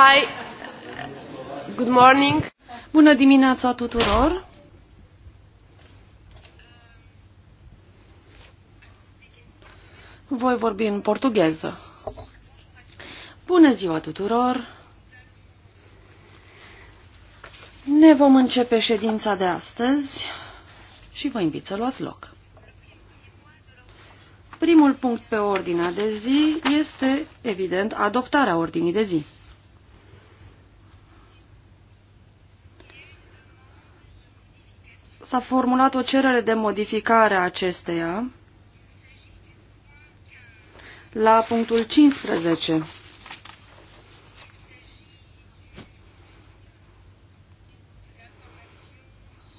Hi. Good morning. Bună dimineața tuturor. Voi vorbi în portugheză. Bună ziua tuturor. Ne vom începe ședința de astăzi și vă invit să luați loc. Primul punct pe ordinea de zi este, evident, adoptarea ordinii de zi. s-a formulat o cerere de modificare a acesteia la punctul 15.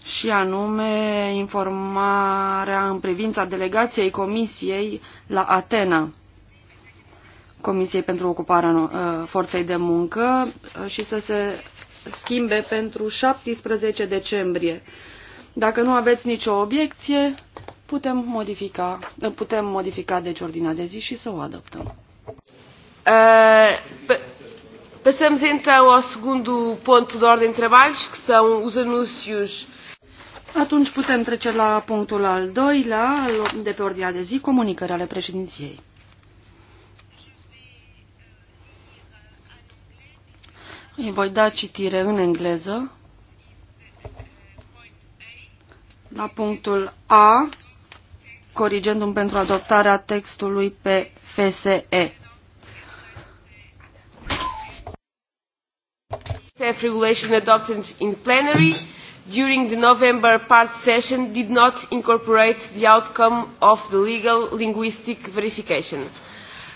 și anume informarea în privința delegației Comisiei la Atena, Comisiei pentru ocuparea ă, forței de muncă și să se schimbe pentru 17 decembrie dacă nu aveți nicio obiecție, putem modifica, putem modifica deci ordinea de zi și să o adoptăm. Uh, eh, passamos então ao segundo ponto de ordem de trabalhos, que são os anúncios. Atunci putem trece la punctul al doilea de pe ordinea de zi, comunicări ale președinției. Îi voi da citire în engleză La punctul A, corigendum pentru adoptarea textului pe FSE. staff regulation adopted in plenary during the November part session did not incorporate the outcome of the legal linguistic verification.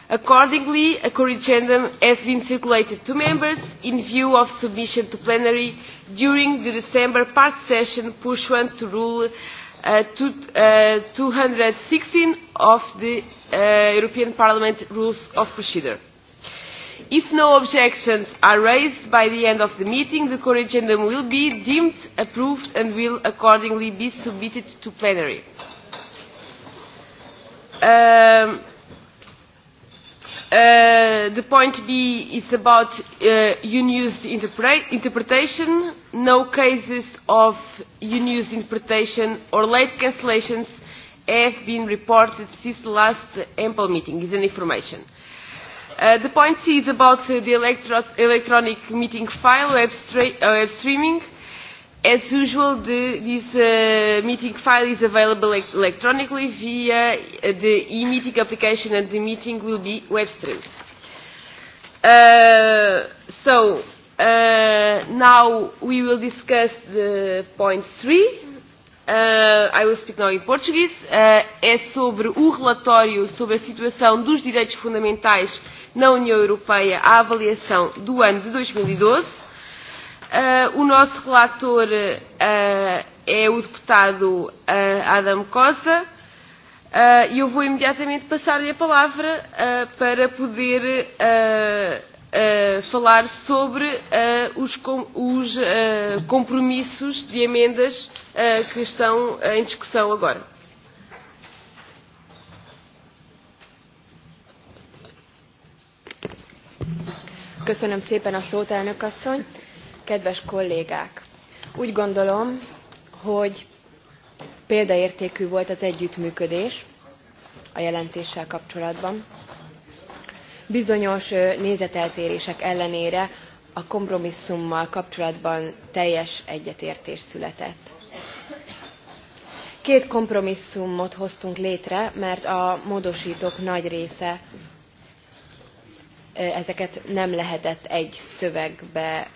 Accordingly, a corrigendum has been circulated to members in view of submission to plenary during the December part session pursuant to Rule uh, two, uh, 216 of the uh, European Parliament Rules of Procedure. If no objections are raised by the end of the meeting, the corrigendum will be deemed approved and will accordingly be submitted to plenary. Um, Uh, the point B is about uh, unused interpre interpretation. No cases of unused interpretation or late cancellations have been reported since the last ample meeting. is an information. Uh, the point C is about uh, the electro electronic meeting file web, uh, web streaming. Uh, As usual, the, this uh, meeting file is available electronically via uh, the e-meeting application and the meeting will be web streamed. Uh, so, uh, now we will discuss the point three. Uh, I will speak now in Portuguese. Uh, é sobre o relatório sobre a situação dos direitos fundamentais na União Europeia à avaliação do ano de 2012 Uh, o nosso relator uh, é o deputado uh, Adam Cosa. E uh, eu vou imediatamente passar-lhe a palavra uh, para poder uh, uh, falar sobre uh, os, com, os uh, compromissos de emendas uh, que estão uh, em discussão agora. Köszönöm szépen a szót, elnök asszony! Kedves kollégák! Úgy gondolom, hogy példaértékű volt az együttműködés a jelentéssel kapcsolatban. Bizonyos nézeteltérések ellenére a kompromisszummal kapcsolatban teljes egyetértés született. Két kompromisszumot hoztunk létre, mert a módosítók nagy része ezeket nem lehetett egy szövegbe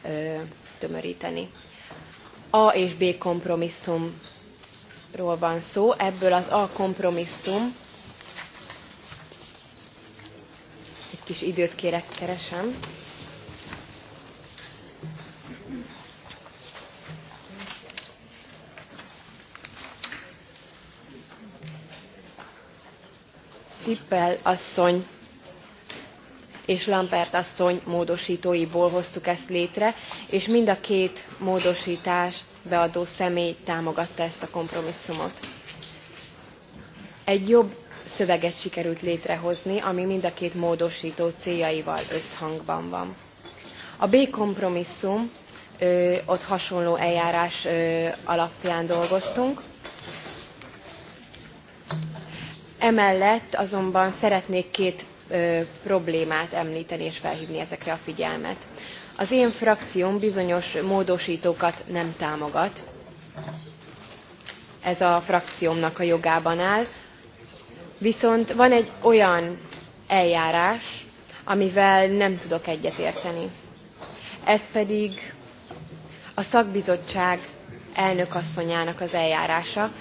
tömöríteni. A és B kompromisszumról van szó, ebből az A kompromisszum, egy kis időt kérek, keresem, Tippel asszony és Lampert asszony módosítóiból hoztuk ezt létre, és mind a két módosítást beadó személy támogatta ezt a kompromisszumot. Egy jobb szöveget sikerült létrehozni, ami mind a két módosító céljaival összhangban van. A B kompromisszum, ö, ott hasonló eljárás ö, alapján dolgoztunk. Emellett azonban szeretnék két problémát emlteni és felhívni ezekre a figyelmet. Az én frakcióm bizonyos módosítókat nem támogat. Ez a frakciómnak a jogában áll. Viszont van egy olyan eljárás, amivel nem tudok egyetérteni. Ez pedig a szakbizottság elnökasszonyának az eljárása,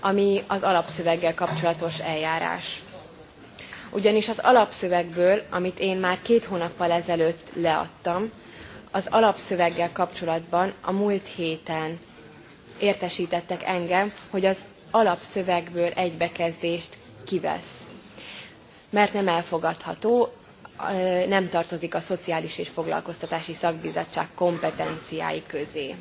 ami az alapszöveggel kapcsolatos eljárás ugyanis az alapszövegből, amit én már két hónappal ezelőtt leadtam, az alapszöveggel kapcsolatban a múlt héten értesítettek engem, hogy az alapszövegből egybekezdést kivesz. Mert nem elfogadható, nem tartozik a Szociális és Foglalkoztatási Szakbizottság kompetenciái közé.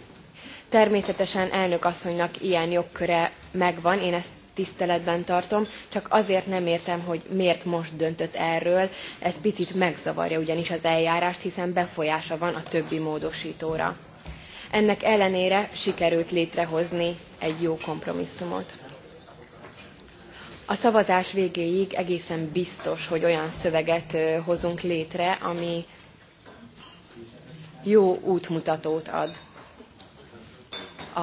Természetesen elnök asszonynak ilyen jogköre megvan, én ezt tiszteletben tartom, csak azért nem értem, hogy miért most döntött erről. Ez picit megzavarja ugyanis az eljárást, hiszen befolyása van a többi módosítóra. Ennek ellenére sikerült létrehozni egy jó kompromisszumot. A szavazás végéig egészen biztos, hogy olyan szöveget hozunk létre, ami jó útmutatót ad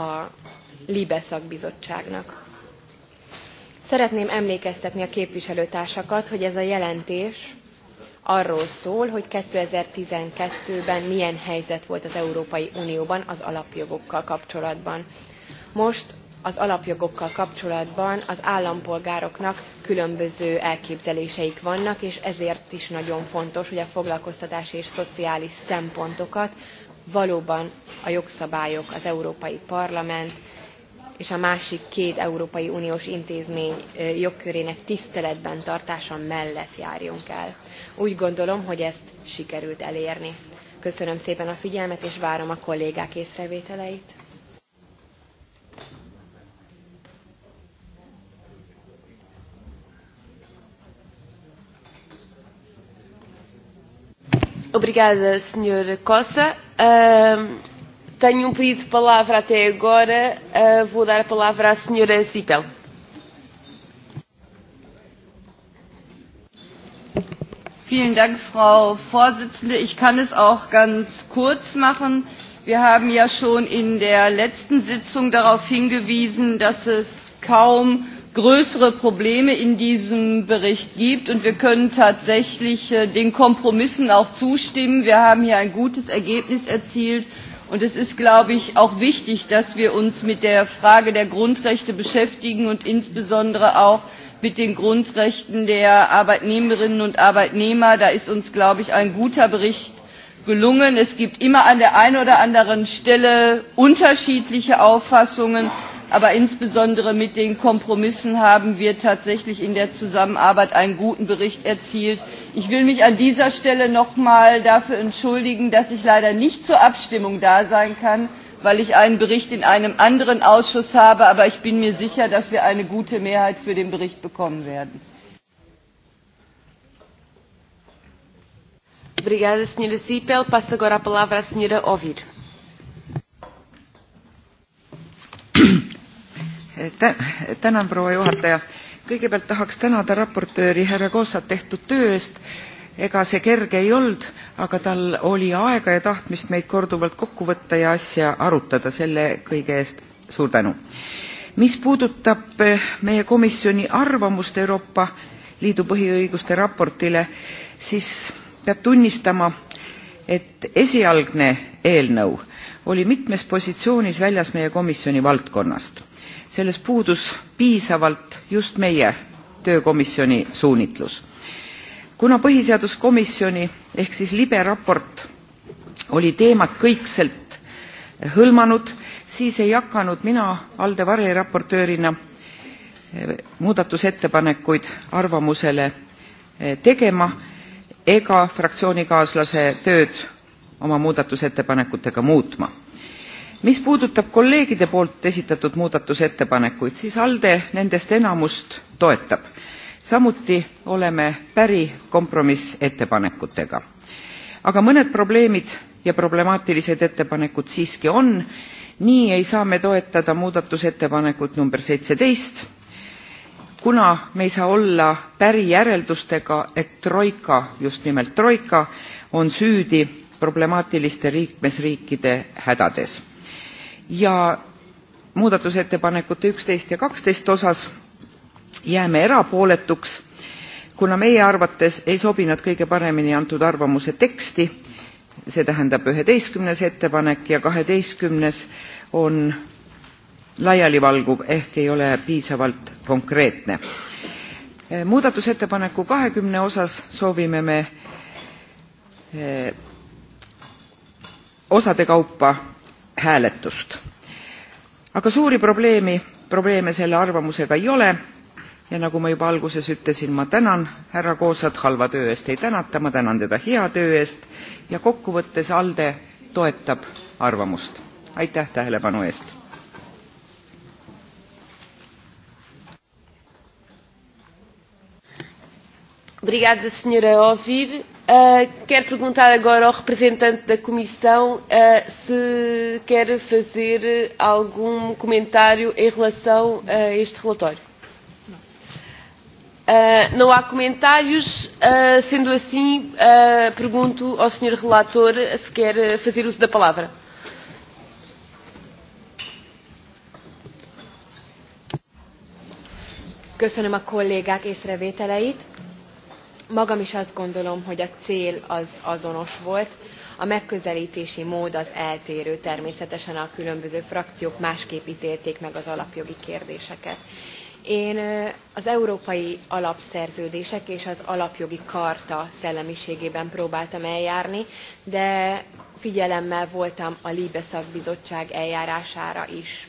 a Libe szakbizottságnak. Szeretném emlékeztetni a képviselőtársakat, hogy ez a jelentés arról szól, hogy 2012-ben milyen helyzet volt az Európai Unióban az alapjogokkal kapcsolatban. Most az alapjogokkal kapcsolatban az állampolgároknak különböző elképzeléseik vannak, és ezért is nagyon fontos, hogy a foglalkoztatási és szociális szempontokat valóban a jogszabályok, az Európai Parlament, és a másik két Európai Uniós intézmény jogkörének tiszteletben tartása mellett járjunk el. Úgy gondolom, hogy ezt sikerült elérni. Köszönöm szépen a figyelmet, és várom a kollégák észrevételeit. Obrigada, Sr. Costa. Um... Tenho um pedido de palavra até agora. Uh, vou dar a palavra à senhora Zipel. Vielen Dank, Frau Vorsitzende. Ich kann es auch ganz kurz machen. Wir haben ja schon in der letzten Sitzung darauf hingewiesen, dass es kaum größere Probleme in diesem Bericht gibt. Und wir können tatsächlich äh, den Kompromissen auch zustimmen. Wir haben hier ein gutes Ergebnis erzielt und es ist glaube ich auch wichtig dass wir uns mit der frage der grundrechte beschäftigen und insbesondere auch mit den grundrechten der arbeitnehmerinnen und arbeitnehmer. da ist uns glaube ich ein guter bericht gelungen. es gibt immer an der einen oder anderen stelle unterschiedliche auffassungen aber insbesondere mit den kompromissen haben wir tatsächlich in der zusammenarbeit einen guten bericht erzielt ich will mich an dieser stelle noch einmal dafür entschuldigen dass ich leider nicht zur abstimmung da sein kann weil ich einen bericht in einem anderen ausschuss habe aber ich bin mir sicher dass wir eine gute mehrheit für den bericht bekommen werden. Tänan, proua juhataja kõigepealt tahaks tänada raportööri härra gauzat tehtud töö eest ega see kerge ei olnud aga tal oli aega ja tahtmist meid korduvalt kokku võtta ja asja arutada selle kõige eest suur tänu. mis puudutab eh, meie komisjoni arvamust euroopa liidu põhiõiguste raportile siis peab tunnistama et esialgne eelnõu oli mitmes positsioonis väljas meie komisjoni valdkonnast selles puudus piisavalt just meie töökomisjoni suunitlus. kuna põhiseaduskomisjoni ehk siis libe raport oli teemat kõikselt hõlmanud siis ei hakanud mina alde raportöörina eh, muudatusettepanekuid arvamusele eh, tegema ega fraktsioonikaaslase tööd oma muudatusettepanekutega muutma mis puudutab kolleegide poolt esitatud muudatusettepanekuid siis alde nendest enamust toetab samuti oleme päri kompromissettepanekutega aga mõned probleemid ja problemaatilised ettepanekud siiski on nii ei saa me toetada muudatusettepanekut number 17, kuna me ei saa olla päri järeldustega et troika just nimelt troika on süüdi problemaatiliste liikmesriikide hädades ja muudatusettepanekute ja osas jääme erapooletuks kuna meie arvates ei sobi nad kõige paremini antud arvamuse teksti see tähendab ettepanek ja on laialivalguv ehk ei ole piisavalt konkreetne. muudatusettepaneku osas soovime me eh, osade kaupa hääletust aga suuri probleemi probleeme selle arvamusega ei ole ja nagu ma juba alguses ütlesin ma tänan härra Koosat halva töö eest ei tänata ma tänan teda hea töö eest ja kokkuvõttes alde toetab arvamust aitäh tähelepanu eest Obrigada, senhora Uh, eh, quero perguntar agora ao representante da Comissão uh, se quer fazer algum comentário em relação a este relatório. Uh, não há comentários, uh, sendo assim, uh, pergunto ao Sr. Relator se quer fazer uso da palavra. Köszönöm a kollégák észrevételeit Magam is azt gondolom, hogy a cél az azonos volt, a megközelítési mód az eltérő, természetesen a különböző frakciók másképp ítélték meg az alapjogi kérdéseket. Én az európai alapszerződések és az alapjogi karta szellemiségében próbáltam eljárni, de figyelemmel voltam a Libe szakbizottság eljárására is.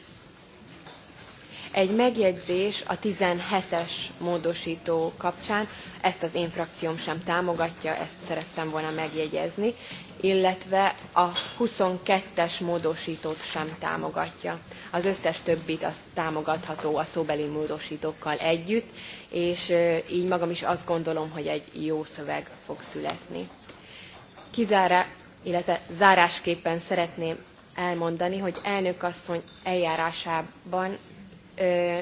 Egy megjegyzés a 17-es módosító kapcsán, ezt az én frakcióm sem támogatja, ezt szerettem volna megjegyezni, illetve a 22-es módosítót sem támogatja. Az összes többit az támogatható a szóbeli módosítókkal együtt, és így magam is azt gondolom, hogy egy jó szöveg fog születni. Kizára, illetve zárásképpen szeretném elmondani, hogy elnök asszony eljárásában ö,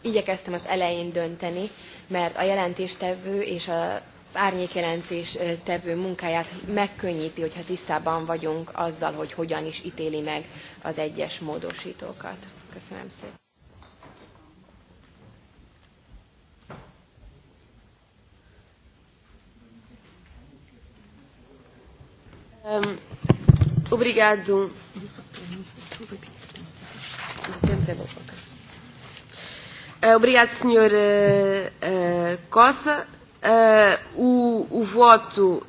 igyekeztem az elején dönteni, mert a jelentéstevő és a árnyékjelentés tevő munkáját megkönnyíti, hogyha tisztában vagyunk azzal, hogy hogyan is ítéli meg az egyes módosítókat. Köszönöm szépen. Um, obrigado. Setembro é bom. Obrigado, Sr. Cossa. o, o voto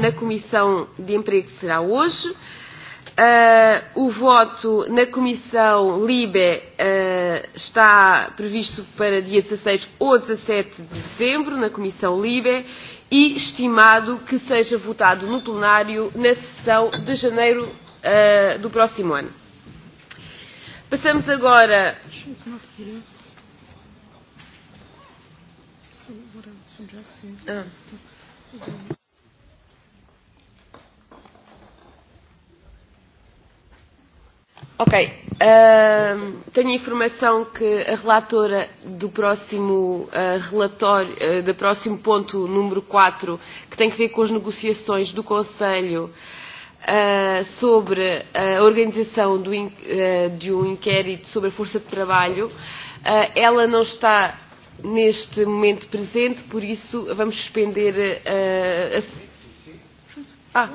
na Comissão de Emprego será hoje. o voto na Comissão LIBE está previsto para dia 16 ou 17 de dezembro, na Comissão LIBE, e estimado que seja votado no plenário na sessão de janeiro eh, do próximo ano. Passamos agora. Ah. Ok. uh, tenho a informação que a relatora do próximo uh, relatório, uh, do próximo ponto número 4, que tem que ver com as negociações do Conselho uh, uh, sobre a organização do, in, uh, de um inquérito sobre a força de trabalho. Uh, ela não está neste momento presente, por isso vamos suspender uh, a. Ah.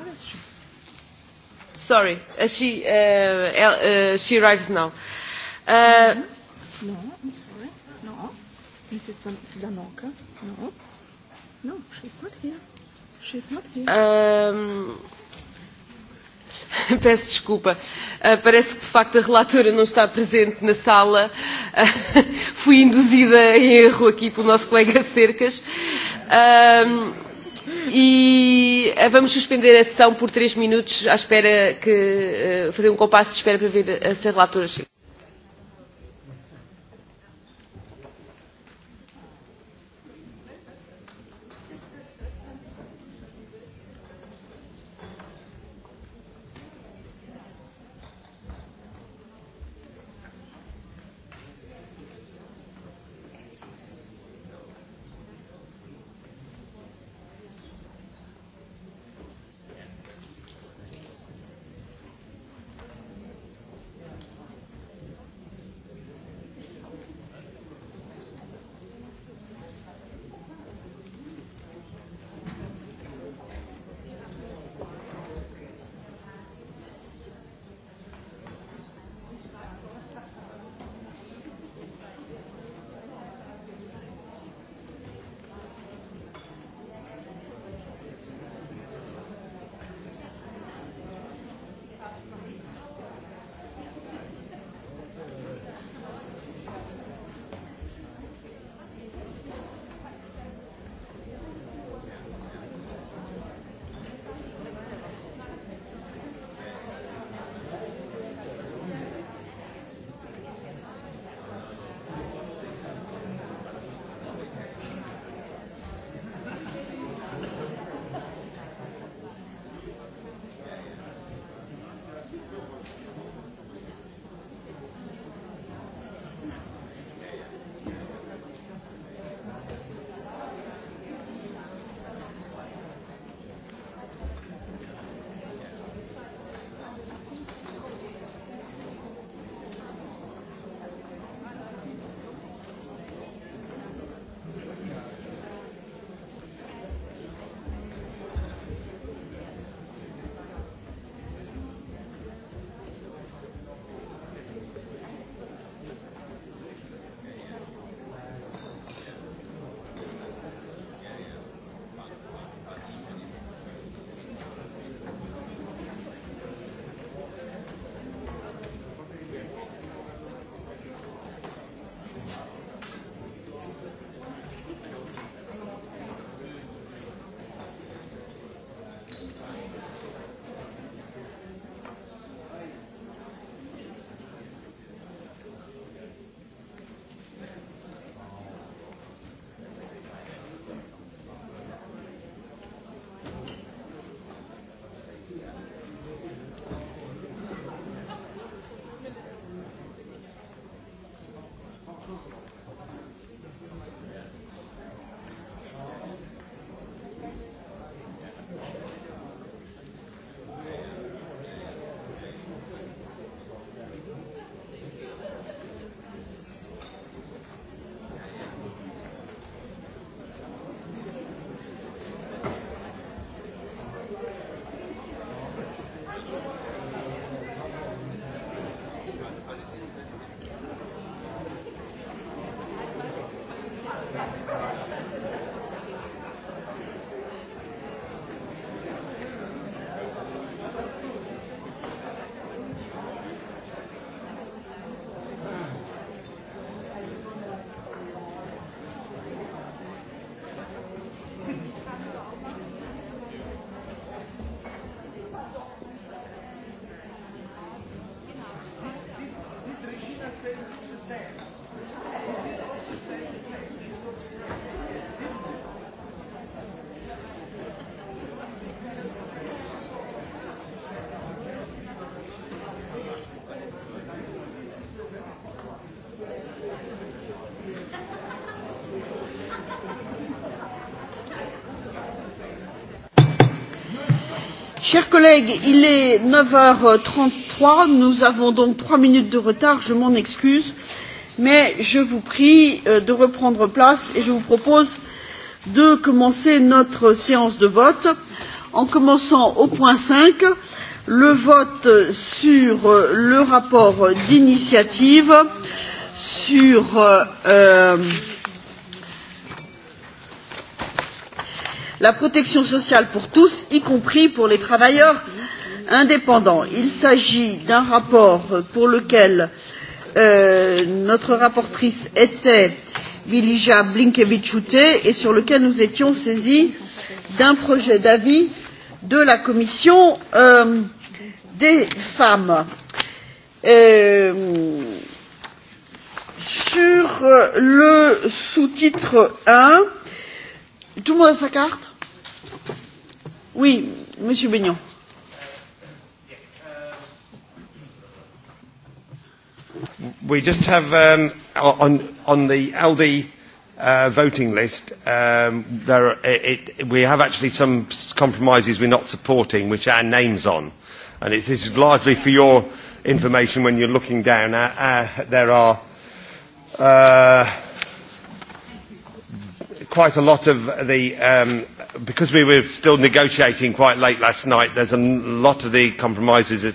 Sorry, uh, she, uh, uh, she arrives now. Uh, no, I'm sorry. No. Mrs. Danoka? No. No, she's not here. She's not here. Um, Peço desculpa. Uh, Parece que, de facto, a relatora não está presente na sala. Uh, Fui induzida em erro aqui pelo nosso colega Cercas. Uh, E uh, vamos suspender a sessão por três minutos à espera que... Uh, fazer um compasso de espera para ver se a relatora chega. chers collègues il est 9h33, nous avons donc trois minutes de retard je m'en excuse mais je vous prie euh, de reprendre place et je vous propose de commencer notre séance de vote en commençant au point 5, le vote sur euh, le rapport d'initiative sur euh, euh la protection sociale pour tous y compris pour les travailleurs indépendants. il s'agit d'un rapport pour lequel euh, notre rapporteure était vilija blinkeviit et sur lequel nous étions saisis d'un projet d'avis de la commission euh, des femmes. Euh, sur le sous titre un tout le monde a sa carte? Oui, Monsieur Bignon. We just have um, on on the LD uh, voting list. Um, there are, it, it, we have actually some compromises we're not supporting, which our names on, and it, this is largely for your information when you're looking down. Uh, uh, there are uh, quite a lot of the um, because we were still negotiating quite late last night, there's a lot of the compromises that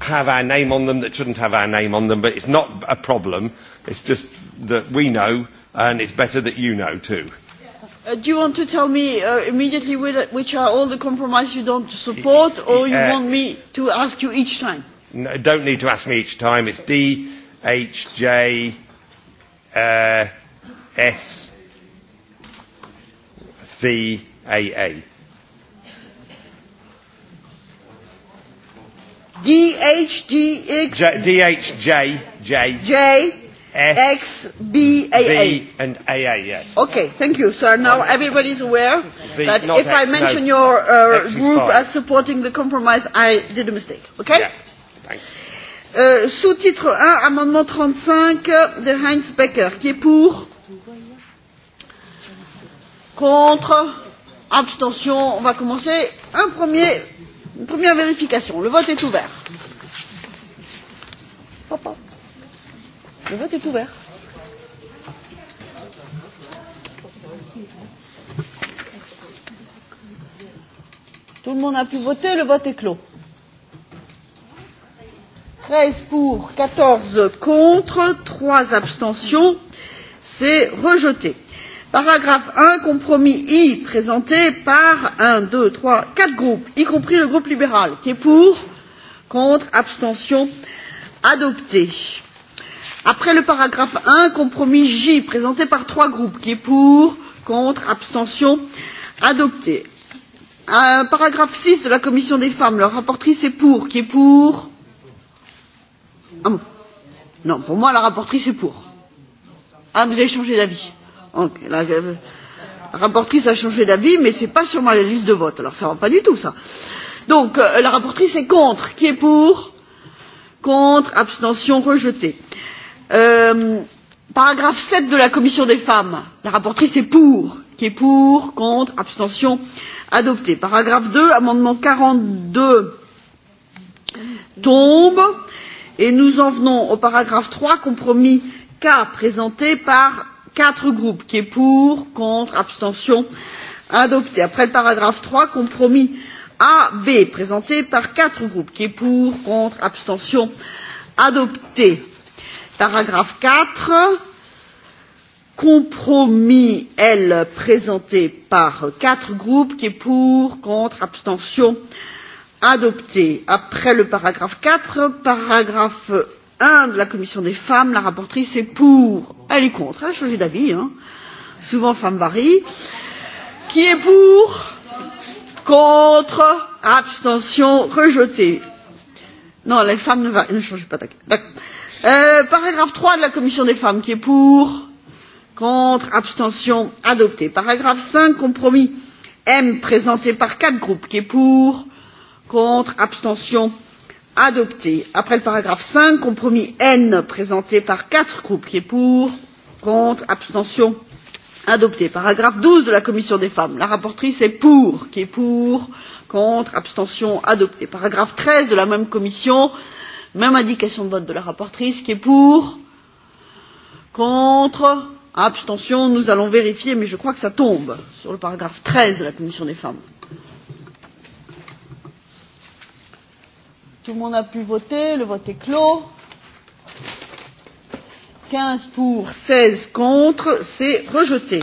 have our name on them that shouldn't have our name on them, but it's not a problem. It's just that we know, and it's better that you know too. Uh, do you want to tell me uh, immediately which are all the compromises you don't support, or you uh, want me to ask you each time? No, don't need to ask me each time. It's D, H, J, uh, S, V, D H X D H J J S, X B A A and A A yes. Okay, thank you, sir. Now everybody is aware v, that if X, I mention no, your uh, group as supporting the compromise, I did a mistake. Okay. Yeah, thanks. Uh, sous-titre 1, amendement 35 de Heinz Becker, qui est pour Contre abstention on va commencer un premier, une première vérification le vote est ouvert Papa. le vote est ouvert tout le monde a pu voter le vote est clos 13 pour 14 contre 3 abstentions c'est rejeté paragraphe un compromis i présenté par un deux trois quatre groupes y compris le groupe libéral qui est pour contre abstention adopté. après le paragraphe un compromis j présenté par trois groupes qui est pour contre abstention adopté. un euh, paragraphe six de la commission des femmes leur rapportrice est pour qui est pour ah, bon. non pour moi la rapportrice est pour. ah vous avez changé d'avis la, rapportrice a changé d'avis, mais ce n'est pas sûrement ma liste de vote. Alors ça ne va pas du tout, ça. Donc, euh, la rapportrice est contre. Qui est pour Contre, abstention, rejeté. Euh, paragraphe 7 de la Commission des femmes. La rapportrice est pour. Qui est pour Contre, abstention, adopté. Paragraphe 2, amendement 42 tombe. Et nous en venons au paragraphe 3, compromis K présenté par quatre groupes qui est pour contre abstention adopté. après le paragraphe trois compromis b présenté par quatre groupes qui est pour contre abstention adopté. paragraphe quatre compromis l présenté par quatre groupes qui est pour contre abstention adopté. après le paragraphe quatre paragraphe un de la commission des femmes, la rapporteure est pour, elle est contre, elle a changé d'avis, hein. souvent femme varie, qui est pour, contre, abstention, rejeté. Non, les femmes ne, va, ne changent pas d'avis. Euh, paragraphe 3 de la commission des femmes qui est pour, contre, abstention, adopté. Paragraphe 5, compromis M présenté par quatre groupes qui est pour, contre, abstention, adopté adopté après le paragraphe cinq compromis n présenté par quatre groupes qui est pour contre abstention adopté paragraphe douze de la commission des femmes la rapporteure est pour qui est pour contre abstention adopté paragraphe treize de la même commission même indication de vote de la rapporteure qui est pour contre abstention nous allons vérifier mais je crois que ça tombe sur le paragraphe treize de la commission des femmes. Tout le monde a pu voter, le vote est clos. 15 pour, 16 contre, c'est rejeté.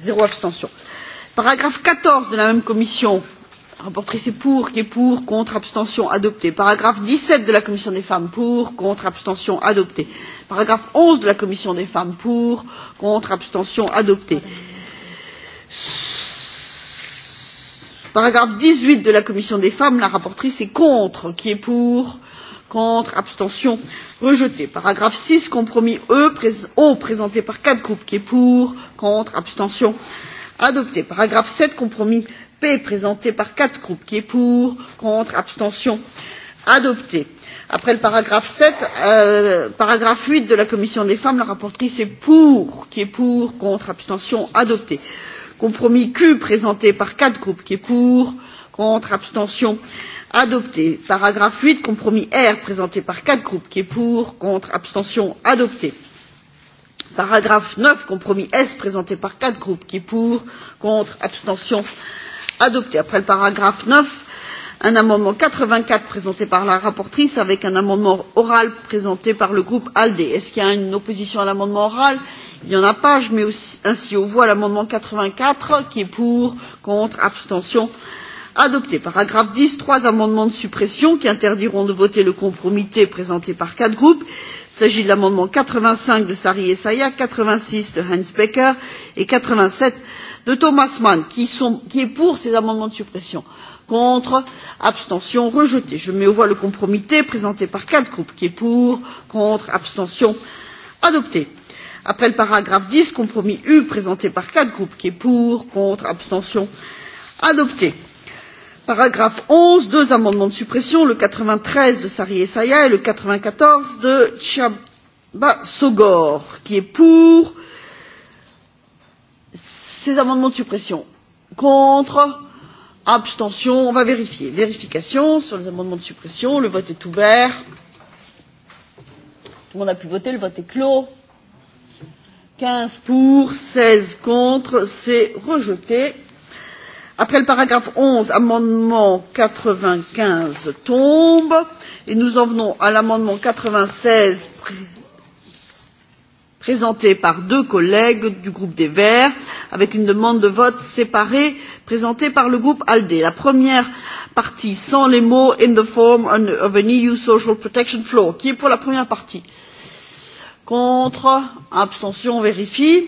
Zéro abstention. Paragraphe 14 de la même commission. Rapportrice est pour, qui est pour, contre, abstention, adopté. Paragraphe 17 de la commission des femmes pour, contre, abstention, adopté. Paragraphe 11 de la commission des femmes pour, contre, abstention, adopté paragraphe dix huit de la commission des femmes la rapporteure est contre qui est pour? contre abstention rejeté. paragraphe six compromis e o présenté par quatre groupes qui est pour contre abstention adopté. paragraphe sept compromis p présenté par quatre groupes qui est pour contre abstention adopté. après le paragraphe 7, euh, paragraphe 8 de la commission des femmes la rapporteure est pour qui est pour contre abstention adopté compromis q présenté par quatre groupes qui est pour contre abstention adopté paragraphe huit compromis r présenté par quatre groupes qui est pour contre abstention adopté paragraphe neuf compromis s présenté par quatre groupes qui est pour contre abstention adopté après le paragraphe neuf un amendement quatre vingt quatre présenté par la rapporteure avec un amendement oral présenté par le groupe alde. est ce qu'il y a une opposition à l'amendement oral? il n'y en a pas. je mets ainsi aux voix l'amendement quatre vingt quatre qui est pour contre abstention adopté. paragraphe dix trois amendements de suppression qui interdiront de voter le compromis présenté par quatre groupes. il s'agit de l'amendement quatre vingt cinq de sari Essaya, quatre vingt six de heinz becker et quatre vingt sept de thomas mann. qui, sont, qui est pour ces amendements de suppression? contre abstention rejeté. je mets aux voix le compromis t présenté par quatre groupes qui est pour contre abstention adopté. après le paragraphe dix compromis u présenté par quatre groupes qui est pour contre abstention adopté. paragraphe onze deux amendements de suppression le quatre vingt treize de saryu essayah et le quatre vingt quatorze de ciaba sogor qui est pour ces amendements de suppression contre abstention on va vérifier vérification sur les amendements de suppression le vote est ouvert tout le monde a pu voter le vote est clos 15 pour 16 contre c'est rejeté après le paragraphe 11 amendement 95 tombe et nous en venons à l'amendement 96 présentée par deux collègues du groupe des verts avec une demande de vote séparé présentée par le groupe alde. la première partie sans les mots in the form of an eu social protection floor qui est pour la première partie contre abstention vérifie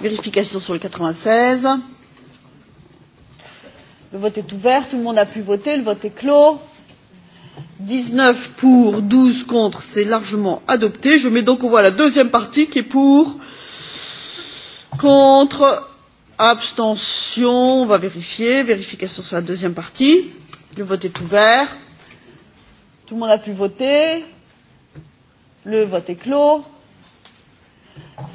vérification sur le quatre vingt seize le vote est ouvert tout le monde a pu voter le vote est clos dix neuf pour douze contre c'est largement adopté. je mets donc aux voix la deuxième partie qui est pour contre abstention on va vérifier vérification sur la deuxième partie le vote est ouvert tout le monde a pu voter le vote est clos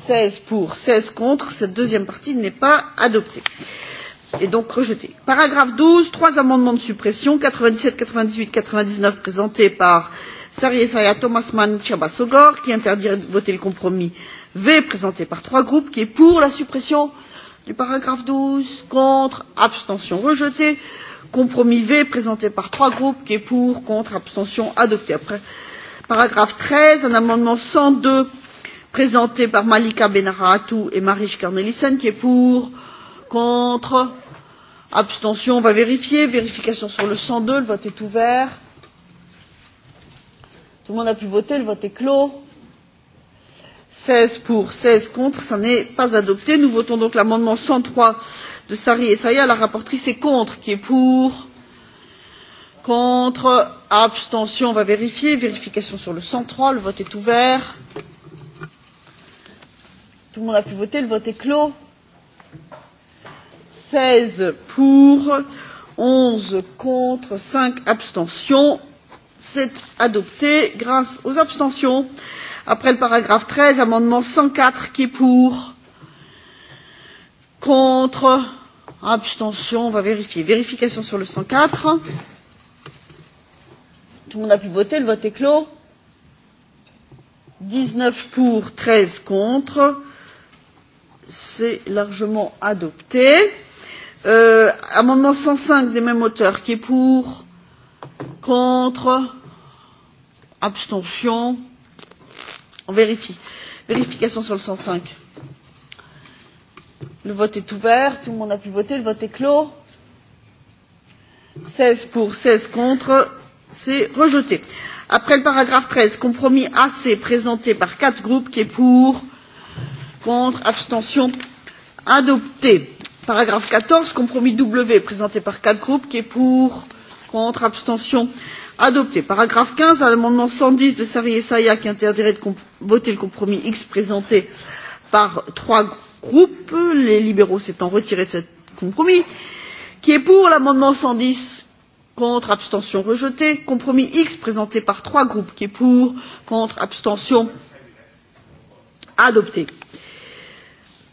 seize pour seize contre cette deuxième partie n'est pas adoptée est donc rejeté. paragraphe douze trois amendements de suppression quatre vingt dix sept quatre vingt dix huit quatre vingt dix neuf présentés par saryusz zaja thomas mann chaba qui interdiraient de voter le compromis v présenté par trois groupes qui est pour la suppression du paragraphe douze contre abstention rejeté compromis v présenté par trois groupes qui est pour contre abstention adopté. après paragraphe treize un amendement cent deux présenté par malika benaratou et marij cornelissen qui est pour Contre Abstention, on va vérifier. Vérification sur le 102, le vote est ouvert. Tout le monde a pu voter, le vote est clos. 16 pour, 16 contre, ça n'est pas adopté. Nous votons donc l'amendement 103 de Sari Essaya. La rapporteure est contre, qui est pour Contre, abstention, on va vérifier. Vérification sur le 103, le vote est ouvert. Tout le monde a pu voter, le vote est clos seize pour onze contre cinq abstentions c'est adopté grâce aux abstentions. après le paragraphe treize amendement cent quatre qui est pour contre abstention on va vérifier vérification sur le cent quatre tout le monde a pu voter le vote est clos dix neuf pour treize contre c'est largement adopté. Euh, amendement 105 des mêmes auteurs qui est pour, contre, abstention. On vérifie. Vérification sur le 105. Le vote est ouvert, tout le monde a pu voter, le vote est clos. 16 pour, 16 contre, c'est rejeté. Après le paragraphe 13, compromis AC présenté par quatre groupes qui est pour, contre, abstention, adopté paragraphe quatorze compromis w présenté par quatre groupes qui est pour contre abstention adopté. paragraphe quinze à l'amendement cent dix de saryi essayah qui interdirait de voter le compromis x présenté par trois groupes les libéraux s'étant retirés de ce compromis qui est pour l'amendement cent dix contre abstention rejeté compromis x présenté par trois groupes qui est pour contre abstention adopté.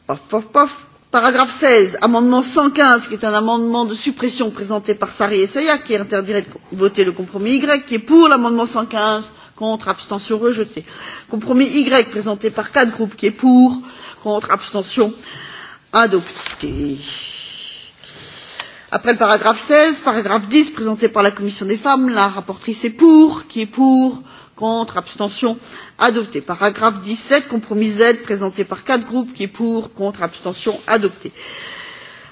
Paf, paf, paf paragraphe seize amendement cent quinze qui est un amendement de suppression présenté par sari essayah qui interdirait de voter le compromis y qui est pour l'amendement cent quinze contre abstention rejeté compromis y présenté par quatre groupes qui est pour contre abstention adopté après le paragraphe seize paragraphe dix présenté par la commission des femmes la rapporteure est pour qui est pour contre abstention adopté paragraphe dix sept compromis z présenté par quatre groupes qui est pour contre abstention adopté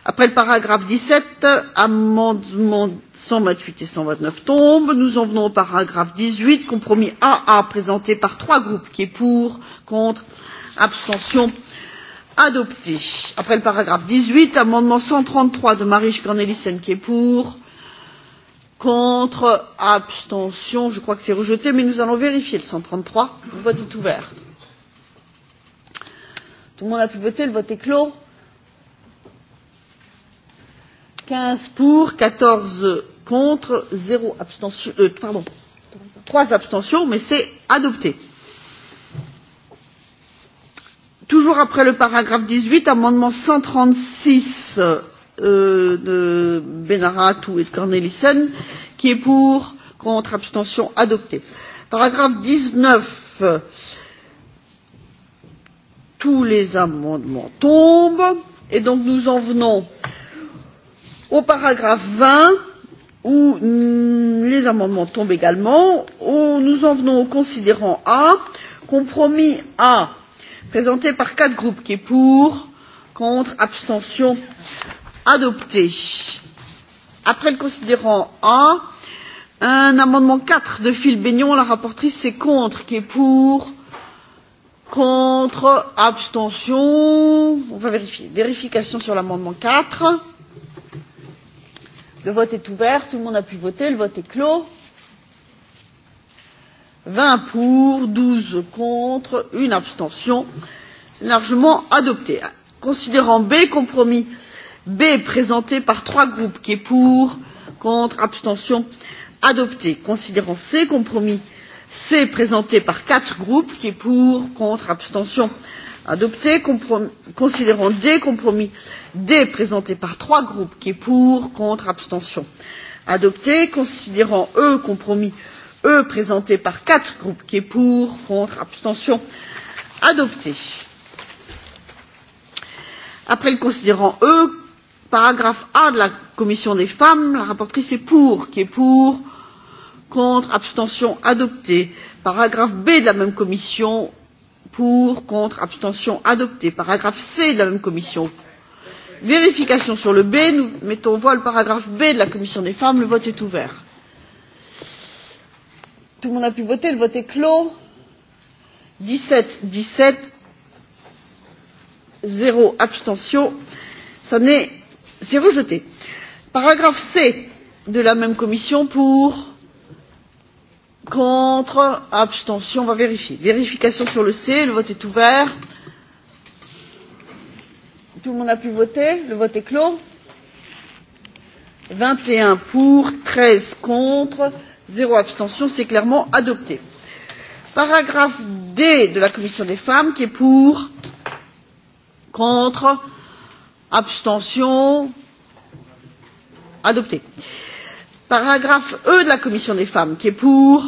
après le paragraphe dix sept amendements cent vingt huit et cent vingt neuf tombent nous en venons au paragraphe dix huit compromis aa présenté par trois groupes qui est pour contre abstention adopté après le paragraphe dix huit amendement cent trente trois de marie cornelissen qui est pour Contre abstention, je crois que c'est rejeté, mais nous allons vérifier le 133. Le vote est ouvert. Tout le monde a pu voter, le vote est clos. 15 pour, 14 contre, 0 abstention, euh, pardon, 3 abstentions, mais c'est adopté. Toujours après le paragraphe 18, amendement 136. Euh, de Benaratou et de Cornelissen, qui est pour, contre, abstention, adopté. Paragraphe 19. Tous les amendements tombent et donc nous en venons au paragraphe 20 où les amendements tombent également. Où nous en venons au considérant A, compromis A, présenté par quatre groupes qui est pour, contre, abstention, adopté. Après le considérant A, un amendement 4 de Phil Bénion, la rapporteure, c'est contre, qui est pour, contre, abstention, on va vérifier. Vérification sur l'amendement 4. Le vote est ouvert, tout le monde a pu voter, le vote est clos. 20 pour, 12 contre, une abstention. C'est largement adopté. Considérant B, compromis b présenté par trois groupes qui est pour contre abstention adopté. considérant c compromis c présenté par quatre groupes qui est pour contre abstention adopté. Compromis, considérant d compromis d présenté par trois groupes qui est pour contre abstention adopté. considérant e compromis e présenté par quatre groupes qui est pour contre abstention adopté. après le considérant e paragraphe A de la commission des femmes, la rapporteure est pour, qui est pour, contre, abstention adopté. Paragraphe B de la même commission, pour, contre, abstention adopté. Paragraphe C de la même commission. Vérification sur le B, nous mettons au voie le paragraphe B de la commission des femmes, le vote est ouvert. Tout le monde a pu voter, le vote est clos. 17, 17, 0 abstention. Ça n'est c'est rejeté. Paragraphe C de la même commission pour contre abstention on va vérifier vérification sur le C le vote est ouvert tout le monde a pu voter le vote est clos 21 pour 13 contre 0 abstention c'est clairement adopté paragraphe D de la commission des femmes qui est pour contre abstention adopté. paragraphe e de la commission des femmes qui est pour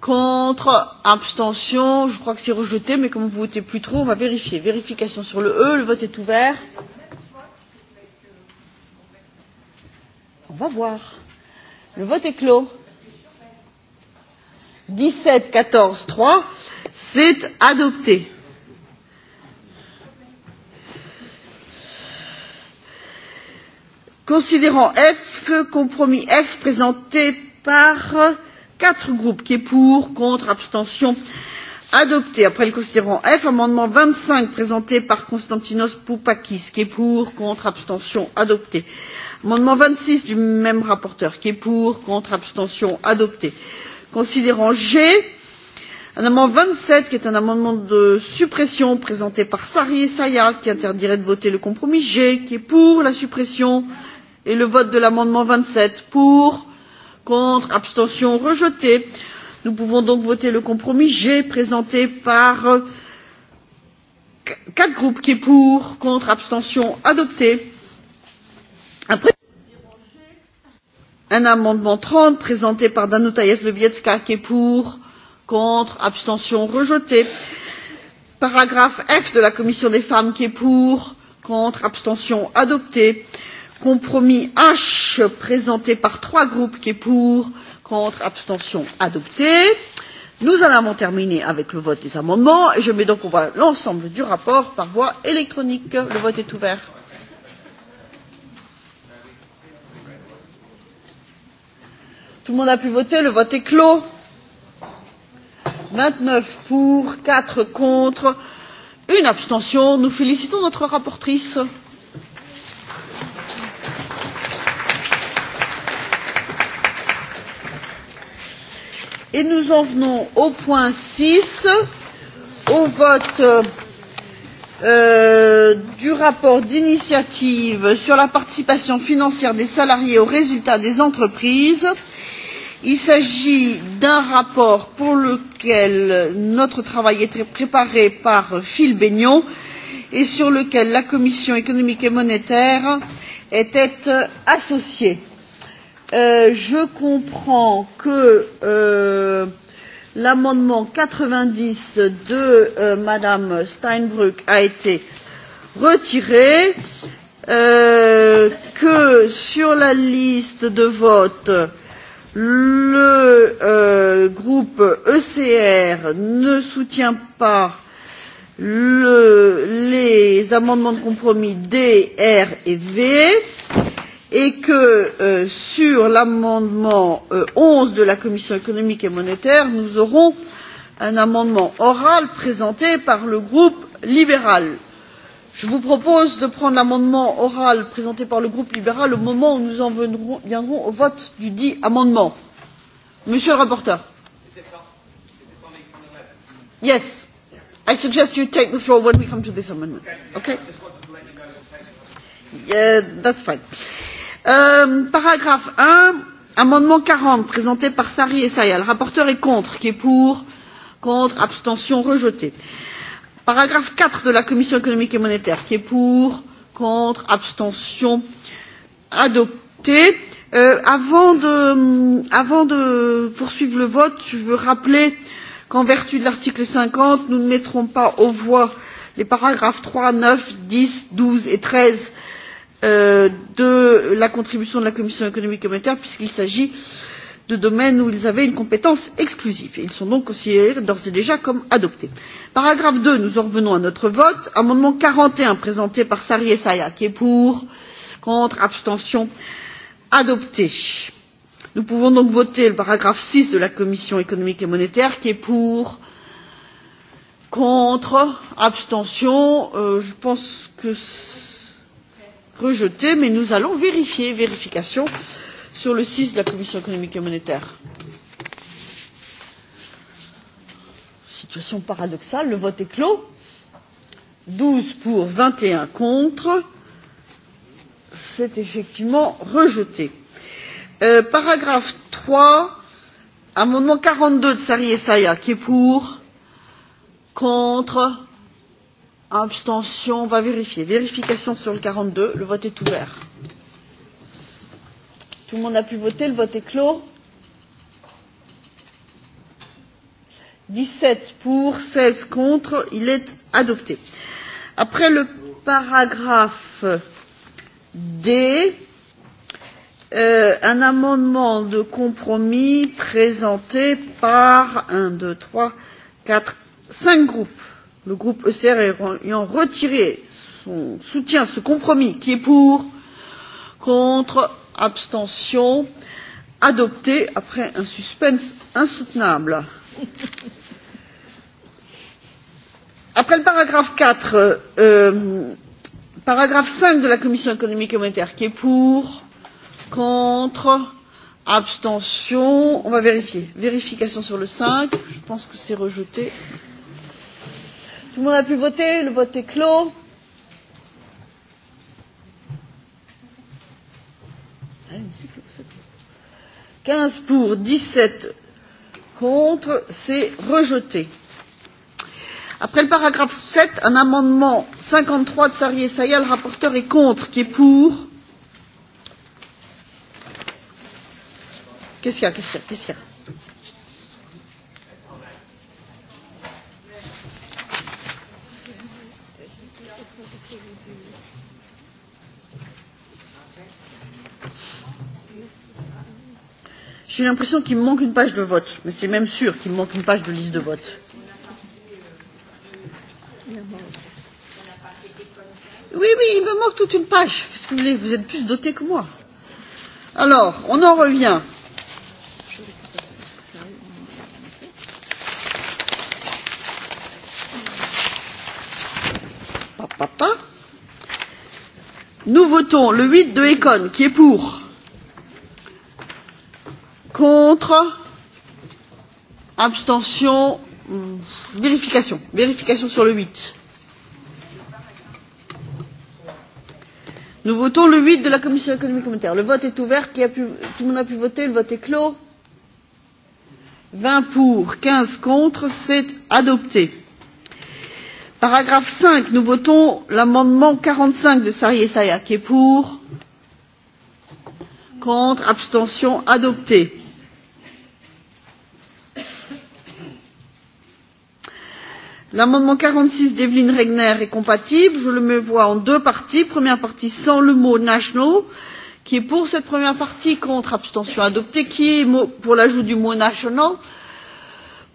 contre abstention je crois que c'est rejeté mais comme vous votez plus trop on va vérifier. vérification sur le e le vote est ouvert. on va voir. le vote est clos. 17, 14, 3. c'est adopté Considérant F, compromis F présenté par quatre groupes qui est pour, contre, abstention adopté. Après le considérant F, amendement 25 présenté par Konstantinos Poupakis qui est pour, contre, abstention adopté. Amendement 26 du même rapporteur qui est pour, contre, abstention adopté. Considérant G, un amendement vingt sept qui est un amendement de suppression présenté par sari Saya qui interdirait de voter le compromis g qui est pour la suppression et le vote de l'amendement vingt sept pour contre abstention rejeté. nous pouvons donc voter le compromis g présenté par euh, quatre groupes qui est pour contre abstention adopté. après un amendement trente présenté par danuta jazlowiecka qui est pour contre abstention rejeté. paragraphe f de la commission des femmes qui est pour contre abstention adopté compromis h présenté par trois groupes qui est pour contre abstention adopté. nous en avons terminé avec le vote des amendements et je mets donc au voie l'ensemble du rapport par voie électronique. le vote est ouvert. tout le monde a pu voter le vote est clos 29 pour quatre contre une abstention. nous félicitons notre rapporteure. et nous en venons au point 6, au vote euh, du rapport d'initiative sur la participation financière des salariés aux résultats des entreprises. il s'agit d'un rapport pour lequel notre travail est préparé par phil bennion et sur lequel la commission économique et monétaire était associée Euh, je comprends que euh, l'amendement quatre vingt dix de euh, mme steinbrück a été retiré que sur la liste de vote le groupe ecr ne soutient pas le, les amendements de compromis d r et v et que euh, sur l'amendement euh, onze de la commission économique et monétaire nous aurons un amendement oral présenté par le groupe libéral. je vous propose de prendre l'amendement oral présenté par le groupe libéral au moment où nous en viendrons au vote dudit amendement. monsieur le rapporteur yes i suggest you take the floor when we come to this amendment. okay? yeah that's fine. Euh, paragraphe un amendement quarante présenté par saryi et essayah le rapporteur est contre qui est pour? contre abstention rejeté. paragraphe quatre de la commission économique et monétaire qui est pour? contre abstention adopté. Euh, avant, de, euh, avant de poursuivre le vote je veux rappeler qu'en vertu de l'article cinquante nous ne mettrons pas aux voix les paragraphes trois neuf dix douze et treize Euh, de la contribution de la commission économique et monétaire puisqu'il s'agit de domaines où ils avaient une compétence exclusive. ils sont donc considérés d'ores et déjà comme adoptés. paragraphe deux nous en revenons à notre vote amendement quarante et un présenté par saryi essayah qui est pour contre abstention adopté. nous pouvons donc voter le paragraphe six de la commission économique et monétaire qui est pour contre abstention euh, je pense que rejeté mais nous allons vérifier vérification sur le six de la commission économique et monétaire. situation paradoxale le vote est clos douze pour vingt et un contre c'est effectivement rejeté. Euh, paragraphe trois amendement quarante deux de sarri essayah qui est pour contre Abstention, on va vérifier. Vérification sur le 42, le vote est ouvert. Tout le monde a pu voter, le vote est clos. 17 pour, 16 contre, il est adopté. Après le paragraphe D, euh, un amendement de compromis présenté par 1, 2, 3, 4, 5 groupes le groupe ecr ayant retiré son soutien à ce compromis qui est pour contre abstention adopté après un suspense insoutenable. après le paragraphe quatre euh, paragraphe cinq de la commission économique et monétaire qui est pour contre abstention on va vérifier vérification sur le cinq je pense que c'est rejeté. Tout le monde a pu voter, le vote est clos. Ah, Quinze pour, dix-sept contre, c'est rejeté. Après le paragraphe 7, un amendement 53 de Sarié Saya, le rapporteur est contre, qui est pour Qu'est-ce qu'il y a Qu'est-ce qu'il y a, qu'est-ce qu'il y a j'ai l'impression qu'il me manque une page de vote mais c'est même sûr qu'il me manque une page de liste de vote. Oui, oui, il me manque toute une page. Qu'est-ce que vous voulez Vous êtes plus doté que moi. Alors, on en revient. Papa. Nous votons le 8 de Econ. Qui est pour Contre Abstention hmm, Vérification. Vérification sur le 8. Nous votons le 8 de la Commission économique monétaire. Le vote est ouvert. Qui a pu, tout le monde a pu voter. Le vote est clos. 20 pour, 15 contre. C'est adopté. Paragraphe 5. Nous votons l'amendement 45 de Sari Essaya. Qui est pour Contre. Abstention. Adopté l'amendement quarante six d'evelyn regner est compatible je le mets aux voix en deux parties première partie sans le mot national qui est pour cette première partie contre abstention adoptée qui est pour l'ajout du mot national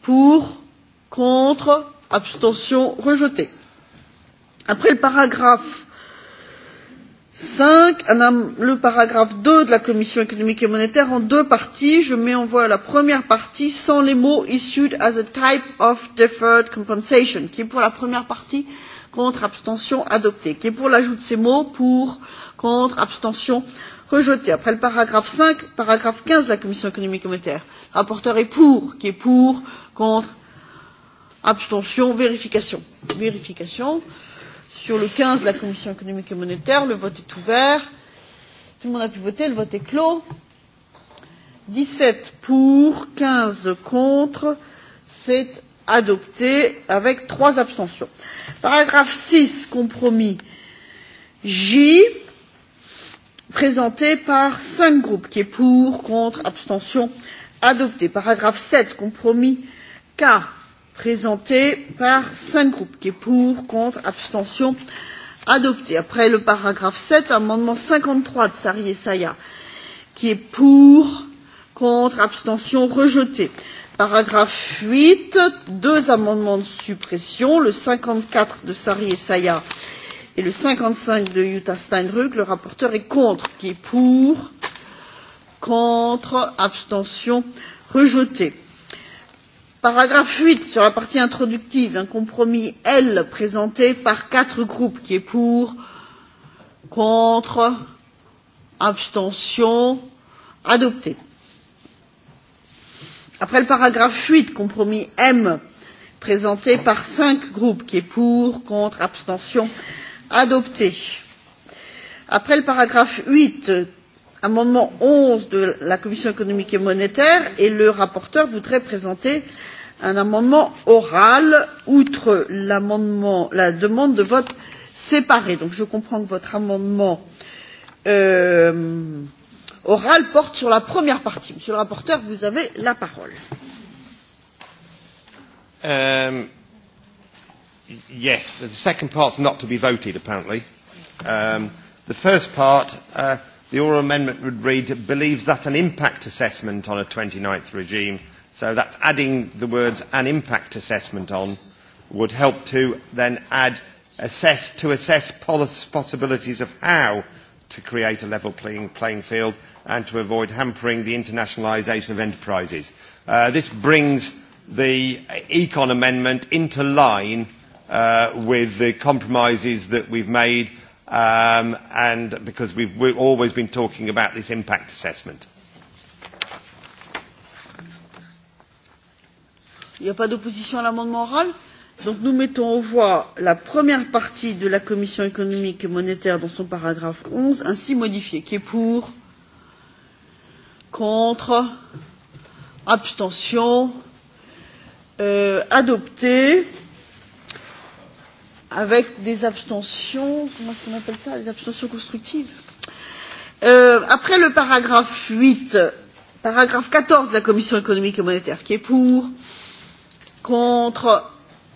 pour contre abstention rejeté après le paragraphe cinq le paragraphe deux de la commission économique et monétaire en deux parties. je mets aux voix la première partie sans les mots issued as a type of deferred compensation qui est pour la première partie contre abstention adopté qui est pour l'ajout de ces mots pour contre abstention rejeté. après le paragraphe cinq paragraphe quinze de la commission économique et monétaire le rapporteur est pour qui est pour contre abstention vérification vérification sur le 15, de la commission économique et monétaire le vote est ouvert tout le monde a pu voter le vote est clos 17 pour 15 contre c'est adopté avec trois abstentions. paragraphe 6, compromis j présenté par cinq groupes qui est pour contre abstention adopté. paragraphe 7, compromis k présenté par cinq groupes qui est pour contre abstention adopté. après le paragraphe sept amendement cinquante trois de saryi essayah qui est pour contre abstention rejeté. paragraphe huit deux amendements de suppression le cinquante quatre de saryi essayah et le cinquante cinq de jutta steinruck. le rapporteur est contre qui est pour contre abstention rejeté paragraphe huit sur la partie introductive un compromis l présenté par quatre groupes qui est pour contre abstention adopté. après le paragraphe huit compromis m présenté par cinq groupes qui est pour contre abstention adopté. après le paragraphe huit amendement onze de la commission économique et monétaire et le rapporteur voudrait présenter un un amendement oral outre la demande de vote séparé. donc je comprends que votre amendement euh, oral porte sur la première partie. monsieur le rapporteur vous avez la parole. Um, yes, the second part is not to be voted apparently. Um, the first part, uh, the oral amendment would read, believes that an impact assessment on a 29th regime So that's adding the words an impact assessment on would help to then add assess, to assess possibilities of how to create a level playing, playing field and to avoid hampering the internationalisation of enterprises. Uh, this brings the Econ Amendment into line uh, with the compromises that we've made um, and because we've, we've always been talking about this impact assessment. il n'y a pas d'opposition à l'amendement oral donc nous mettons aux voix la première partie de la commission économique et monétaire dans son paragraphe onze ainsi modifié qui est pour contre abstention euh, adopté avec des abstentions comment est-ce qu'on appelle ça des abstentions constructives euh, après le paragraphe huit paragraphe quatorze de la commission économique et monétaire qui est pour euh, Contre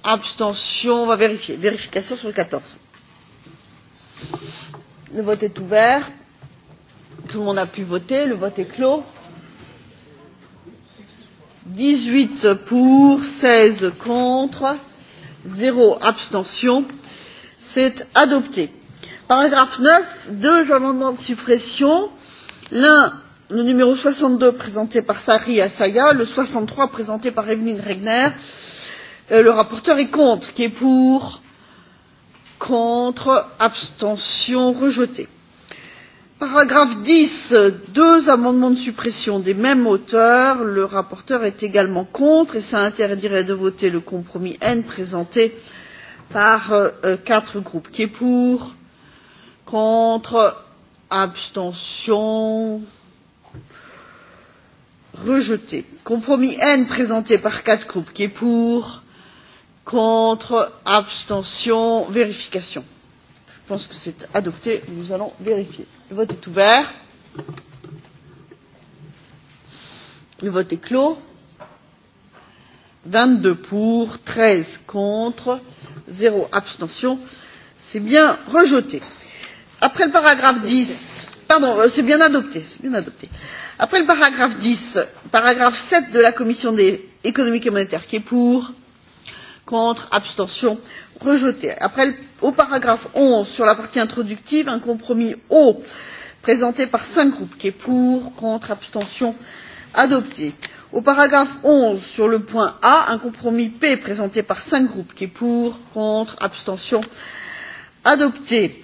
Abstention, on va vérifier. Vérification sur le 14. Le vote est ouvert. Tout le monde a pu voter. Le vote est clos. 18 pour, 16 contre, 0 abstention. C'est adopté. Paragraphe 9, deux amendements de suppression. L'un le numéro soixante deux présenté par saryu assaya le soixante trois présenté par evelyne regner euh, le rapporteur est contre qui est pour contre abstention rejeté paragraphe dix deux amendements de suppression des mêmes auteurs le rapporteur est également contre et cela interdirait de voter le compromis n présenté par euh, quatre groupes qui est pour contre abstention rejeté. compromis n présenté par quatre groupes qui est pour contre abstention vérification. je pense que c'est adopté nous allons vérifier. le vote est ouvert. le vote est clos. vingt deux pour treize contre zéro abstention. c'est bien rejeté. après le paragraphe dix pardon euh, c'est bien adopté c'est bien adopté. après le paragraphe 10, paragraphe 7 de la commission des, économiques et monétaires, qui est pour contre abstention rejeté. après au paragraphe 11, sur la partie introductive un compromis o présenté par cinq groupes qui est pour contre abstention adopté. au paragraphe 11, sur le point a un compromis p présenté par cinq groupes qui est pour contre abstention adopté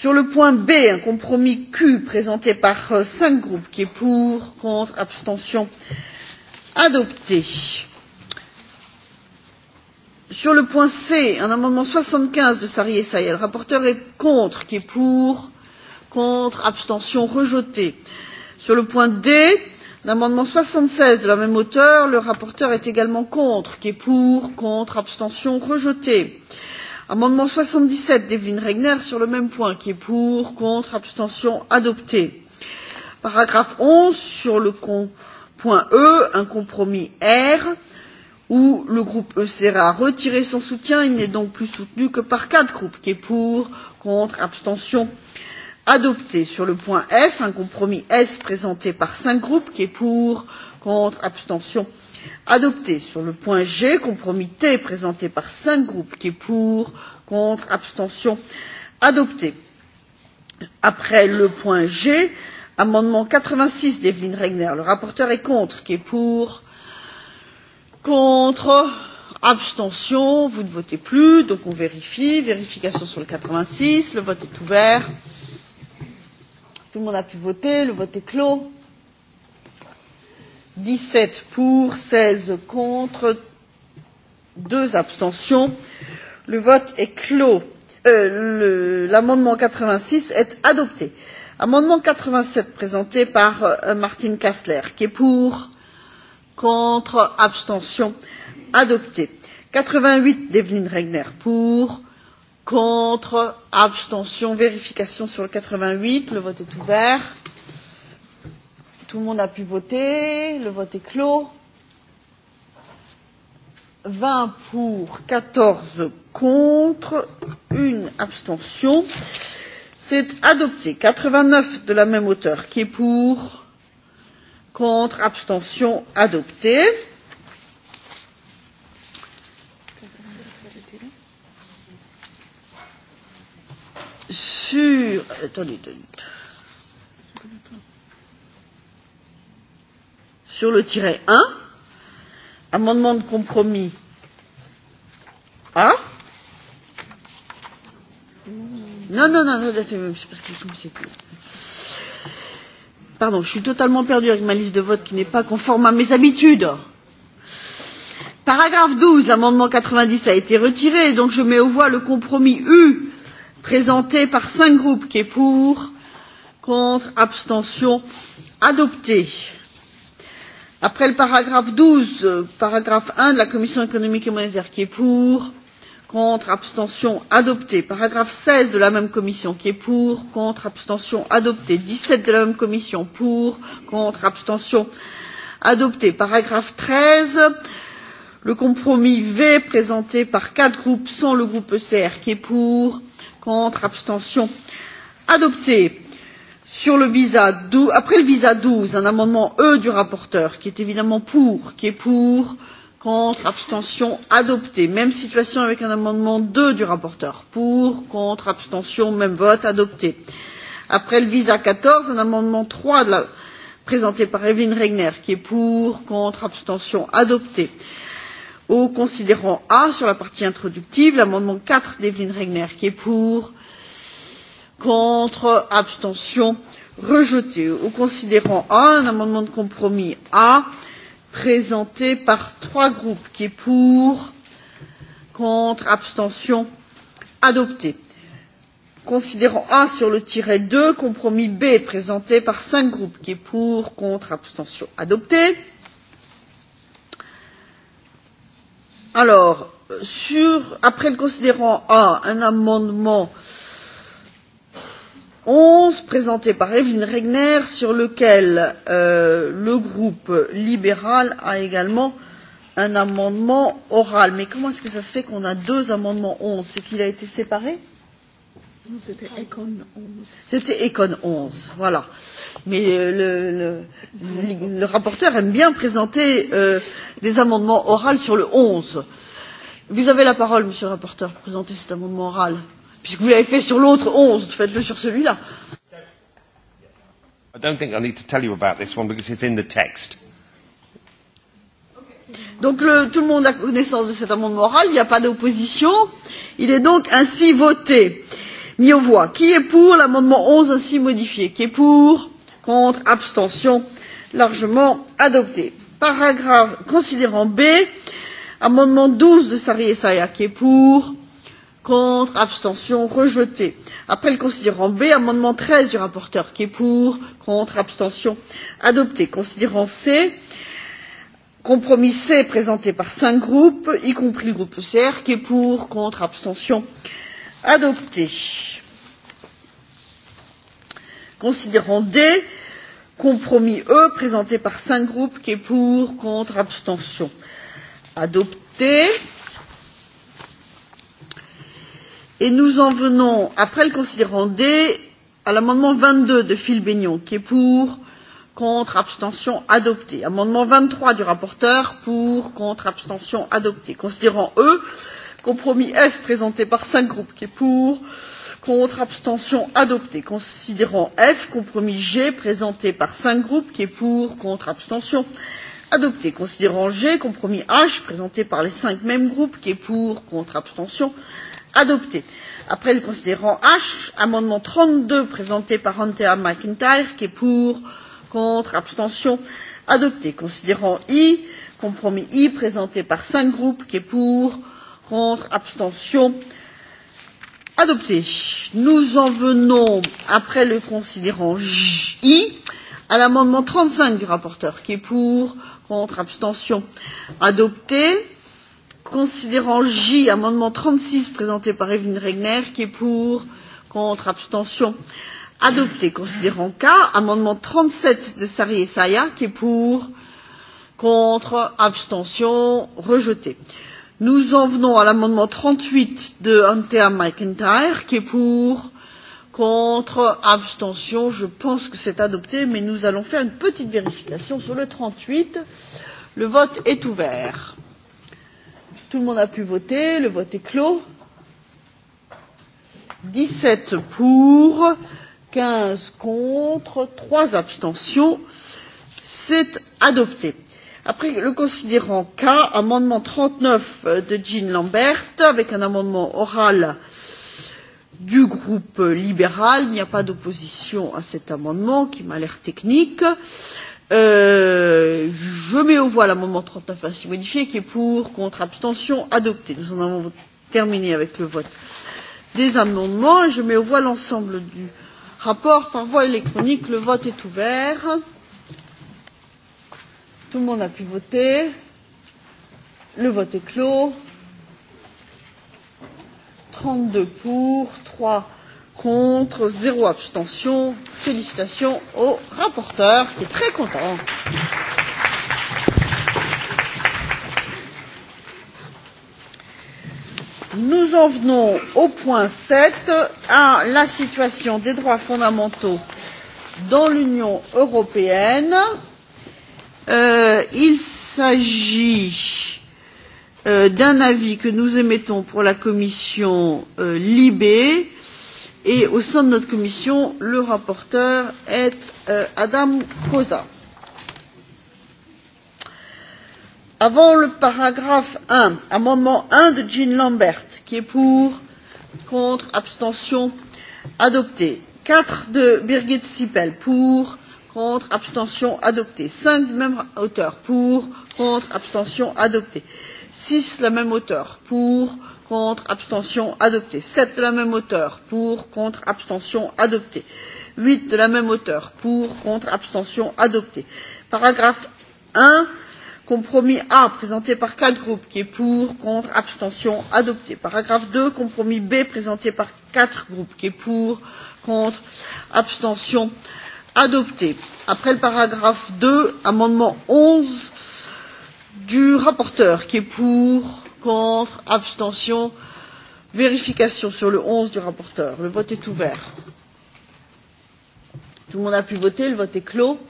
sur le point b un compromis q présenté par euh, cinq groupes qui est pour contre abstention adopté. sur le point c un amendement soixante quinze de saryi essayah le rapporteur est contre qui est pour contre abstention rejeté. sur le point d l'amendement soixante seize de la même auteur, le rapporteur est également contre qui est pour contre abstention rejeté amendement soixante dix sept d'evelyn regner sur le même point qui est pour contre abstention adopté paragraphe onze sur le point e un compromis r où le groupe ecr a retiré son soutien il n'est donc plus soutenu que par quatre groupes qui est pour contre abstention adopté sur le point f un compromis s présenté par cinq groupes qui est pour contre abstention adopté adopté sur le point g compromis t présenté par cinq groupes qui est pour contre abstention adopté après le point g amendement quatre vingt six d'evelyne regner le rapporteur est contre qui est pour contre abstention vous ne votez plus donc on vérifie vérification sur le quatre vingt six le vote est ouvert tout le monde a pu voter le vote est clos 17 pour, 16 contre, 2 abstentions. Le vote est clos. Euh, L'amendement 86 est adopté. Amendement 87 présenté par euh, Martine Kastler, qui est pour, contre, abstention, adopté. 88 d'Evelyne Regner, pour, contre, abstention, vérification sur le 88. Le vote est ouvert. Tout le monde a pu voter. Le vote est clos. 20 pour, 14 contre, une abstention. C'est adopté. 89 de la même hauteur qui est pour, contre, abstention adopté. Sur, attendez, attendez sur le tiret 1, amendement de compromis A. Non, non, non, non, c'est parce que c'est plus. Pardon, je suis totalement perdue avec ma liste de vote qui n'est pas conforme à mes habitudes. Paragraphe 12, l'amendement 90 a été retiré, donc je mets aux voix le compromis U présenté par cinq groupes qui est pour, contre, abstention, adopté après le paragraphe douze euh, paragraphe un de la commission économique et monétaire qui est pour contre abstention adopté paragraphe seize de la même commission qui est pour contre abstention adopté dix sept de la même commission pour contre abstention adopté paragraphe treize le compromis v présenté par quatre groupes sans le groupe ecr qui est pour contre abstention adopté sur le visa 12, après le visa douze un amendement E du rapporteur, qui est évidemment pour, qui est pour, contre, abstention, adopté. Même situation avec un amendement deux du rapporteur, pour, contre, abstention, même vote, adopté. Après le visa 14, un amendement 3 de présenté par Evelyne Regner, qui est pour, contre, abstention, adopté. Au considérant A, sur la partie introductive, l'amendement 4 d'Evelyne Regner, qui est pour, contre abstention rejeté. au considérant a un amendement de compromis a présenté par trois groupes qui est pour contre abstention adopté. considérant a sur le tiret 2 compromis b présenté par cinq groupes qui est pour contre abstention adopté. alors sur, après le considérant a un amendement euh, onze présenté par Evelyne Regner, sur lequel euh, le groupe libéral a également un amendement oral. Mais comment est-ce que ça se fait qu'on a deux amendements onze? C'est qu'il a été séparé C'était Econ 11. C'était Econ 11, voilà. Mais le, euh, le, le, le rapporteur aime bien présenter euh, des amendements oraux sur le 11. Vous avez la parole, monsieur le rapporteur, pour présenter cet amendement oral. Euh, puisque vous l'avez fait sur l'autre 11, faites le sur celui là. Donc le, tout le monde a connaissance de cet amendement oral, il n'y a pas d'opposition. Il est donc ainsi voté. Mis aux voix. Qui est pour l'amendement 11 ainsi modifié Qui est pour Contre Abstention Largement adopté. Paragraphe considérant B, amendement 12 de Sari Essaya. Qui est pour contre, abstention, rejeté. Après le considérant B, amendement 13 du rapporteur qui est pour, contre, abstention, adopté. Considérant C, compromis C présenté par cinq groupes, y compris le groupe CR qui est pour, contre, abstention, adopté. Considérant D, compromis E présenté par cinq groupes qui est pour, contre, abstention, Adopté et nous en venons après le considérant d à l'amendement vingt deux de phil bennion qui est pour contre abstention adopté amendement vingt trois du rapporteur pour contre abstention adopté considérant e compromis f présenté par cinq groupes qui est pour contre abstention adopté considérant f compromis g présenté par cinq groupes qui est pour contre abstention adopté considérant g compromis h présenté par les cinq mêmes groupes qui est pour contre abstention adopté adopté. après le considérant h amendement trente deux présenté par anthea mcintyre qui est pour contre abstention adopté. considérant i compromis i présenté par cinq groupes qui est pour contre abstention adopté. nous en venons après le considérant i à l'amendement trente cinq du rapporteur qui est pour contre abstention adopté Considérant J, amendement 36 présenté par Evelyne Regner, qui est pour, contre, abstention, adopté. Considérant K, amendement 37 de Sari Saya, qui est pour, contre, abstention, rejeté. Nous en venons à l'amendement 38 de Antea McIntyre, qui est pour, contre, abstention. Je pense que c'est adopté, mais nous allons faire une petite vérification sur le 38. Le vote est ouvert tout le monde a pu voter le vote est clos 17 pour 15 contre 3 abstentions c'est adopté. après le considérant k amendement 39 de jean lambert avec un amendement oral du groupe libéral il n'y a pas d'opposition à cet amendement qui m'a l'air technique. Euh, je mets aux voix l'amendement 39 ainsi modifié qui est pour, contre, abstention, adopté. Nous en avons terminé avec le vote des amendements et je mets aux voix l'ensemble du rapport par voie électronique. Le vote est ouvert. Tout le monde a pu voter. Le vote est clos. 32 pour, 3 contre, zéro abstention. Félicitations au rapporteur qui est très content. Nous en venons au point 7, à la situation des droits fondamentaux dans l'Union européenne. Euh, il s'agit euh, d'un avis que nous émettons pour la commission euh, Libé et au sein de notre commission le rapporteur est euh, adam ksa. avant le paragraphe un amendement un de jean lambert qui est pour contre abstention adopté quatre de birgit sippel pour contre abstention adopté cinq du même auteur pour contre abstention adopté six de la même auteur pour contre abstention adopté sept de la même hauteur, pour contre abstention adopté huit de la même hauteur, pour contre abstention adopté paragraphe un compromis a présenté par quatre groupes qui est pour contre abstention adopté paragraphe 2, compromis b présenté par quatre groupes qui est pour contre abstention adopté après le paragraphe 2, amendement 11 du rapporteur qui est pour contre abstention vérification sur le onze du rapporteur le vote est ouvert tout le monde a pu voter le vote est clos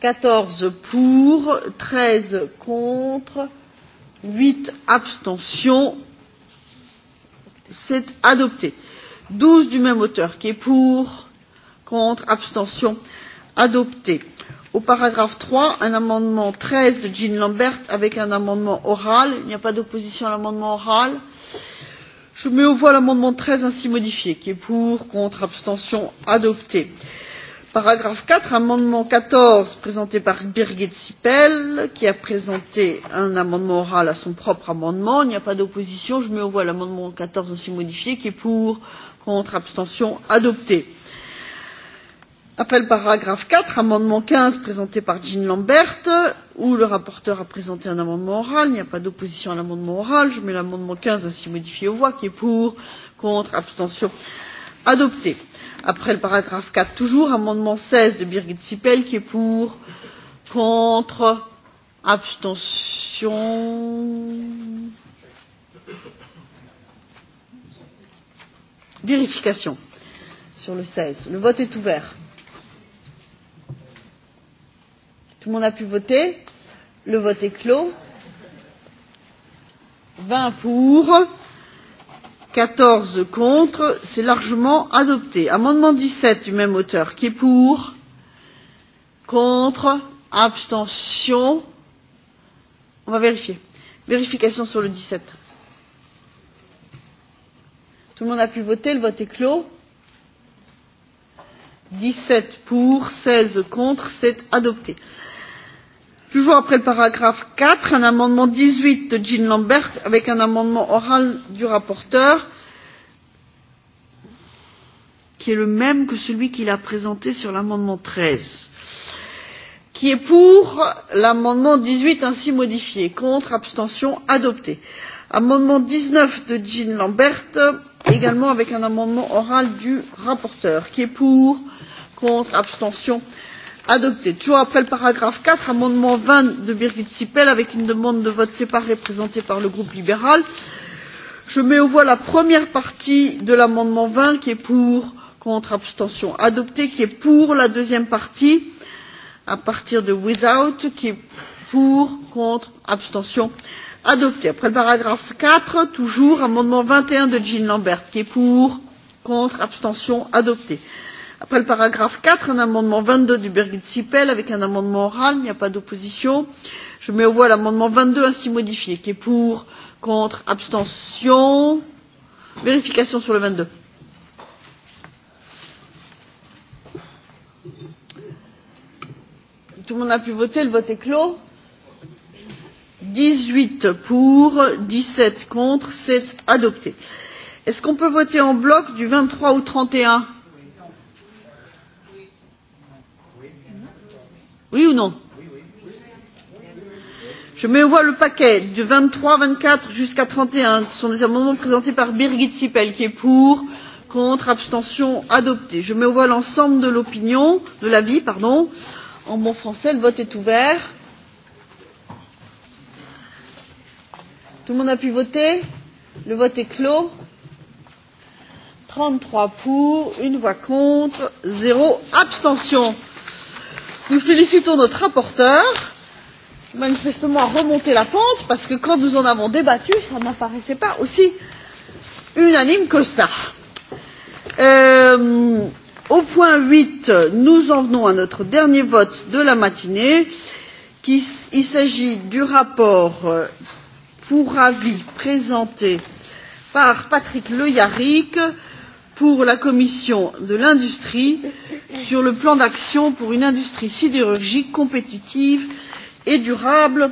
quatorze pour treize contre huit abstentions c'est adopté douze du même auteur qui est pour contre abstention adopté au paragraphe trois un amendement treize de jean lambert avec un amendement oral. il n'y a pas d'opposition à l'amendement oral. je mets aux voix l'amendement treize ainsi modifié qui est pour contre abstention adopté. paragraphe quatre amendement quatorze présenté par birgit sippel qui a présenté un amendement oral à son propre amendement. il n'y a pas d'opposition. je mets aux voix l'amendement quatorze ainsi modifié qui est pour contre abstention adopté appel le paragraphe quatre amendement quinze présenté par jean lambert où le rapporteur a présenté un amendement oral il n'y a pas d'opposition à l'amendement oral je mets l'amendement quinze ainsi modifié aux voix qui est pour contre abstention adopté. après le paragraphe quatre toujours amendement seize de birgit sippel qui est pour contre abstention vérification sur le seize le vote est ouvert. Tout le monde a pu voter Le vote est clos. 20 pour, 14 contre, c'est largement adopté. Amendement 17 du même auteur, qui est pour Contre Abstention On va vérifier. Vérification sur le 17. Tout le monde a pu voter, le vote est clos. 17 pour, 16 contre, c'est adopté toujours après le paragraphe quatre un amendement dix huit de jean lambert avec un amendement oral du rapporteur qui est le même que celui qu'il a présenté sur l'amendement treize qui est pour l'amendement dix huit ainsi modifié contre abstention adopté amendement dix neuf de jean lambert également avec un amendement oral du rapporteur qui est pour contre abstention adopté adopté. toujours après le paragraphe quatre amendement vingt de birgit sippel avec une demande de vote séparé présentée par le groupe libéral je mets aux voix la première partie de l'amendement vingt qui est pour contre abstention adopté qui est pour la deuxième partie à partir de without qui est pour contre abstention adopté. après le paragraphe quatre toujours amendement vingt et un de jean lambert qui est pour contre abstention adopté après le paragraphe quatre un amendement vingt deux de birgit sippel avec un amendement oral il n'y a pas d'opposition je mets aux voix l'amendement vingt deux ainsi modifié qui est pour contre abstention vérification sur le vingt deux tout le monde a pu voter le vote est clos dix huit pour dix sept contre c'est adopté. est ce qu'on peut voter en bloc du vingt trois au trente et un Oui ou non Je mets aux voix le paquet du 23, 24 jusqu'à 31. Ce sont des amendements présentés par Birgit Sipel qui est pour, contre, abstention, adopté. Je mets aux voix l'ensemble de l'opinion, de l'avis, pardon. En bon français, le vote est ouvert. Tout le monde a pu voter Le vote est clos. 33 pour, une voix contre, zéro abstention nous félicitons notre rapporteur qui manifestement a remonté la pente parce que quand nous en avons débattu ça n'apparaissait pas aussi unanime que ça. Euh, au point 8, nous en venons à notre dernier vote de la matinée qui, il s'agit du rapport euh, pour avis présenté par patrick le yarrick sur pour la commission de l'industrie sur le plan d'action pour une industrie sidérurgique compétitive et durable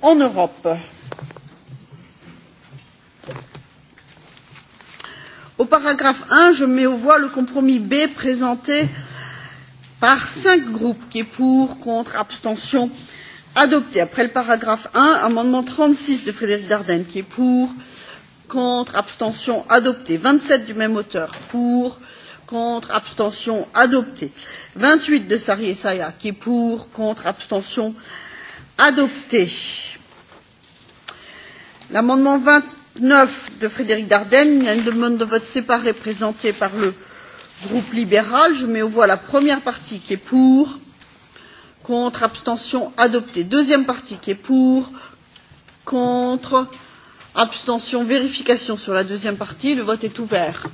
en europe. au paragraphe 1, je mets aux voix le compromis b présenté par cinq groupes qui est pour contre abstention adopté. après le paragraphe 1, amendement 36 de frédéric Dardenne qui est pour contre abstention adopté vingt sept du même auteur pour contre abstention adopté vingt huit de Sarriessaya qui est pour contre abstention adopté l'amendement vingt neuf de Frédéric Dardenne il y a une demande de vote séparé présentée par le groupe libéral je mets aux voix la première partie qui est pour contre abstention adoptée deuxième partie qui est pour contre abstention abstention vérification sur la deuxième partie le vote est ouvert.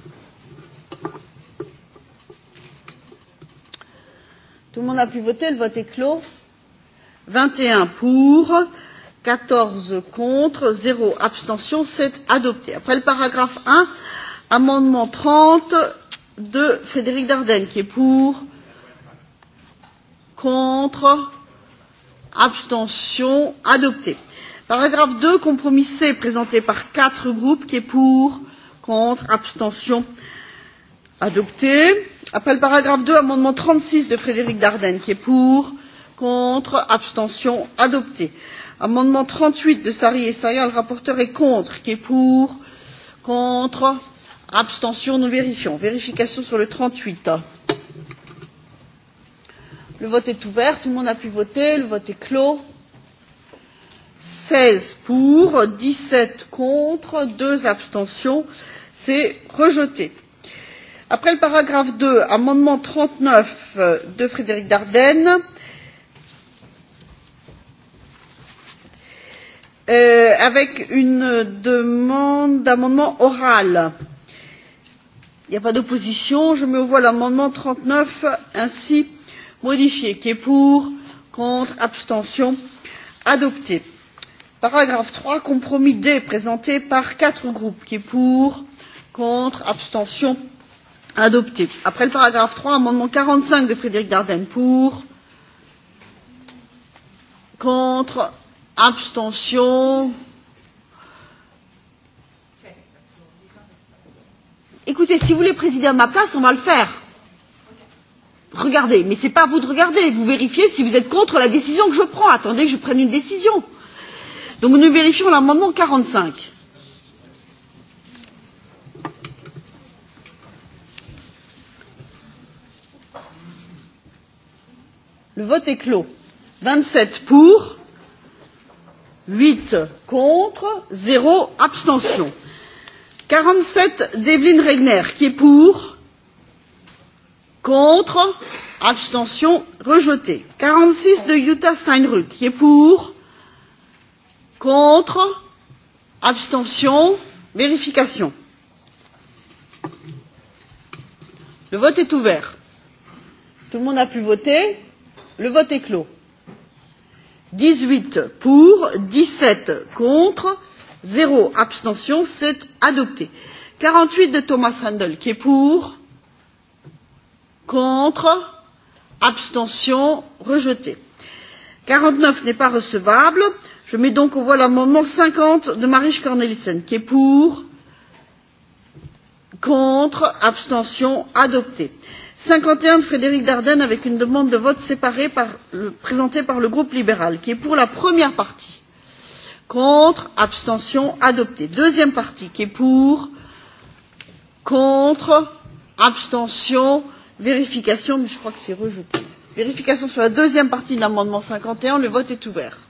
tout le monde a pu voter le vote est clos vingt et un pour quatorze contre zéro abstention c'est adopté. après le paragraphe un amendement trente de Frédéric Dardenne qui est pour contre abstention adopté paragraphe deux compromis c présenté par quatre groupes qui est pour contre abstention adopté. après le paragraphe deux amendement trente six de frédéric daerden qui est pour contre abstention adopté. amendement trente huit de sari essayah le rapporteur est contre qui est pour contre abstention nous vérifions vérification sur le trente huit le vote est ouvert tout le monde a pu voter le vote est clos seize pour dix sept contre deux abstentions c'est rejeté. après le paragraphe deux amendement trente neuf euh, de frédéric daerden euh, avec une demande d'amendement oral. il n'y a pas d'opposition je mets aux voix l'amendement trente neuf ainsi modifié qui est pour contre abstention adopté. Paragraphe 3, compromis D, présenté par quatre groupes, qui est pour, contre, abstention, adopté. Après le paragraphe 3, amendement 45 de Frédéric Dardenne, pour, contre, abstention. Écoutez, si vous voulez présider à ma place, on va le faire. Regardez, mais ce n'est pas à vous de regarder, vous vérifiez si vous êtes contre la décision que je prends. Attendez que je prenne une décision. Donc nous vérifions l'amendement 45. Le vote est clos. 27 pour, 8 contre, 0 abstention. 47 Devlin Regner qui est pour, contre, abstention, rejeté. 46 de Jutta Steinruck qui est pour, contre, Contre Abstention Vérification. Le vote est ouvert. Tout le monde a pu voter. Le vote est clos. 18 pour, 17 contre, 0 abstention, c'est adopté. 48 de Thomas Handel qui est pour, contre, abstention, rejeté. 49 n'est pas recevable je mets donc aux voix l'amendement cinquante de marie cornelissen qui est pour contre abstention adopté cinquante et un de frédéric Dardenne avec une demande de vote séparée par, présentée par le groupe libéral qui est pour la première partie contre abstention adopté deuxième partie qui est pour contre abstention vérification mais je crois que c'est rejeté vérification sur la deuxième partie de l'amendement cinquante et un le vote est ouvert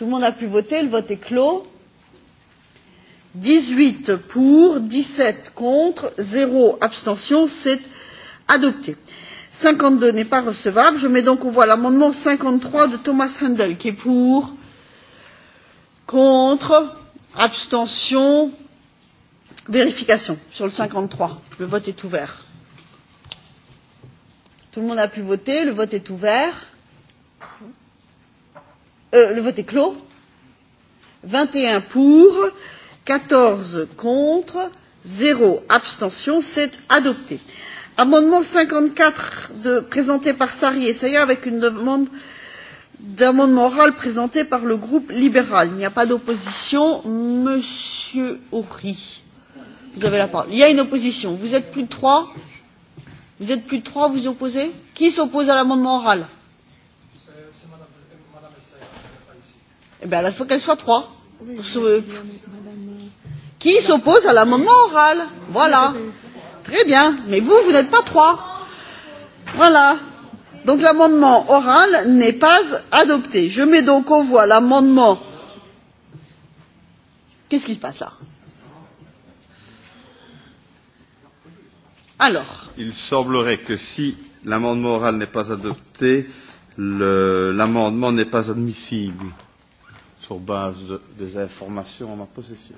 Tout le monde a pu voter, le vote est clos. 18 pour, 17 contre, 0 abstention, c'est adopté. 52 n'est pas recevable. Je mets donc aux voix l'amendement 53 de Thomas Handel qui est pour, contre, abstention, vérification sur le 53. Le vote est ouvert. Tout le monde a pu voter, le vote est ouvert. Euh, le vote est clos. 21 pour, 14 contre, 0 abstention. C'est adopté. Amendement 54 de, présenté par Sari Essaya avec une demande d'amendement oral présenté par le groupe libéral. Il n'y a pas d'opposition. Monsieur Horry, vous avez la parole. Il y a une opposition. Vous êtes plus de trois Vous êtes plus de trois, vous opposez Qui s'oppose à l'amendement oral Eh bien, il faut qu'elle soit trois. Euh, qui s'oppose à l'amendement oral Voilà. Très bien. Mais vous, vous n'êtes pas trois. Voilà. Donc l'amendement oral n'est pas adopté. Je mets donc aux voix l'amendement. Qu'est-ce qui se passe là Alors. Il semblerait que si l'amendement oral n'est pas adopté, l'amendement n'est pas admissible sur base de, des informations en ma possession.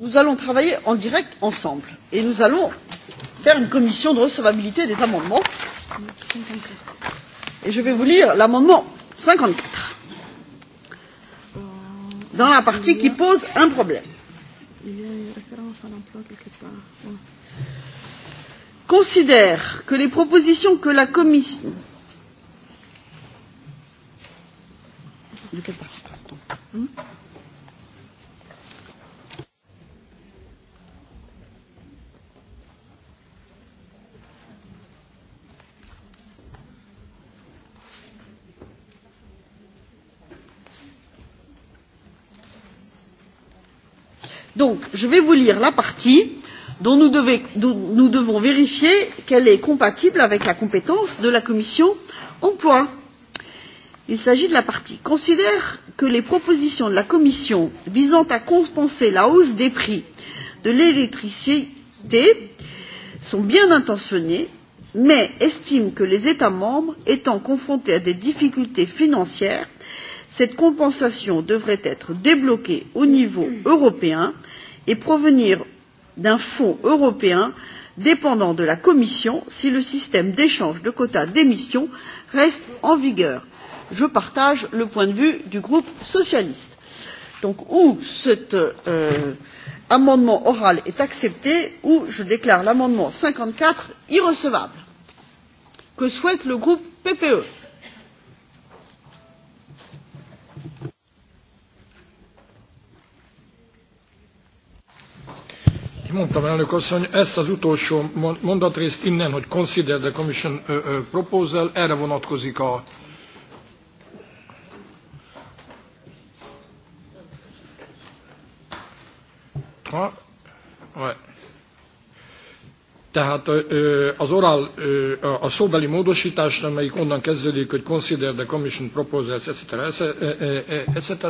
nous allons travailler en direct ensemble et nous allons faire une commission de recevabilité des amendements et je vais vous lire l'amendement 54 dans la partie qui pose un problème. Il y a une référence à l'emploi quelque part. Ouais. Considère que les propositions que la Commission de quelle partie parle t hmm donc je vais vous lire la partie dont nous, devez, nous devons vérifier qu'elle est compatible avec la compétence de la commission de l'emploi. il s'agit de la partie considère que les propositions de la commission visant à compenser la hausse des prix de l'électricité sont bien intentionnées mais estime que les états membres étant confrontés à des difficultés financières cette compensation devrait être débloquée au niveau européen et provenir d'un fonds européen dépendant de la commission si le système d'échange de quotas d'émission reste en vigueur. je partage le point de vue du groupe socialiste. donc ou cet euh, amendement oral est accepté ou je déclare l'amendement cinquante quatre irrecevable. que souhaite le groupe ppe? mondtam, elnök asszony, ezt az utolsó mondatrészt innen, hogy consider the commission proposal, erre vonatkozik a Ha, ouais. Tehát az orál, a szóbeli módosítás, amelyik onnan kezdődik, hogy consider the commission proposals, etc., etc.,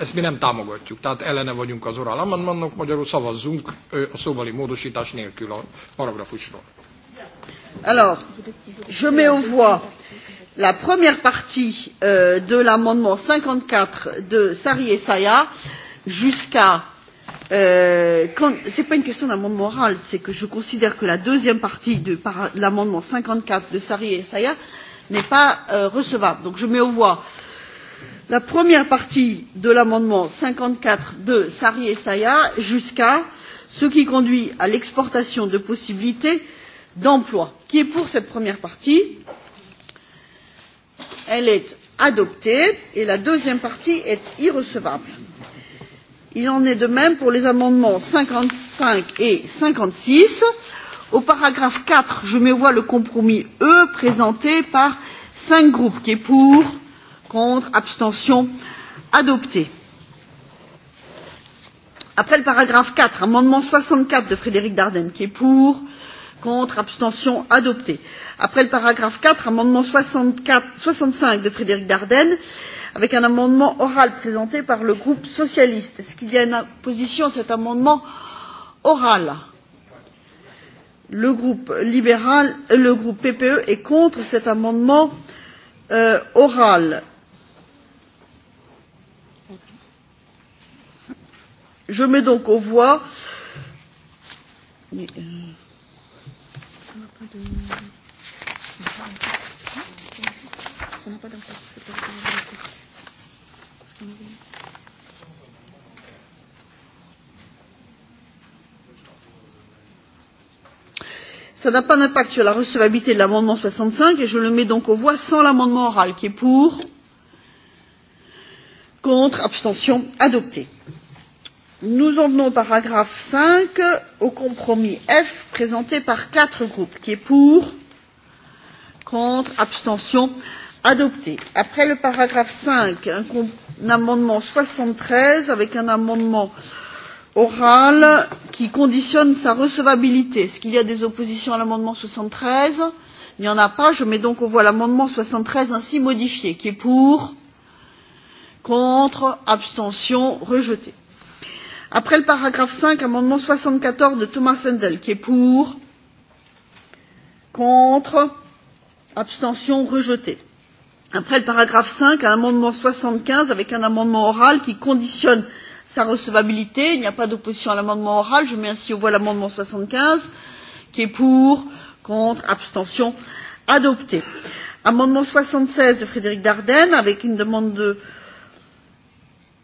ezt mi nem támogatjuk. Tehát ellene vagyunk az orál amendmentnek, magyarul szavazzunk a szóbeli módosítás nélkül a paragrafusról. Alors, je mets en voix la première partie euh, de l'amendement 54 de Sari Saya jusqu'à Euh, ce n'est pas une question d'un monde moral c'est que je considère que la deuxième partie de, de l'amendement cinquante quatre de saryu essayah n'est pas euh, recevable. donc je mets aux voix la première partie de l'amendement cinquante quatre de saryu essayah jusqu'à ce qui conduit à l'exportation de possibilités d'emploi. qui est pour cette première partie? elle est adoptée et la deuxième partie est irrecevable il en est de même pour les amendements cinquante cinq et cinquante six au paragraphe quatre je mets aux voix le compromis e présenté par cinq groupes qui est pour contre abstention adopté. après le paragraphe quatre amendement soixante quatre de frédéric dardenne qui est pour contre abstention adopté. après le paragraphe quatre amendement soixante cinq de frédéric dardenne avec un amendement oral présenté par le groupe socialiste. est ce qu'il y a une opposition à cet amendement oral? le groupe, libéral, euh, le groupe ppe est contre cet amendement euh, oral. je mets donc aux voix euh. Ça n'a pas d'impact. Ça n'a pas d'impact sur la recevabilité de l'amendement 65 et je le mets donc aux voix sans l'amendement oral qui est pour, contre, abstention, adopté. Nous en venons au paragraphe 5, au compromis F présenté par quatre groupes qui est pour, contre, abstention, adopté adopté. après le paragraphe cinq un, un amendement soixante treize avec un amendement oral qui conditionne sa recevabilité. est ce qu'il y a des oppositions à l'amendement soixante treize? il n'y en a pas. je mets donc aux voix l'amendement soixante treize ainsi modifié qui est pour contre abstention rejeté. après le paragraphe cinq amendement soixante quatorze de thomas sendel qui est pour contre abstention rejetée après le paragraphe 5, un amendement 75, avec un amendement oral qui conditionne sa recevabilité. il n'y a pas d'opposition à l'amendement oral. je mets ainsi au voie l'amendement 75 qui est pour contre abstention adopté. amendement 76 de frédéric Dardenne, avec une demande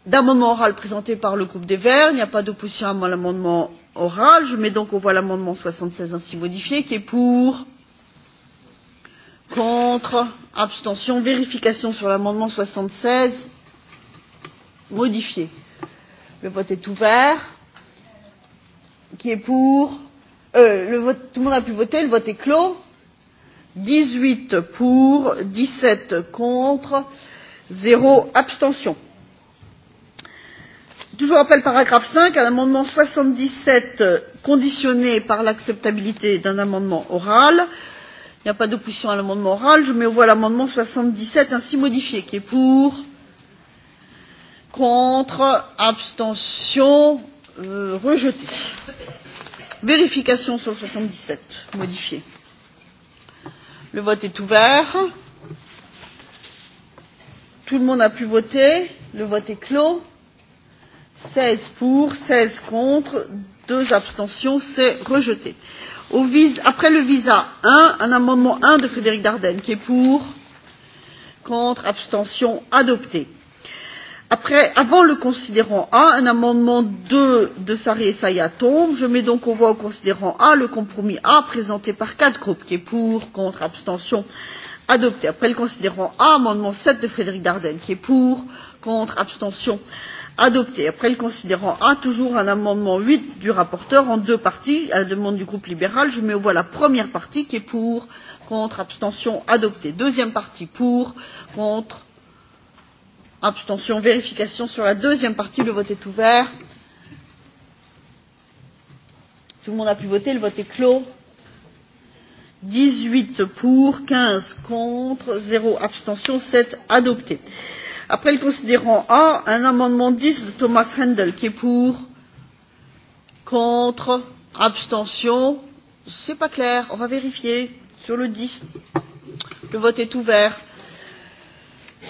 d'amendement oral présenté par le groupe des verts. il n'y a pas d'opposition à l'amendement oral. je mets donc au voie l'amendement 76 ainsi modifié qui est pour Contre. Abstention. Vérification sur l'amendement 76. Modifié. Le vote est ouvert. Qui est pour euh, le vote, Tout le monde a pu voter. Le vote est clos. 18 pour, 17 contre, 0 abstention. Toujours après paragraphe 5, un amendement 77 conditionné par l'acceptabilité d'un amendement oral. Il n'y a pas d'opposition à l'amendement oral. Je mets aux voix l'amendement 77 ainsi modifié. Qui est pour Contre Abstention euh, Rejeté. Vérification sur le 77 modifié. Le vote est ouvert. Tout le monde a pu voter. Le vote est clos. 16 pour, 16 contre, 2 abstentions. C'est rejeté. Au après le visa 1, un amendement 1 de Frédéric Dardenne qui est pour, contre, abstention, adopté. Après, avant le considérant A, un amendement 2 de Sari et Saya tombe. Je mets donc au voie au considérant A le compromis A présenté par quatre groupes qui est pour, contre, abstention, adopté. Après le considérant A, amendement 7 de Frédéric Dardenne qui est pour, contre, abstention, adopté adoptée après le considérant un toujours un amendement huit du rapporteur en deux parties à la demande du groupe libéral. je mets aux voix la première partie qui est pour contre abstention adopté. deuxième partie pour contre abstention vérification sur la deuxième partie. le vote est ouvert. tout le monde a pu voter. le vote est clos. 18 pour 15 contre 0 abstention 7 adopté après le considérant a un amendement 10 de thomas Handel, qui est pour contre abstention c'est pas clair on va vérifier sur le dix le vote est ouvert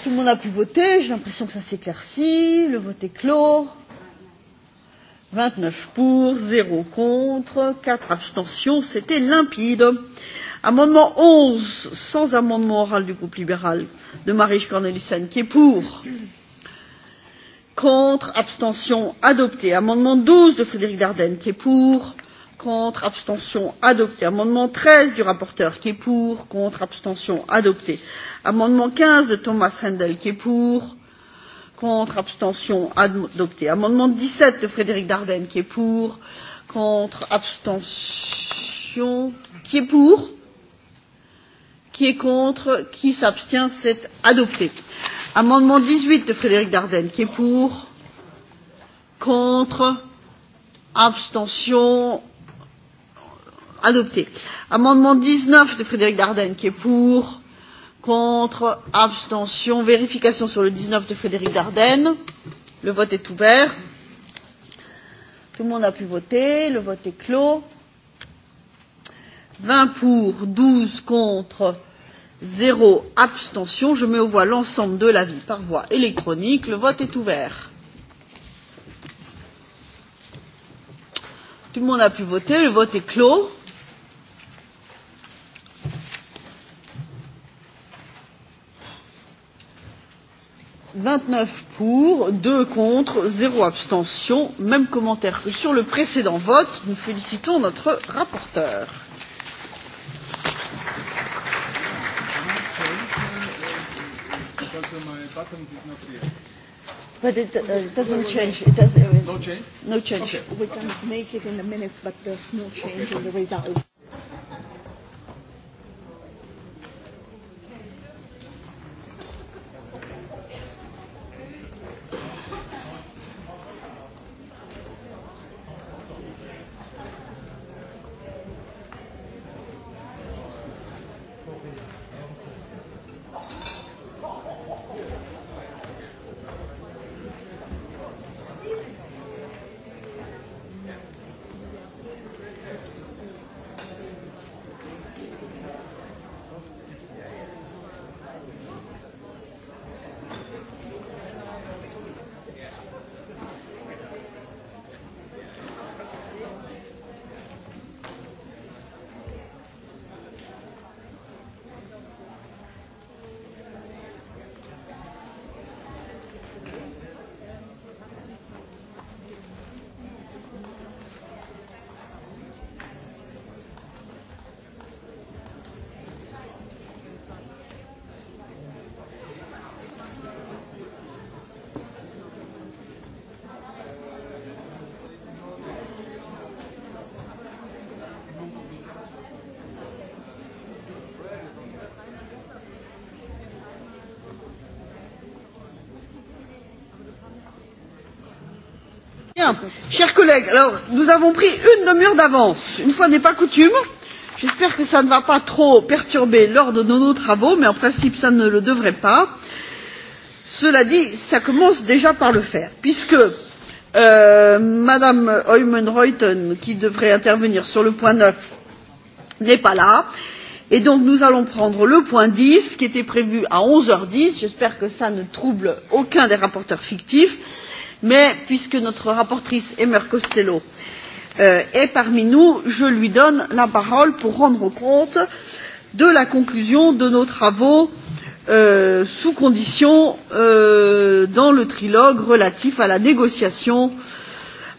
tout le monde a pu voter j'ai l'impression que ça s'éclaircit le vote est clos 29 pour, 0 contre, 4 abstentions, c'était limpide. Amendement 11, sans amendement oral du groupe libéral de Marie Cornelissen, qui est pour Contre, abstention, adopté. Amendement 12 de Frédéric Dardenne, qui est pour Contre, abstention, adopté. Amendement 13 du rapporteur, qui est pour Contre, abstention, adopté. Amendement 15 de Thomas Hendel, qui est pour Contre, abstention, adopté. Amendement 17 de Frédéric Dardenne, qui est pour Contre, abstention, qui est pour qui est contre qui s'abstient c'est adopté amendement 18 de frédéric dardenne qui est pour contre abstention adopté amendement 19 de frédéric dardenne qui est pour contre abstention vérification sur le 19 de frédéric dardenne le vote est ouvert tout le monde a pu voter le vote est clos 20 pour 12 contre 0 abstention je mets aux voix l'ensemble de l'avis par voie électronique. le vote est ouvert. tout le monde a pu voter le vote est clos. vingt neuf pour deux contre zéro abstention même commentaire que sur le précédent vote. nous félicitons notre rapporteur. But it, uh, it doesn't change. It does, uh, no change? No change. Okay. We can make it in the minutes, but there's no change okay. in the result. chers collègues, alors nous avons pris une demi-heure d'avance. Une fois n'est pas coutume. J'espère que ça ne va pas trop perturber l'ordre de nos travaux, mais en principe, ça ne le devrait pas. Cela dit, ça commence déjà par le faire, puisque euh, Madame Heumann Reuten, qui devrait intervenir sur le point 9, n'est pas là. Et donc, nous allons prendre le point 10, qui était prévu à 11h10. J'espère que ça ne trouble aucun des rapporteurs fictifs mais puisque notre rapporteure emer costello euh, est parmi nous je lui donne la parole pour rendre compte de la conclusion de nos travaux euh, sous condition euh, dans le trilogue relatif à la négociation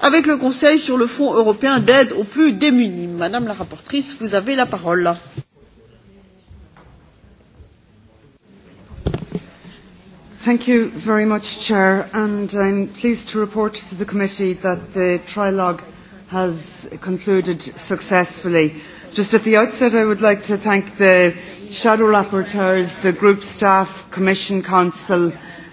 avec le conseil sur le fonds européen d'aide aux plus démunis. madame la rapporteure vous avez la parole. Thank you very much, Chair, and I'm pleased to report to the Committee that the trilogue has concluded successfully. Just at the outset, I would like to thank the shadow rapporteurs, the group staff, Commission, Council,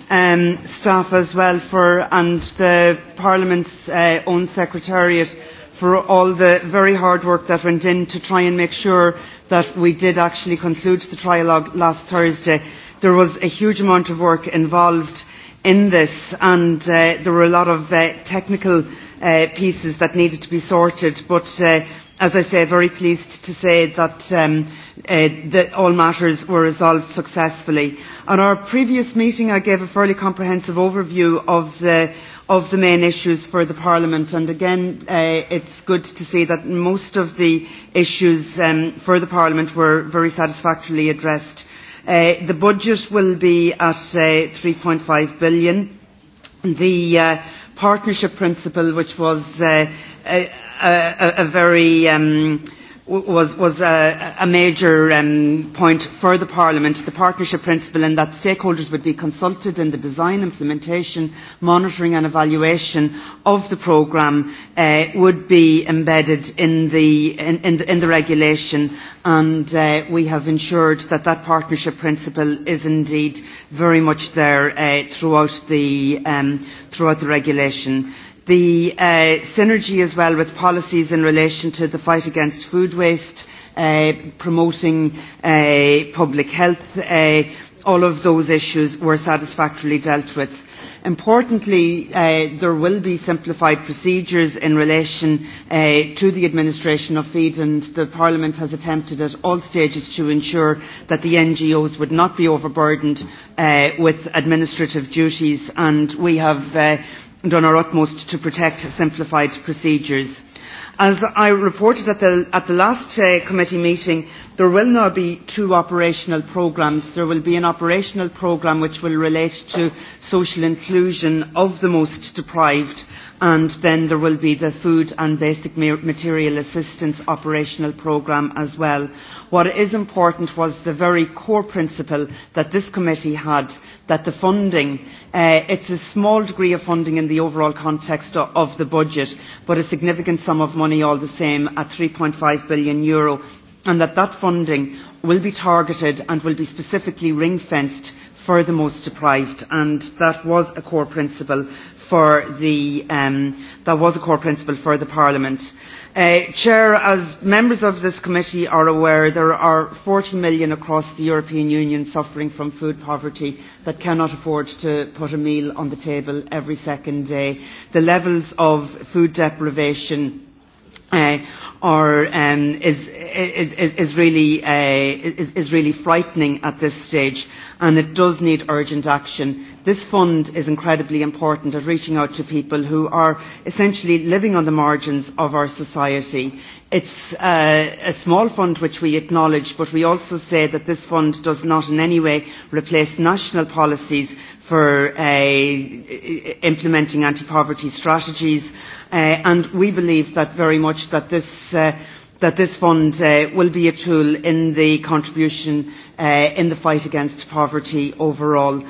um, staff as well, for, and the Parliament's uh, own secretariat for all the very hard work that went in to try and make sure that we did actually conclude the trilogue last Thursday there was a huge amount of work involved in this and uh, there were a lot of uh, technical uh, pieces that needed to be sorted but uh, as I say, very pleased to say that um, uh, that all matters were resolved successfully. At our previous meeting, I gave a fairly comprehensive overview of the, of the main issues for the Parliament. And again, uh, it's good to see that most of the issues um, for the Parliament were very satisfactorily addressed Uh, the budget will be at uh, 3.5 billion. The uh, partnership principle, which was uh, a, a, a very um, was, was a, a major um, point for the Parliament, the partnership principle, and that stakeholders would be consulted in the design, implementation, monitoring and evaluation of the programme uh, would be embedded in the, in, in the, in the regulation and uh, we have ensured that that partnership principle is indeed very much there uh, throughout, the, um, throughout the regulation the uh, synergy as well with policies in relation to the fight against food waste, uh, promoting uh, public health, uh, all of those issues were satisfactorily dealt with. Importantly, uh, there will be simplified procedures in relation uh, to the administration of feed and the Parliament has attempted at all stages to ensure that the NGOs would not be overburdened uh, with administrative duties and we have uh, done our utmost to protect simplified procedures. As I reported at the, at the last uh, committee meeting, there will now be two operational programmes. There will be an operational programme which will relate to social inclusion of the most deprived and then there will be the food and basic material assistance operational programme as well. What is important was the very core principle that this committee had that the funding, uh, it's a small degree of funding in the overall context of, of the budget, but a significant sum of money all the same at 3.5 billion euro, and that that funding will be targeted and will be specifically ring-fenced for the most deprived, and that was a core principle for the um, that was a core principle for the Parliament. Uh, Chair, as members of this committee are aware, there are 40 million across the European Union suffering from food poverty that cannot afford to put a meal on the table every second day. The levels of food deprivation uh, are, um, is, is, is, really, uh, is, is really frightening at this stage, and it does need urgent action This fund is incredibly important at reaching out to people who are essentially living on the margins of our society. It's uh, a small fund which we acknowledge, but we also say that this fund does not in any way replace national policies for uh, implementing anti-poverty strategies. Uh, and we believe that very much that this uh, that this fund uh, will be a tool in the contribution uh, in the fight against poverty overall.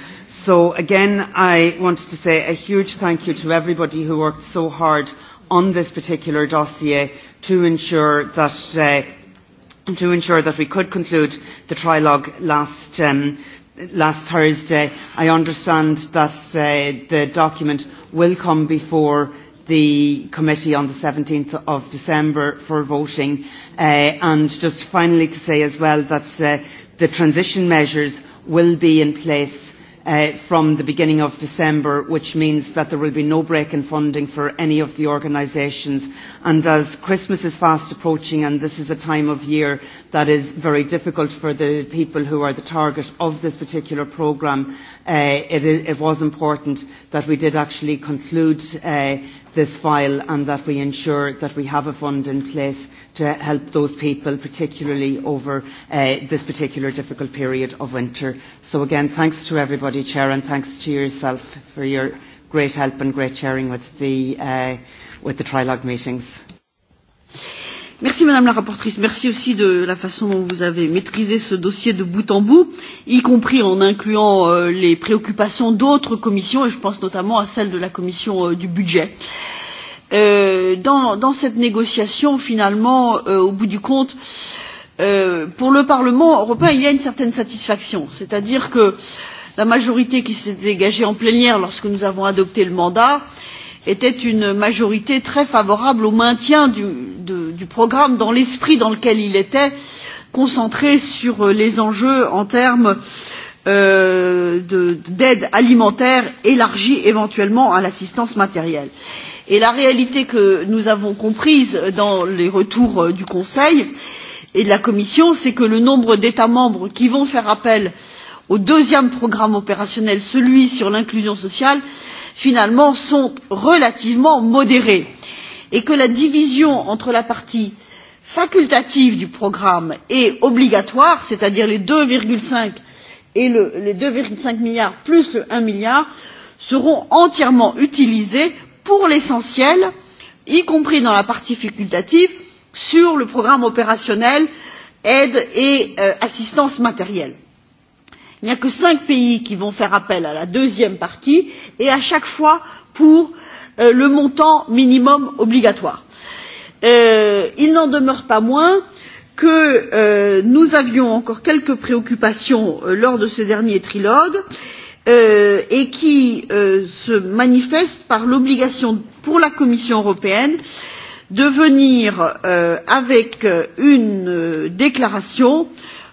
So again, I wanted to say a huge thank you to everybody who worked so hard on this particular dossier to ensure that, uh, to ensure that we could conclude the trilogue last, um, last Thursday. I understand that uh, the document will come before the committee on the 17th of December for voting. Uh, and just finally to say as well that uh, the transition measures will be in place uh, from the beginning of December, which means that there will be no break in funding for any of the organisations. And as Christmas is fast approaching and this is a time of year that is very difficult for the people who are the target of this particular programme, uh, it, it was important that we did actually conclude uh, this file and that we ensure that we have a fund in place to help those people, particularly over uh, this particular difficult period of winter. So again, thanks to everybody, Chair, and thanks to yourself for your great help and great sharing with the, uh, with the trilogue meetings. Merci Madame la rapporteure, merci aussi de la façon dont vous avez maîtrisé ce dossier de bout en bout, y compris en incluant euh, les préoccupations d'autres commissions, et je pense notamment à celle de la commission euh, du budget. Euh, dans, dans cette négociation, finalement, euh, au bout du compte, euh, pour le Parlement européen, il y a une certaine satisfaction, c'est-à-dire que la majorité qui s'est dégagée en plénière lorsque nous avons adopté le mandat euh, était une majorité très favorable au maintien du, de, du programme dans l'esprit dans lequel il était concentré sur euh, les enjeux en termes euh, d'aide alimentaire élargie éventuellement à l'assistance matérielle. Et la réalité que nous avons comprise dans les retours euh, du Conseil et de la Commission, c'est que le nombre d'États membres qui vont faire appel au deuxième programme opérationnel, celui sur l'inclusion sociale, euh, finalement sont relativement modérées et que la division entre la partie facultative du programme et obligatoire c'est à dire les deux cinq milliards plus le un milliard seront entièrement utilisés pour l'essentiel y compris dans la partie facultative sur le programme opérationnel aide et euh, assistance matérielle il n'y a que cinq pays qui vont faire appel à la deuxième partie et à chaque fois pour euh, le montant minimum obligatoire. Euh, il n'en demeure pas moins que euh, nous avions encore quelques préoccupations lors de ce dernier trilogue et qui se manifestent par l'obligation pour la Commission européenne de venir avec une déclaration euh,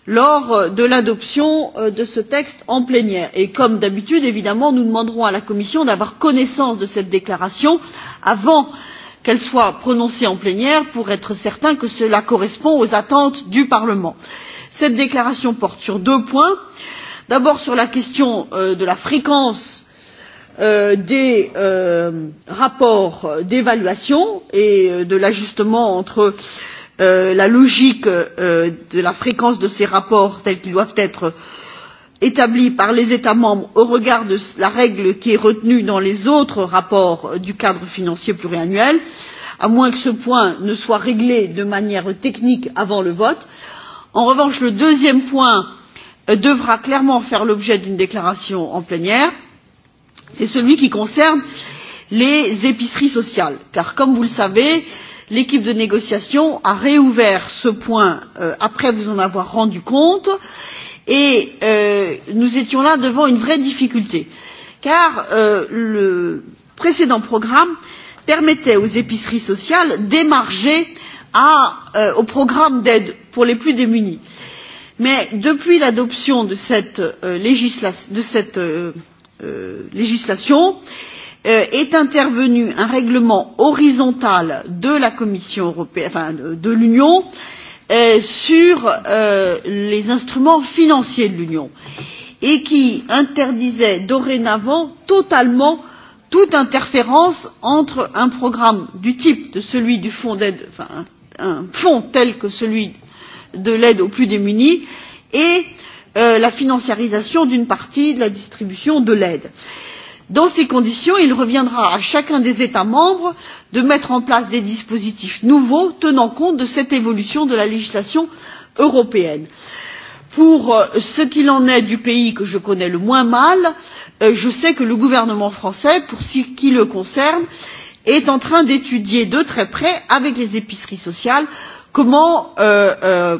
lors euh, de l'adoption euh, de ce texte en plénière et comme d'habitude évidemment nous demanderons à la commission d'avoir connaissance de cette déclaration avant qu'elle soit prononcée en plénière pour être certains que cela correspond aux attentes du parlement. cette déclaration porte sur deux points d'abord sur la question euh, de la fréquence des rapports d'évaluation et de l'ajustement entre les Euh, la logique euh, de la fréquence de ces rapports tels qu'ils doivent être établis par les états membres au regard de la règle qui est retenue dans les autres rapports euh, du cadre financier pluriannuel à moins que ce point ne soit réglé de manière technique avant le vote. en revanche le deuxième point devra clairement faire l'objet d'une déclaration en plénière c'est celui qui concerne les épiceries sociales car comme vous le savez l'équipe de négociation a réouvert ce point euh, après vous en avoir rendu compte et euh, nous étions là devant une vraie difficulté car euh, le précédent programme permettait aux épiceries sociales d'émarger euh, au programme d'aide pour les plus démunis mais depuis l'adoption de cette, euh, législa de cette euh, euh législation il Euh, est intervenu un règlement horizontal de la commission européenne enfin euh, de l'union euh, sur les instruments financiers de l'union et qui interdisait dorénavant totalement toute interférence entre un programme du type de celui du fonds d'aide enfin un fonds tel que celui de l'aide aux plus démunis et euh, la financiarisation d'une partie de la distribution de l'aide. il dans ces conditions il reviendra à chacun des états membres de mettre en place des dispositifs nouveaux tenant compte de cette évolution de la législation européenne. pour euh, ce qu'il en est du pays que je connais le moins mal euh, je sais que le gouvernement français pour ce qui le concerne est en train d'étudier de très près avec les épiceries sociales comment euh, euh,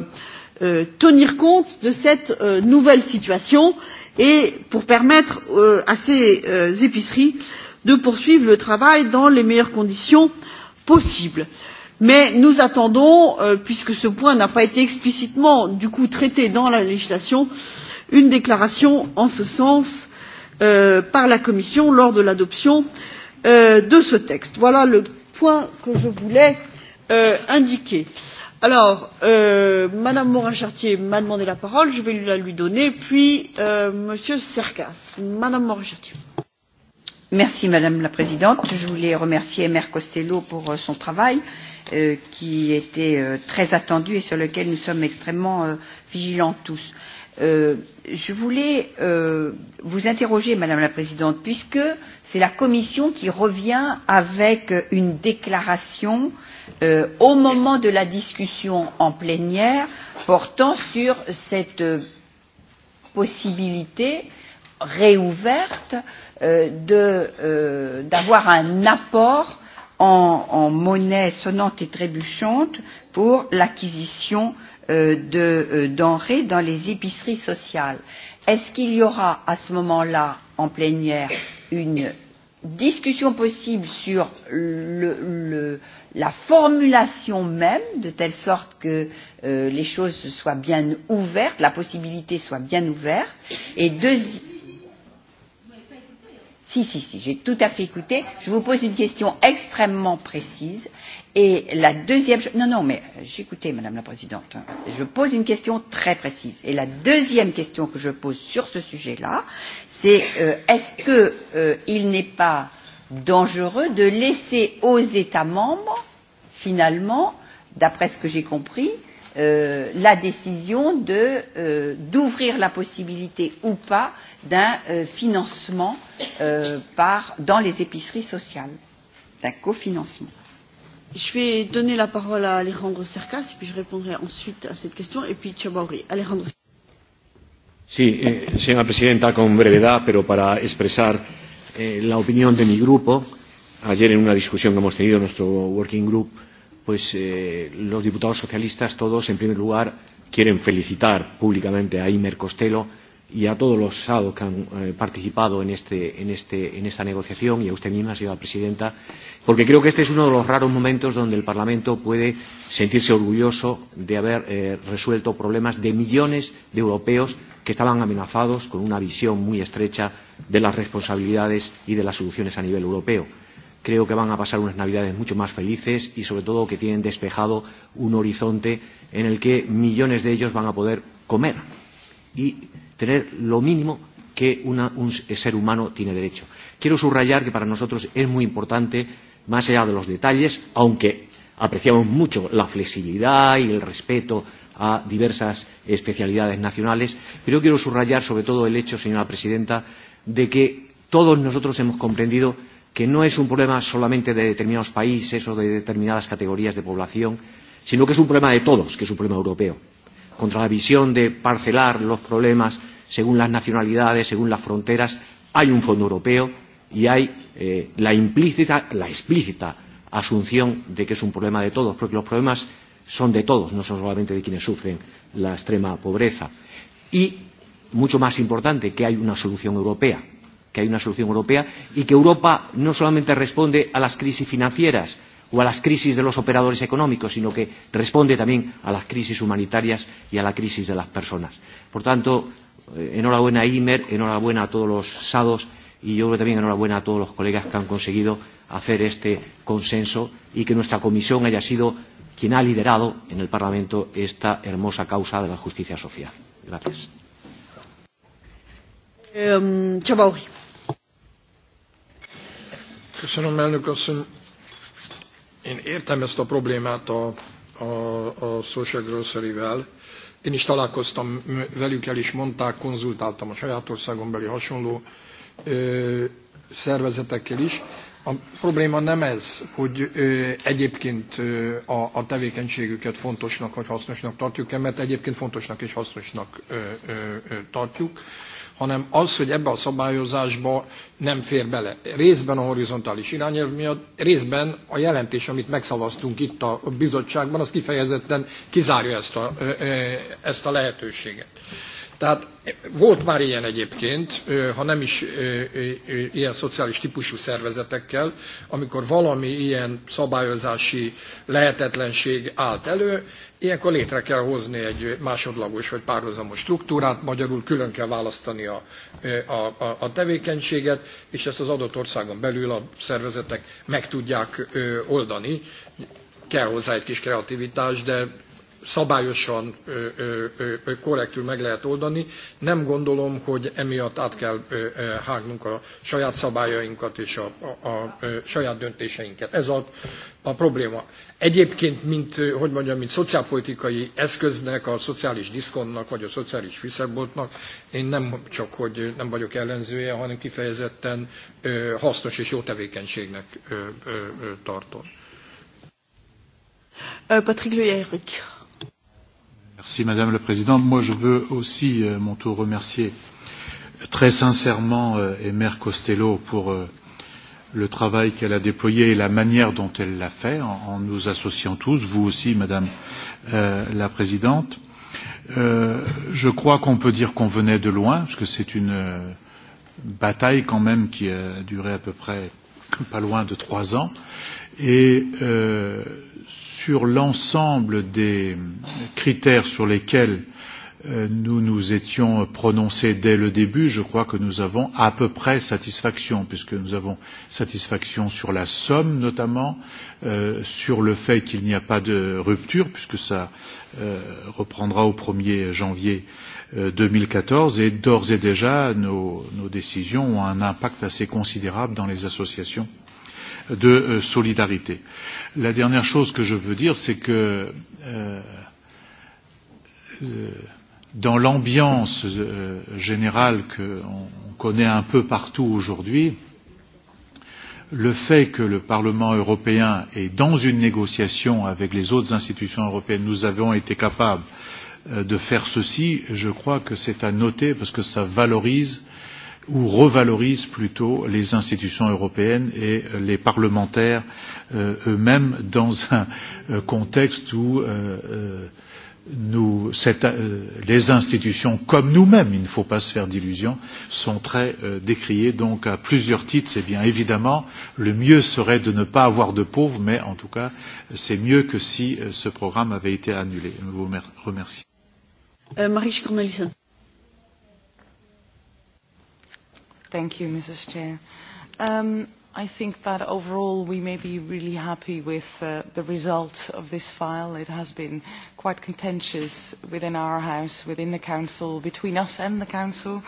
euh, tenir compte de cette euh, nouvelle situation et et pour permettre euh, à ces euh, épiceries de poursuivre le travail dans les meilleures conditions possible. mais nous attendons euh, puisque ce point n'a pas été explicitement du coup, traité dans la législation une déclaration en ce sens par la commission lors de l'adoption de ce texte. voilà le point que je voulais indiquer. Alors, euh, Madame Morin-Chartier m'a demandé la parole, je vais la lui donner, puis euh, Monsieur Cercas. Madame Morin-Chartier. Merci Madame la Présidente. Je voulais remercier Mère Costello pour euh, son travail euh, qui était euh, très attendu et sur lequel nous sommes extrêmement euh, vigilants tous. Euh, je voulais euh, vous interroger, Madame la Présidente, puisque c'est la Commission qui revient avec une déclaration euh, Euh, au moment de la discussion en plénière portant sur cette euh, possibilité réouverte euh, euh d'avoir euh, un apport en, en monnaie sonnante et trébuchante pour l'acquisition euh, de euh, denrées dans les épiceries sociales. Est-ce qu'il y aura à ce moment-là, en plénière, une discussion possible sur le, le, euh, la formulation même, de telle sorte que euh, les choses soient bien ouvertes, la possibilité soit bien ouverte. Et deuxième. Si, si, si, j'ai tout à fait écouté. Je vous pose une question extrêmement précise. Et la deuxième chose. Non, non, mais j'ai écouté, Madame la Présidente. Je pose une question très précise. Et la deuxième question que je pose sur ce sujet-là, c'est euh, est-ce euh, qu'il euh, n'est pas dangereux de laisser aux États membres, finalement, d'après ce que j'ai compris, euh, la décision euh, d'ouvrir euh, la possibilité ou pas d'un euh, financement euh, par, dans les épiceries sociales, d'un cofinancement. Je vais donner la parole à Alejandro Cercas, puis je répondrai ensuite à cette question, et puis Chabauri. Alejandro. Sí, eh, señora presidenta, con brevedad, pero para expresar Eh, eh, la opinión de mi grupo. Ayer en una discusión que hemos tenido en nuestro working group, pues eh, los diputados socialistas todos, en primer lugar, quieren felicitar públicamente a Imer Costello y a todos los SADO que han eh, participado en, este, en, este, en esta negociación y a usted misma, señora presidenta, porque creo que este es uno de los raros momentos donde el Parlamento puede sentirse orgulloso de haber eh, resuelto problemas de millones de europeos que estaban amenazados con una visión muy estrecha de las responsabilidades y de las soluciones a nivel europeo. Creo que van a pasar unas Navidades mucho más felices y, sobre todo, que tienen despejado un horizonte en el que millones de ellos van a poder comer y tener lo mínimo que una, un ser humano tiene derecho. Quiero subrayar que para nosotros es muy importante, más allá de los detalles, aunque apreciamos mucho la flexibilidad y el respeto a diversas especialidades nacionales, pero yo quiero subrayar sobre todo el hecho, señora presidenta, de que todos nosotros hemos comprendido que no es un problema solamente de determinados países o de determinadas categorías de población, sino que es un problema de todos, que es un problema europeo. Contra la visión de parcelar los problemas según las nacionalidades, según las fronteras, hay un fondo europeo y hay eh, la implícita, la explícita asunción de que es un problema de todos, porque los problemas son de todos, no son solamente de quienes sufren la extrema pobreza. Y, mucho más importante, que hay una solución europea, que hay una solución europea y que Europa no solamente responde a las crisis financieras o a las crisis de los operadores económicos, sino que responde también a las crisis humanitarias y a la crisis de las personas. Por tanto, enhorabuena a Imer, enhorabuena a todos los SADOS y yo creo también enhorabuena a todos los colegas que han conseguido hacer este consenso y que nuestra comisión haya sido quien ha liderado en el Parlamento esta hermosa causa de la justicia social. Gracias. Um, Köszönöm, elnök asszony. Én értem ezt a problémát a, a, a social grocery-vel Én is találkoztam velük, el is mondták, konzultáltam a saját országombeli hasonló ö, szervezetekkel is. A probléma nem ez, hogy ö, egyébként ö, a, a tevékenységüket fontosnak vagy hasznosnak tartjuk-e, mert egyébként fontosnak és hasznosnak ö, ö, tartjuk hanem az, hogy ebbe a szabályozásba nem fér bele. Részben a horizontális irányelv miatt, részben a jelentés, amit megszavaztunk itt a bizottságban, az kifejezetten kizárja ezt a, ezt a lehetőséget. Tehát volt már ilyen egyébként, ha nem is ilyen szociális típusú szervezetekkel, amikor valami ilyen szabályozási lehetetlenség állt elő, ilyenkor létre kell hozni egy másodlagos vagy párhuzamos struktúrát, magyarul külön kell választani a, a, a, a tevékenységet, és ezt az adott országon belül a szervezetek meg tudják oldani. Kell hozzá egy kis kreativitás, de szabályosan korrektül meg lehet oldani. Nem gondolom, hogy emiatt át kell hágnunk a saját szabályainkat és a, a, a saját döntéseinket. Ez a, a probléma. Egyébként, mint, hogy mondjam, mint szociálpolitikai eszköznek, a szociális diszkonnak, vagy a szociális fűszerboltnak, én nem csak, hogy nem vagyok ellenzője, hanem kifejezetten hasznos és jó tevékenységnek tartom. Patrick Lujeric. Merci Madame la Présidente. Moi je veux aussi, euh, mon tour, remercier euh, très sincèrement euh, Emer Costello pour euh, le travail qu'elle a déployé et la manière dont elle l'a fait en, en nous associant tous, vous aussi Madame euh, la Présidente. Euh, je crois qu'on peut dire qu'on venait de loin, parce que c'est une euh, bataille quand même qui a duré à peu près pas loin de trois ans. Et euh, sur l'ensemble des critères sur lesquels euh, nous nous étions prononcés dès le début, je crois que nous avons à peu près satisfaction, puisque nous avons satisfaction sur la somme notamment, euh, sur le fait qu'il n'y a pas de rupture, puisque ça euh, reprendra au 1er janvier euh, 2014, et d'ores et déjà, nos, nos décisions ont un impact assez considérable dans les associations de euh, solidarité. La dernière chose que je veux dire, c'est que euh, euh, dans l'ambiance euh, générale qu'on connaît un peu partout aujourd'hui, le fait que le Parlement européen est dans une négociation avec les autres institutions européennes, nous avons été capables euh, de faire ceci, je crois que c'est à noter parce que ça valorise euh, ou revalorise plutôt les institutions européennes et les parlementaires euh, eux-mêmes dans un euh, contexte où euh, euh, nous, cette, euh, les institutions, comme nous-mêmes, il ne faut pas se faire d'illusions, sont très euh, décriées. Donc, à plusieurs titres, c'est bien évidemment, le mieux serait de ne pas avoir de pauvres, mais en tout cas, c'est mieux que si euh, ce programme avait été annulé. Je vous remercie. Euh, Marie Thank you, Mrs. Chair. Um, I think that overall we may be really happy with uh, the result of this file. It has been quite contentious within our House, within the Council, between us and the Council.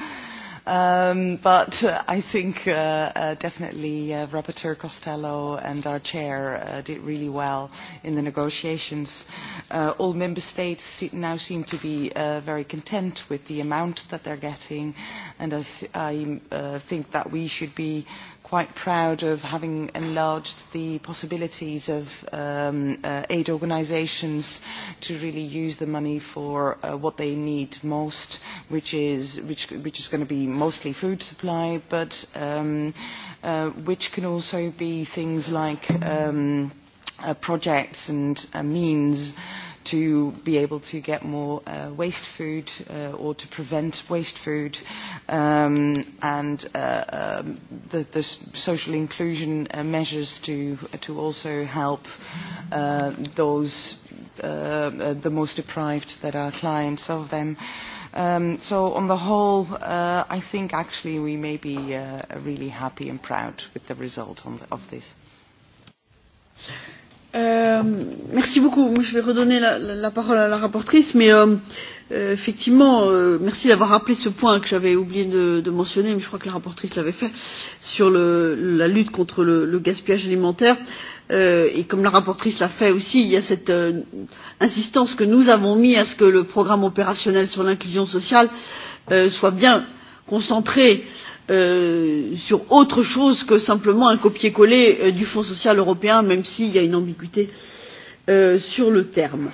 Um, but uh, I think uh, uh, definitely uh, Rapporteur Costello and our chair uh, did really well in the negotiations. Uh, all member states now seem to be uh, very content with the amount that they're getting, and I, th I uh, think that we should be uh, quite proud of having enlarged the possibilities of um, uh, aid organisations to really use the money for uh, what they need most, which is, which, which is going to be mostly food supply, but um, uh, which can also be things like um, uh, projects and uh, means to be able to get more uh, waste food uh, or to prevent waste food um, and uh, um, the, the social inclusion uh, measures to, uh, to also help uh, those uh, uh, the most deprived that are clients of them. Um, so on the whole, uh, I think actually we may be uh, really happy and proud with the result on the, of this. Euh, merci beaucoup. je vais redonner la, la, la parole à la rapporteure, mais euh, euh, effectivement, euh, merci d'avoir rappelé ce point que j'avais oublié de, de mentionner, mais je crois que la rapporteure l'avait fait sur le, la lutte contre le, le gaspillage alimentaire. Euh, et comme la rapporteure l'a fait aussi, il y a cette euh, insistance que nous avons mis à ce que le programme opérationnel sur l'inclusion sociale euh, soit bien concentré euh, Euh, sur autre chose que simplement un copier coller euh, du Fonds social européen, même s'il y a une ambiguïté euh, sur le terme.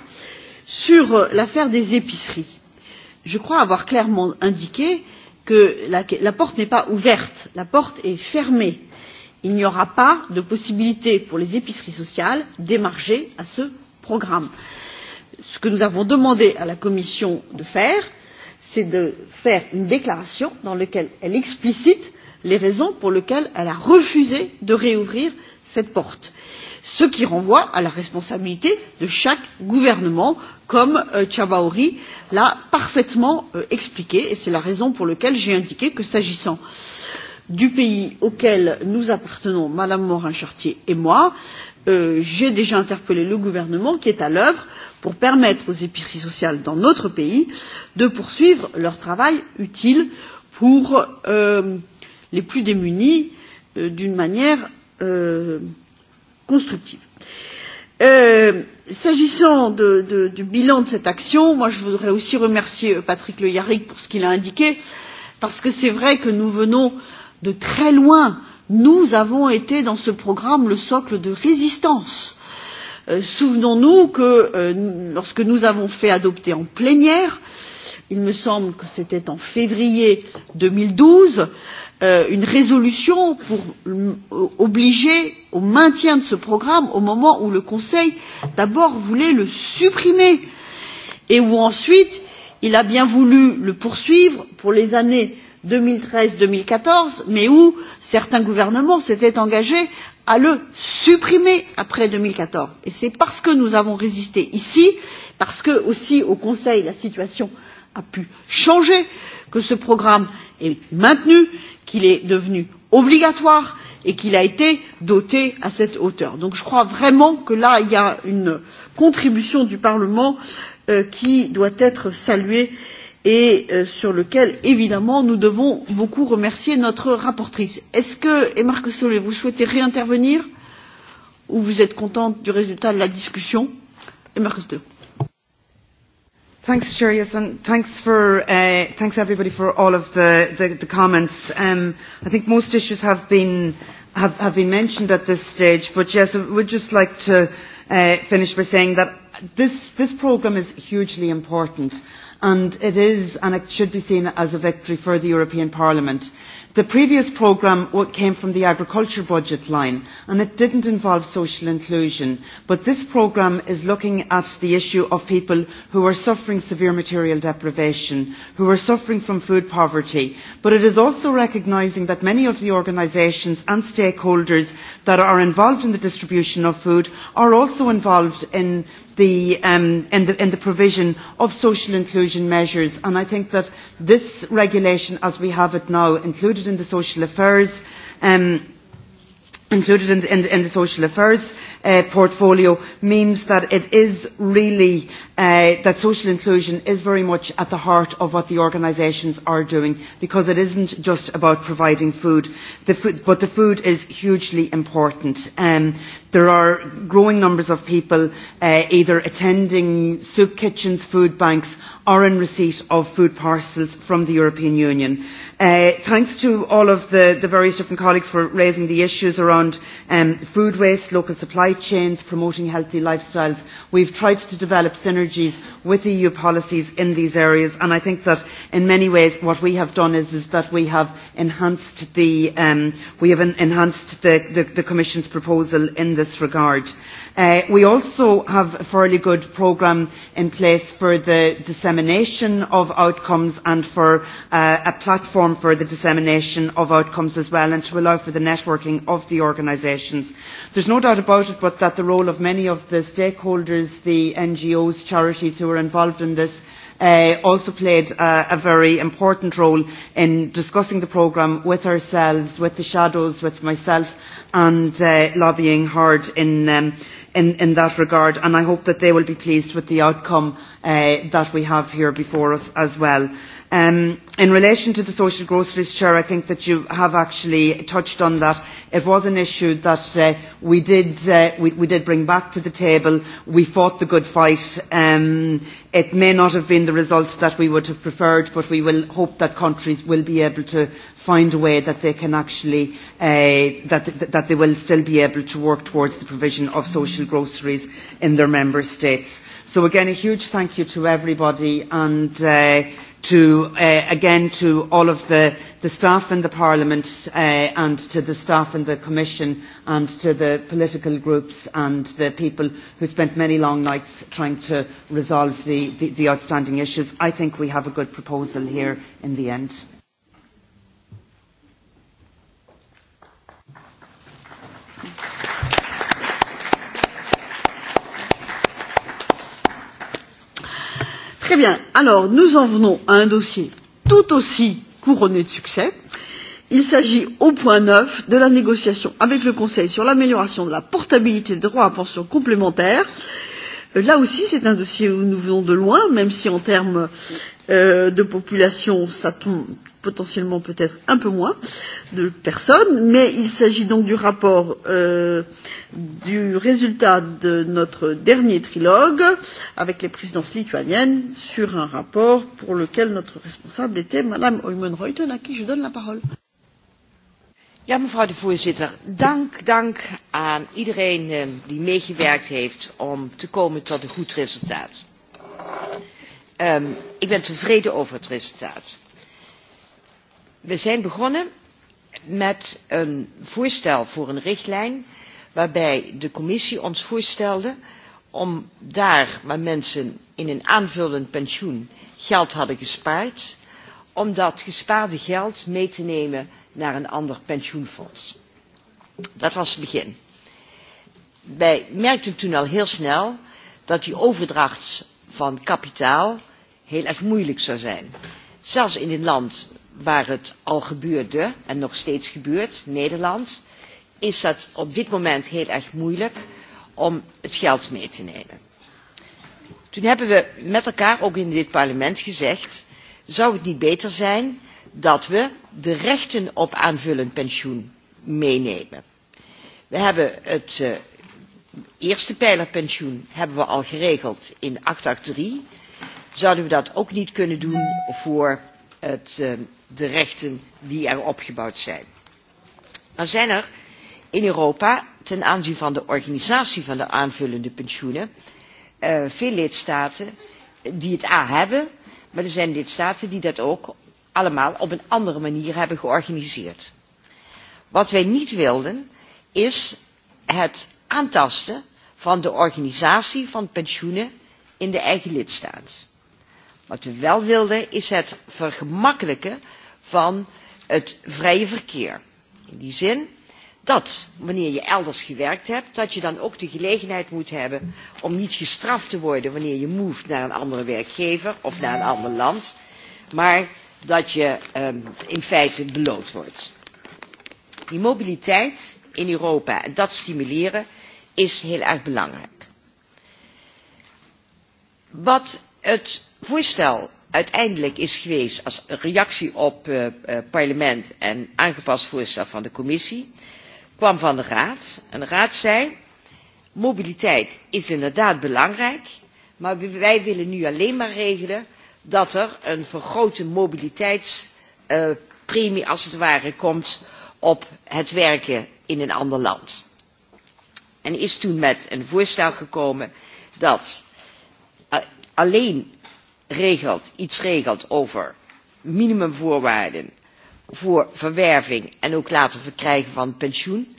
Sur euh, l'affaire des épiceries, je crois avoir clairement indiqué que la, la porte n'est pas ouverte, la porte est fermée. Il n'y aura pas de possibilité pour les épiceries sociales d'émarger à ce programme. Ce que nous avons demandé à la Commission de faire, c'est de faire une déclaration dans laquelle elle explicite les raisons pour lesquelles elle a refusé de réouvrir cette porte ce qui renvoie à la responsabilité de chaque gouvernement comme euh, Chabaori l'a parfaitement euh, expliqué et c'est la raison pour laquelle j'ai indiqué que s'agissant du pays auquel nous appartenons Madame Morin Chartier et moi euh, j'ai déjà interpellé le gouvernement qui est à l'œuvre pour permettre aux épiceries sociales dans notre pays de poursuivre leur travail utile pour euh, les plus démunis euh, d'une manière euh, constructive. Euh, S'agissant de, de, du bilan de cette action, moi je voudrais aussi remercier euh, Patrick Le Yarrick pour ce qu'il a indiqué, parce que c'est vrai que nous venons de très loin. Nous avons été dans ce programme le socle de résistance Euh, souvenons nous que euh, lorsque nous avons fait adopter en plénière il me semble que c'était en février deux mille douze euh, une résolution pour euh, obliger au maintien de ce programme au moment où le conseil d'abord voulait le supprimer et où ensuite il a bien voulu le poursuivre pour les années deux mille treize deux mille quatorze mais où certains gouvernements s'étaient engagés à le supprimer après deux mille quatorze et c'est parce que nous avons résisté ici parce que aussi au conseil la situation a pu changer que ce programme est maintenu qu'il est devenu obligatoire et qu'il a été doté à cette hauteur. donc je crois vraiment que là il y a une contribution du parlement euh, qui doit être saluée euh, et euh, sur lequel évidemment nous devons beaucoup remercier notre rapporteure. est ce que emma costello vous souhaitez réintervenir ou vous êtes contente du résultat de la discussion? emma costello. Thanks, Chair. Yes, and thanks for uh, thanks everybody for all of the the, the comments. Um, I think most issues have been have, have been mentioned at this stage, but yes, I would just like to uh, finish by saying that this this programme is hugely important and it is and it should be seen as a victory for the European Parliament. The previous programme came from the agriculture budget line and it didn't involve social inclusion, but this programme is looking at the issue of people who are suffering severe material deprivation, who are suffering from food poverty, but it is also recognising that many of the organisations and stakeholders that are involved in the distribution of food are also involved in the, um, in, the, in the provision of social inclusion measures. And I think that this regulation, as we have it now, included in the social affairs um, included in the, in the, in the social affairs uh, portfolio means that it is really uh, that social inclusion is very much at the heart of what the organisations are doing because it isn't just about providing food, the food but the food is hugely important. Um, there are growing numbers of people uh, either attending soup kitchens, food banks are in receipt of food parcels from the European Union. Uh, thanks to all of the, the various different colleagues for raising the issues around um, food waste, local supply chains, promoting healthy lifestyles. We've tried to develop synergies with EU policies in these areas and I think that in many ways what we have done is, is that we have enhanced the, um, we have en enhanced the, the, the Commission's proposal in this regard. Uh, we also have a fairly good programme in place for the dissemination of outcomes and for uh, a platform for the dissemination of outcomes as well and to allow for the networking of the organisations. There's no doubt about it but that the role of many of the stakeholders, the NGOs, charities who are involved in this uh, also played uh, a very important role in discussing the programme with ourselves, with the shadows, with myself and uh, lobbying hard in um, in, in that regard and I hope that they will be pleased with the outcome uh, that we have here before us as well. Um, in relation to the social groceries, Chair, I think that you have actually touched on that. It was an issue that uh, we, did, uh, we, we did bring back to the table. We fought the good fight. Um, it may not have been the results that we would have preferred, but we will hope that countries will be able to find a way that they can actually, uh, that, th that they will still be able to work towards the provision of social groceries in their member states. So again, a huge thank you to everybody and uh, to, uh, again, to all of the, the staff in the Parliament uh, and to the staff in the Commission and to the political groups and the people who spent many long nights trying to resolve the, the, the outstanding issues. I think we have a good proposal here in the end. Très bien. Alors, nous en venons à un dossier tout aussi couronné de succès. Il s'agit au point 9 de la négociation avec le Conseil sur l'amélioration de la portabilité des droits à pension complémentaire. Là aussi, c'est un dossier où nous venons de loin, même si en termes euh, de population, ça tombe potentiellement peut-être un peu moins de personnes, mais il s'agit donc du rapport euh, du résultat de notre dernier trilogue avec les présidences lituaniennes sur un rapport pour lequel notre responsable était Madame Oymen Reuten, à qui je donne la parole. Ja, mevrouw de voorzitter, dank, dank aan iedereen eh, die meegewerkt heeft om te komen tot een goed resultaat. Um, ik ben tevreden over het resultaat we zijn begonnen met een voorstel voor een richtlijn waarbij de commissie ons voorstelde om daar waar mensen in een aanvullend pensioen geld hadden gespaard om dat gespaarde geld mee te nemen naar een ander pensioenfonds. Dat was het begin. Wij merkten toen al heel snel dat die overdracht van kapitaal heel erg moeilijk zou zijn. Zelfs in een land waar het al gebeurde en nog steeds gebeurt, Nederland, is het op dit moment heel erg moeilijk om het geld mee te nemen. Toen hebben we met elkaar ook in dit parlement gezegd, zou het niet beter zijn dat we de rechten op aanvullend pensioen meenemen. We hebben het uh, eerste pijlerpensioen hebben we al geregeld in 883. Zouden we dat ook niet kunnen doen voor het uh, de rechten die er opgebouwd zijn. Dan zijn er in Europa ten aanzien van de organisatie van de aanvullende pensioenen uh, veel lidstaten die het A hebben, maar er zijn lidstaten die dat ook allemaal op een andere manier hebben georganiseerd. Wat wij niet wilden is het aantasten van de organisatie van pensioenen in de eigen lidstaat. Wat we wel wilden is het vergemakkelijken van het vrije verkeer. In die zin dat wanneer je elders gewerkt hebt, dat je dan ook de gelegenheid moet hebben om niet gestraft te worden wanneer je move naar een andere werkgever of naar een ander land, maar dat je um, in feite beloond wordt. Die mobiliteit in Europa en dat stimuleren is heel erg belangrijk. Wat het voorstel uiteindelijk is geweest als reactie op uh, parlement en aangepast voorstel van de commissie kwam van de raad en de raad zei mobiliteit is inderdaad belangrijk maar wij willen nu alleen maar regelen dat er een vergrote mobiliteitspremie eh, als het ware komt op het werken in een ander land. En is toen met een voorstel gekomen dat alleen regelt, iets regelt over minimumvoorwaarden voor verwerving en ook later verkrijgen van pensioen.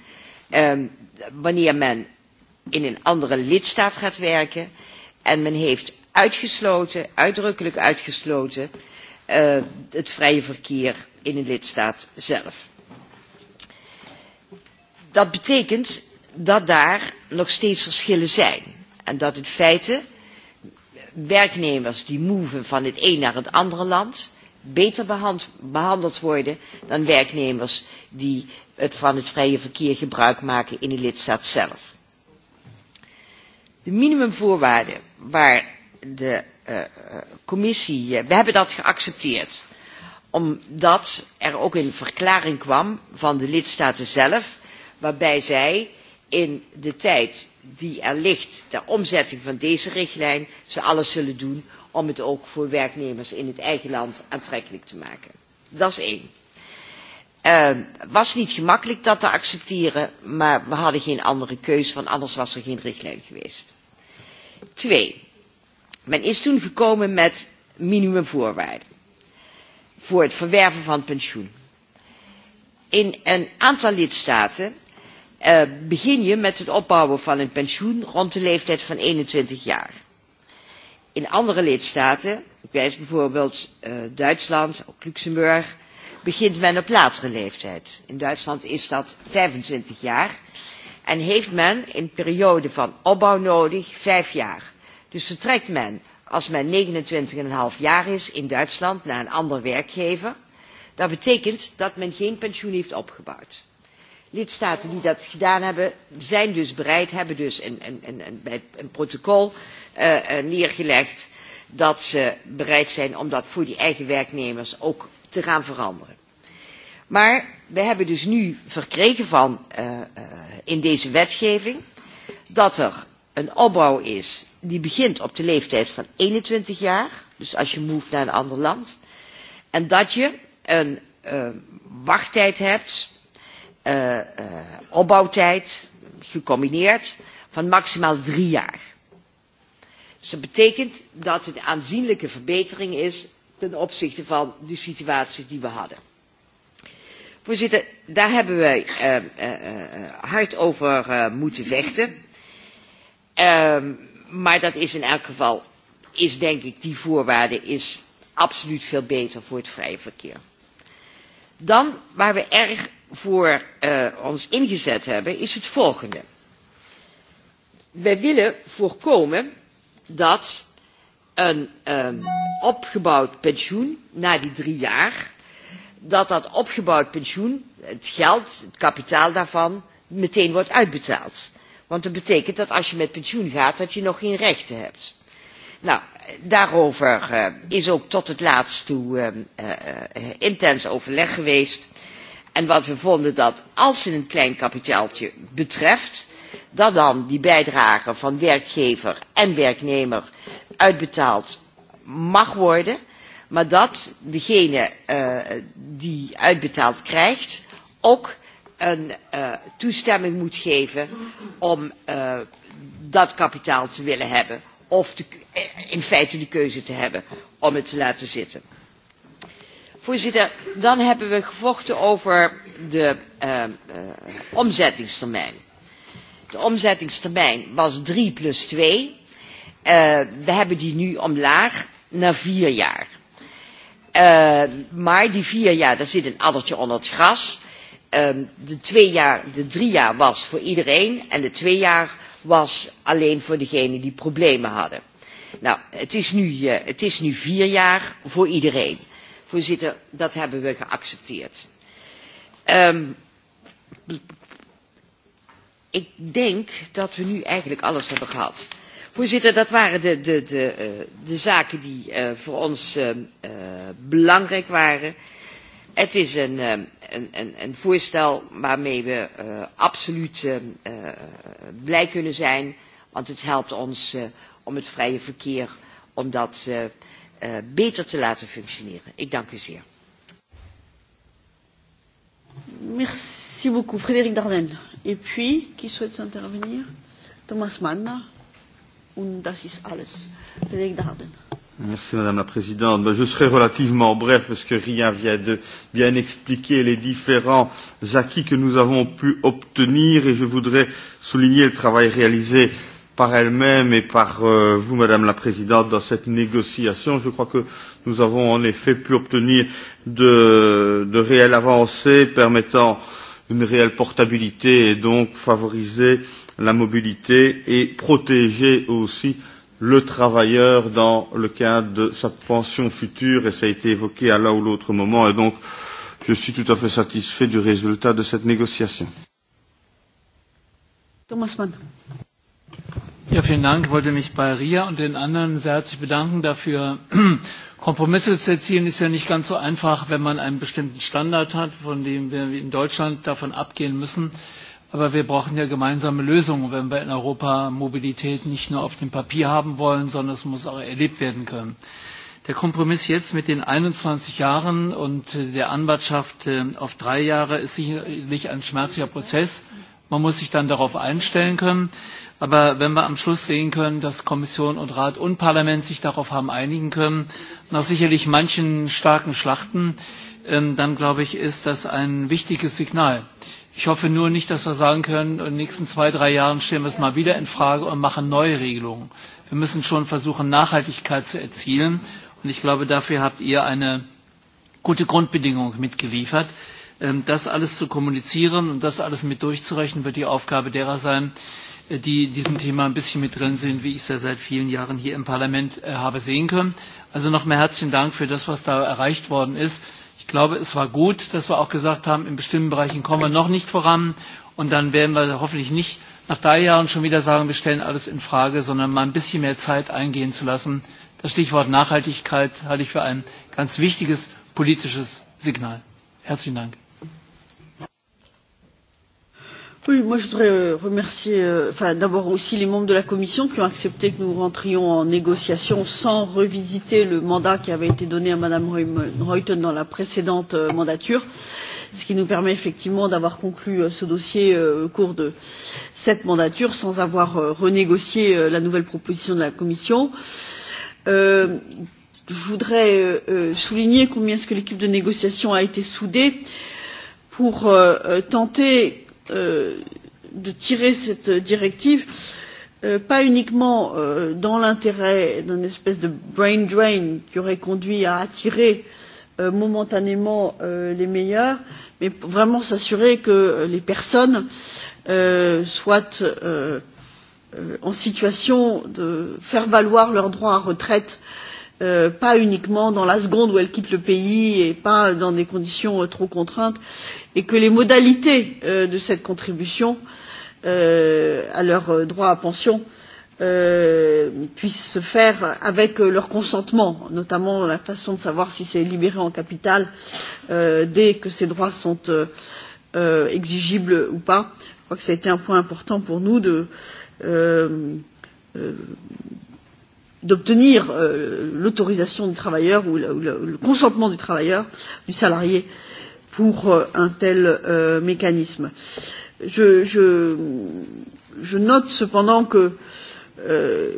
Eh, wanneer men in een andere lidstaat gaat werken en men heeft uitgesloten, uitdrukkelijk uitgesloten, eh, het vrije verkeer in een lidstaat zelf. Dat betekent dat daar nog steeds verschillen zijn en dat in feite werknemers die move van het een naar het andere land beter behand, behandeld worden dan werknemers die het van het vrije verkeer gebruik maken in de lidstaat zelf. De minimumvoorwaarden waar de uh, commissie, uh, we hebben dat geaccepteerd omdat er ook een verklaring kwam van de lidstaten zelf waarbij zij in de tijd die er ligt ter omzetting van deze richtlijn ze alles zullen doen om het ook voor werknemers in het eigen land aantrekkelijk te maken. Dat is één. Het ehm, Uh, was niet gemakkelijk dat te accepteren, maar we hadden geen andere keus, want anders was er geen richtlijn geweest. Twee. Men is toen gekomen met minimumvoorwaarden voor het verwerven van pensioen. In een aantal lidstaten Eh, begin je met het opbouwen van een pensioen rond de leeftijd van eenentwintig jaar. In andere lidstaten, ik wijs bijvoorbeeld uh, Duitsland, ook Luxemburg, begint men op latere leeftijd. In Duitsland is dat 25 jaar en heeft men een periode van opbouw nodig, vijf jaar. Dus vertrekt men als men 29,5 jaar is in Duitsland naar een ander werkgever. Dat betekent dat men geen pensioen heeft opgebouwd lidstaten die dat gedaan hebben zijn dus bereid hebben dus een, een, een, een, een protocol uh, neergelegd dat ze bereid zijn om dat voor die eigen werknemers ook te gaan veranderen. Maar we hebben dus nu verkregen van uh, uh, in deze wetgeving dat er een opbouw is die begint op de leeftijd van 21 jaar, dus als je move naar een ander land, en dat je een uh, wachttijd hebt Eh, eh, opbouwtijd gecombineerd van maximaal drie jaar. Dus dat betekent dat het een aanzienlijke verbetering is ten opzichte van de situatie die we hadden. Voorzitter, daar hebben wij uh, uh, hard over uh, moeten vechten. Uh, maar dat is in elk geval, is denk ik, die voorwaarde is absoluut veel beter voor het vrije verkeer. Dan waar we erg voor eh, ons ingezet hebben is het volgende. Wij willen voorkomen dat een ehm, opgebouwd pensioen na die drie jaar, dat dat opgebouwd pensioen, het geld, het kapitaal daarvan, meteen wordt uitbetaald. Want dat betekent dat als je met pensioen gaat, dat je nog geen rechten hebt. Nou, daarover eh, is ook tot het laatst toe ehm, eh, intens overleg geweest. En wat we vonden dat als het een klein kapitaaltje betreft, dat dan die bijdrage van werkgever en werknemer uitbetaald mag worden, maar dat degene uh, die uitbetaald krijgt ook een uh, toestemming moet geven om uh, dat kapitaal te willen hebben of te, in feite de keuze te hebben om het te laten zitten. Voorzitter, dan hebben we gevochten over de uh, uh, omzettingstermijn. De omzettingstermijn was 3 plus 2. Uh, eh, we hebben die nu omlaag naar 4 jaar. Uh, maar die 4 jaar, daar zit een addertje onder het gras. Uh, de, 3 jaar, jaar was voor iedereen en de 2 jaar was alleen voor degenen die problemen hadden. Nou, het is nu, 4 uh, eh, jaar voor iedereen. Voorzitter, dat hebben we geaccepteerd. Um, ik denk dat we nu eigenlijk alles hebben gehad. Voorzitter, dat waren de, de, de, eh, de zaken die eh, voor ons ehm, eh, belangrijk waren. Het is ehm, een, een, een, voorstel waarmee we absoluut blij kunnen zijn, want het helpt ons om het vrije verkeer om dat uh, Eh, beter te laten functioneren. Ik dank u zeer. Merci beaucoup, Frédéric Dardenne. Et puis, qui souhaite intervenir Thomas Mann. Und das ist alles. Frédéric Dardenne. Merci Madame la Présidente. Ben, je serai relativement bref parce que rien vient de bien expliquer les différents acquis que nous avons pu obtenir et je voudrais souligner le travail réalisé euh, par elle-même et par euh, vous, Madame la Présidente, dans cette négociation. Je crois que nous avons en effet pu obtenir de, de réelles avancées permettant une réelle portabilité et donc favoriser la mobilité et protéger aussi le travailleur dans le cadre de sa pension future et ça a été évoqué à l'un ou l'autre moment et donc je suis tout à fait satisfait du résultat de cette négociation. Thomas Mann. Ja, vielen Dank. Ich wollte mich bei Ria und den anderen sehr herzlich bedanken dafür. Kompromisse zu erzielen ist ja nicht ganz so einfach, wenn man einen bestimmten Standard hat, von dem wir in Deutschland davon abgehen müssen. Aber wir brauchen ja gemeinsame Lösungen, wenn wir in Europa Mobilität nicht nur auf dem Papier haben wollen, sondern es muss auch erlebt werden können. Der Kompromiss jetzt mit den 21 Jahren und äh, der Anwartschaft äh, auf drei Jahre ist sicherlich ein schmerzlicher Prozess. Man muss sich dann darauf einstellen können. Aber wenn wir am Schluss sehen können, dass Kommission und Rat und Parlament sich darauf haben einigen können, nach sicherlich manchen starken Schlachten, ähm, dann glaube ich, ist das ein wichtiges Signal. Ich hoffe nur nicht, dass wir sagen können, in den nächsten zwei, drei Jahren stellen wir es mal wieder in Frage und machen neue Regelungen. Wir müssen schon versuchen, Nachhaltigkeit zu erzielen. Und ich glaube, dafür habt ihr eine gute Grundbedingung mitgeliefert. Ähm, das alles zu kommunizieren und das alles mit durchzurechnen, wird die Aufgabe derer sein, die in diesem Thema ein bisschen mit drin sind, wie ich es ja seit vielen Jahren hier im Parlament äh, habe sehen können. Also nochmal herzlichen Dank für das, was da erreicht worden ist. Ich glaube, es war gut, dass wir auch gesagt haben, in bestimmten Bereichen kommen wir noch nicht voran. Und dann werden wir hoffentlich nicht nach drei Jahren schon wieder sagen, wir stellen alles in Frage, sondern mal ein bisschen mehr Zeit eingehen zu lassen. Das Stichwort Nachhaltigkeit halte ich für ein ganz wichtiges politisches Signal. Herzlichen Dank. Oui, moi je voudrais euh, remercier euh, enfin, d'abord aussi les membres de la commission qui ont accepté que nous rentrions en négociation sans revisiter le mandat qui avait été donné à mme Reuten dans la précédente euh, mandature, ce qui nous permet effectivement d'avoir conclu euh, ce dossier euh, au cours de cette mandature sans avoir euh, renégocié euh, la nouvelle proposition de la commission. Euh, je voudrais euh, euh souligner combien est-ce que l'équipe de négociation a été soudée pour euh, euh tenter Euh, de tirer cette directive euh, pas uniquement euh, dans l'intérêt d'une espèce de brain drain qui aurait conduit à attirer momentanément les meilleurs mais vraiment s'assurer que les personnes soient en situation de faire valoir leurs droits à retraite euh, Euh, pas uniquement dans la seconde où elle quitte le pays et pas dans des conditions euh, trop contraintes et que les modalités euh, de cette contribution euh, à leur euh, droit à pension euh, puissent se faire avec euh, leur consentement, notamment la façon de savoir si c'est libéré en capital euh, dès que ces droits sont euh, euh, exigibles ou pas. Je crois que ça a été un point important pour nous de euh, euh, d'obtenir euh, l'autorisation du travailleur ou le, ou le, le consentement du travailleur, du salarié, pour euh, un tel euh, mécanisme. Je, je, je note cependant que euh,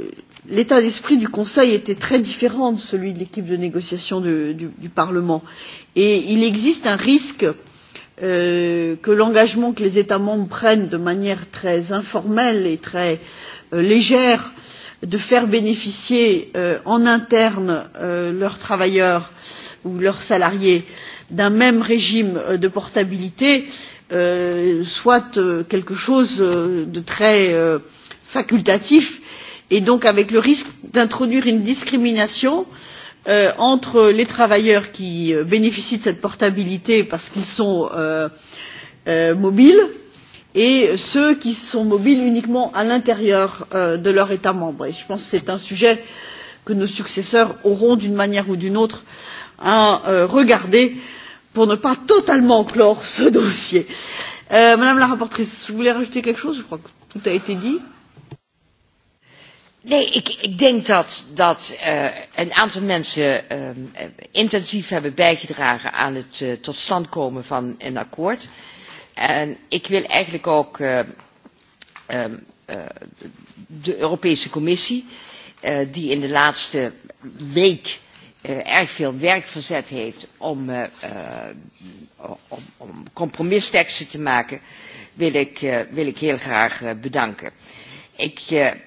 l'état d'esprit du Conseil était très différent de celui de l'équipe de négociation du, du, du Parlement et il existe un risque euh, que l'engagement que les États membres prennent de manière très informelle et très euh, légère euh, de faire bénéficier euh, en interne euh, leurs travailleurs ou leurs salariés d'un même régime euh, de portabilité euh, soit euh, quelque chose euh, de très euh, facultatif et donc avec le risque d'introduire une discrimination euh, entre les travailleurs qui euh, bénéficient de cette portabilité parce qu'ils sont euh, euh, mobiles et ceux qui sont mobiles uniquement à l'intérieur euh, de leur état membre. Et je pense que c'est un sujet que nos successeurs auront d'une manière ou d'une autre à euh, regarder pour ne pas totalement clore ce dossier. Euh, madame la rapporteure vous voulez rajouter quelque chose? je crois que tout a été dit. Nee, ik, ik denk dat, dat uh, een aantal mensen uh, intensief hebben bijgedragen aan het uh, tot stand komen van een akkoord. Uh, En ik wil eigenlijk ook eh, ehm, eh, de Europese Commissie, eh, die in de laatste week erg veel werk verzet heeft om, compromisteksten te maken, heel graag bedanken. Ik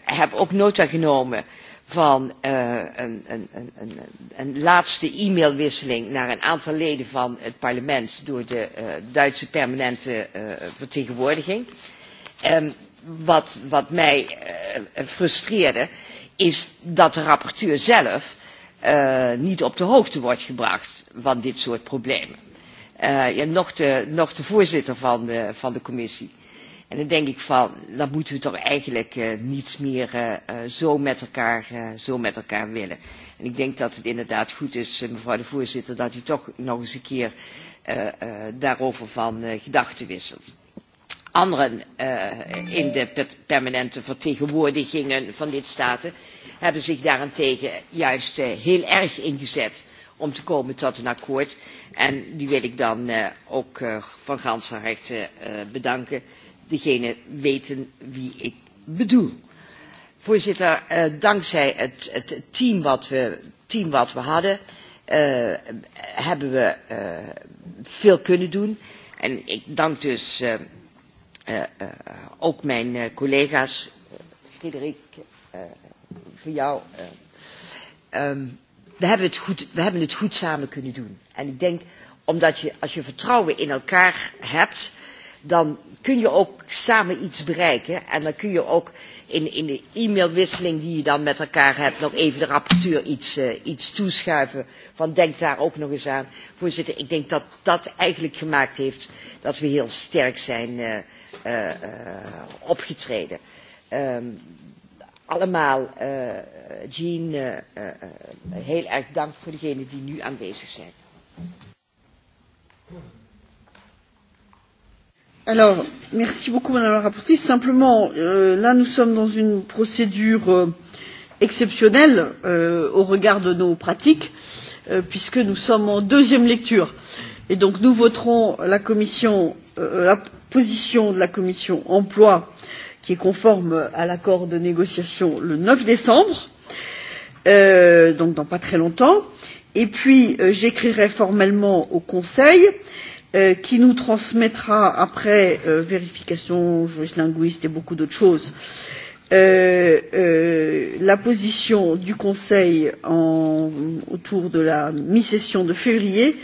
heb ook nota genomen van uh, een, een, een, een laatste e-mailwisseling naar een aantal leden van het parlement door de uh, Duitse permanente uh, vertegenwoordiging. Um, wat, wat mij uh, frustreerde is dat de rapporteur zelf uh, niet op de hoogte wordt gebracht van dit soort problemen. Uh, ja, nog, de, nog de voorzitter van de, van de commissie. En dan denk ik van, dan moeten we toch eigenlijk uh, niets meer uh, zo, met elkaar, uh, zo met elkaar willen. En ik denk dat het inderdaad goed is, uh, mevrouw de voorzitter, dat u toch nog eens een keer uh, uh, daarover van uh, gedachten wisselt. Anderen uh, in de per permanente vertegenwoordigingen van lidstaten hebben zich daarentegen juist uh, heel erg ingezet om te komen tot een akkoord. En die wil ik dan uh, ook uh, van ganse harte uh, bedanken diegenen weten wie ik bedoel. Voorzitter, eh, dankzij het, het team, wat we, team wat we hadden, eh, hebben we eh, veel kunnen doen. En ik dank dus eh, eh, ook mijn eh, collega's, Frederik, eh, voor jou. Eh, ehm, we, hebben het goed, we hebben het goed samen kunnen doen. En ik denk, omdat je, als je vertrouwen in elkaar hebt, dan kun je ook samen iets bereiken. En dan kun je ook in, in de e-mailwisseling die je dan met elkaar hebt nog even de rapporteur iets, uh, iets toeschuiven. Van denk daar ook nog eens aan. Voorzitter, ik denk dat dat eigenlijk gemaakt heeft dat we heel sterk zijn uh, uh, opgetreden. Um, allemaal, uh, Jean, uh, uh, heel erg dank voor degenen die nu aanwezig zijn. Thank you. Alors, merci beaucoup Madame la rapporteure. Simplement, euh, là nous sommes dans une procédure euh, exceptionnelle euh, au regard de nos pratiques, euh, puisque nous sommes en deuxième lecture. Et donc nous voterons la, commission, euh, la position de la commission emploi qui est conforme à l'accord de négociation le 9 décembre, euh, donc dans pas très longtemps. Et puis euh, j'écrirai formellement au Conseil. Euh, qui nous transmettra après euh, vérification linguiste et beaucoup d'autres choses euh, euh, la position du Conseil en, autour de la mi-session de février,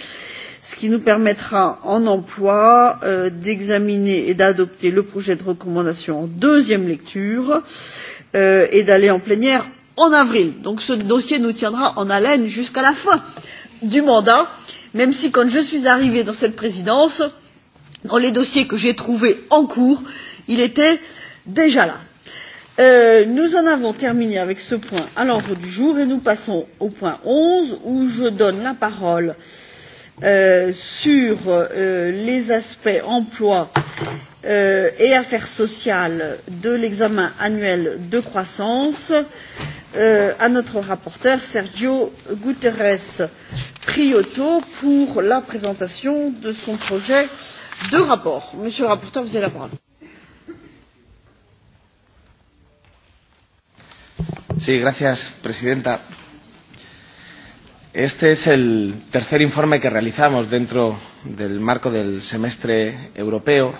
ce qui nous permettra en emploi euh, d'examiner et d'adopter le projet de recommandation en deuxième lecture euh, et d'aller en plénière en avril. Donc ce dossier nous tiendra en haleine jusqu'à la fin du mandat. Euh, même si quand je suis arrivée dans cette présidence dans les dossiers que j'ai trouvés en cours il était déjà là. Euh, nous en avons terminé avec ce point à l'ordre du jour et nous passons au point onze où je donne la parole euh, sur euh, les aspects emploi Euh, et affaires sociales de l'examen annuel de croissance euh, à notre rapporteur Sergio Guterres Prioto pour la présentation de son projet de rapport. Monsieur le rapporteur, vous avez la parole. Sí, gracias, presidenta. Este es el tercer informe que realizamos dentro del marco del semestre europeo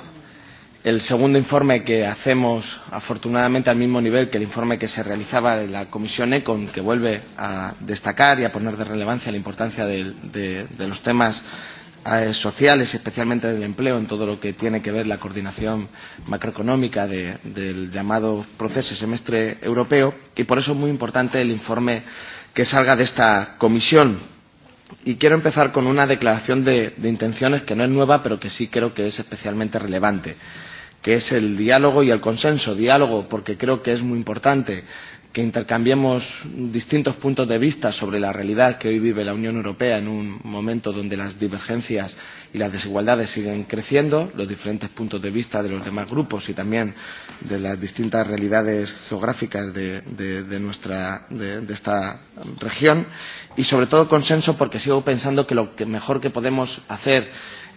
el segundo informe que hacemos, afortunadamente al mismo nivel que el informe que se realizaba en la Comisión ECON, que vuelve a destacar y a poner de relevancia la importancia de, de, de los temas eh, sociales, especialmente del empleo, en todo lo que tiene que ver la coordinación macroeconómica de, del llamado proceso semestre europeo. Y por eso es muy importante el informe que salga de esta comisión. Y quiero empezar con una declaración de, de intenciones que no es nueva, pero que sí creo que es especialmente relevante que es el diálogo y el consenso. Diálogo porque creo que es muy importante que intercambiemos distintos puntos de vista sobre la realidad que hoy vive la Unión Europea en un momento donde las divergencias y las desigualdades siguen creciendo, los diferentes puntos de vista de los demás grupos y también de las distintas realidades geográficas de, de, de, nuestra, de, de esta región y sobre todo consenso porque sigo pensando que lo que mejor que podemos hacer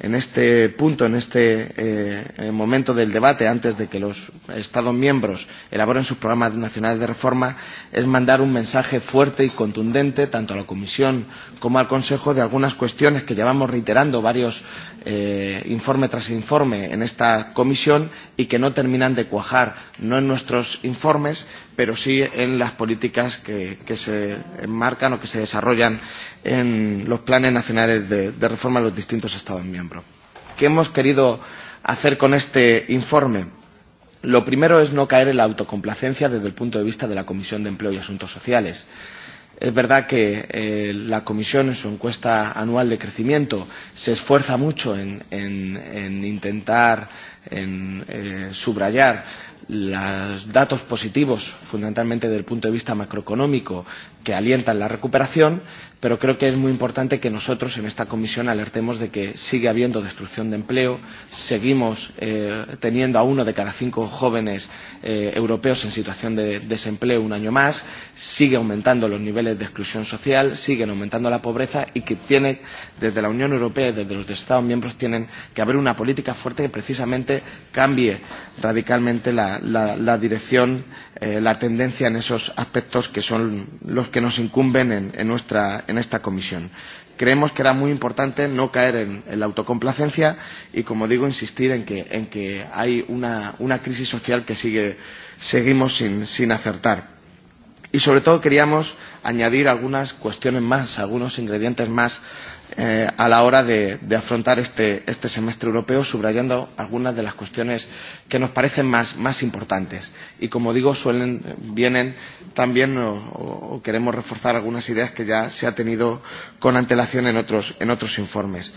en este punto, en este eh, momento del debate, antes de que los Estados miembros elaboren sus programas nacionales de reforma, es mandar un mensaje fuerte y contundente, tanto a la Comisión como al Consejo, de algunas cuestiones que llevamos reiterando varios eh, informe tras informe en esta comisión y que no terminan de cuajar, no en nuestros informes, pero sí en las políticas que, que se enmarcan o que se desarrollan en los planes nacionales de, de reforma de los distintos Estados miembros. ¿Qué hemos querido hacer con este informe? Lo primero es no caer en la autocomplacencia desde el punto de vista de la Comisión de Empleo y Asuntos Sociales. Es verdad que eh, la Comisión en su encuesta anual de crecimiento se esfuerza mucho en, en, en intentar en, eh, subrayar los datos positivos, fundamentalmente desde el punto de vista macroeconómico, que alientan la recuperación, pero creo que es muy importante que nosotros en esta comisión alertemos de que sigue habiendo destrucción de empleo, seguimos eh, teniendo a uno de cada cinco jóvenes eh, europeos en situación de desempleo un año más, sigue aumentando los niveles de exclusión social, siguen aumentando la pobreza y que tiene, desde la Unión Europea y desde los Estados miembros tienen que haber una política fuerte que precisamente cambie radicalmente la, la, la dirección eh, la tendencia en esos aspectos que son los que nos incumben en, en, nuestra, en esta comisión. Creemos que era muy importante no caer en, en la autocomplacencia y, como digo, insistir en que, en que hay una, una crisis social que sigue, seguimos sin, sin acertar. Y, sobre todo, queríamos añadir algunas cuestiones más, algunos ingredientes más eh, a la hora de, de afrontar este, este semestre europeo, subrayando algunas de las cuestiones que nos parecen más, más importantes. Y como digo, suelen, vienen también o, o queremos reforzar algunas ideas que ya se ha tenido con antelación en otros, en otros informes.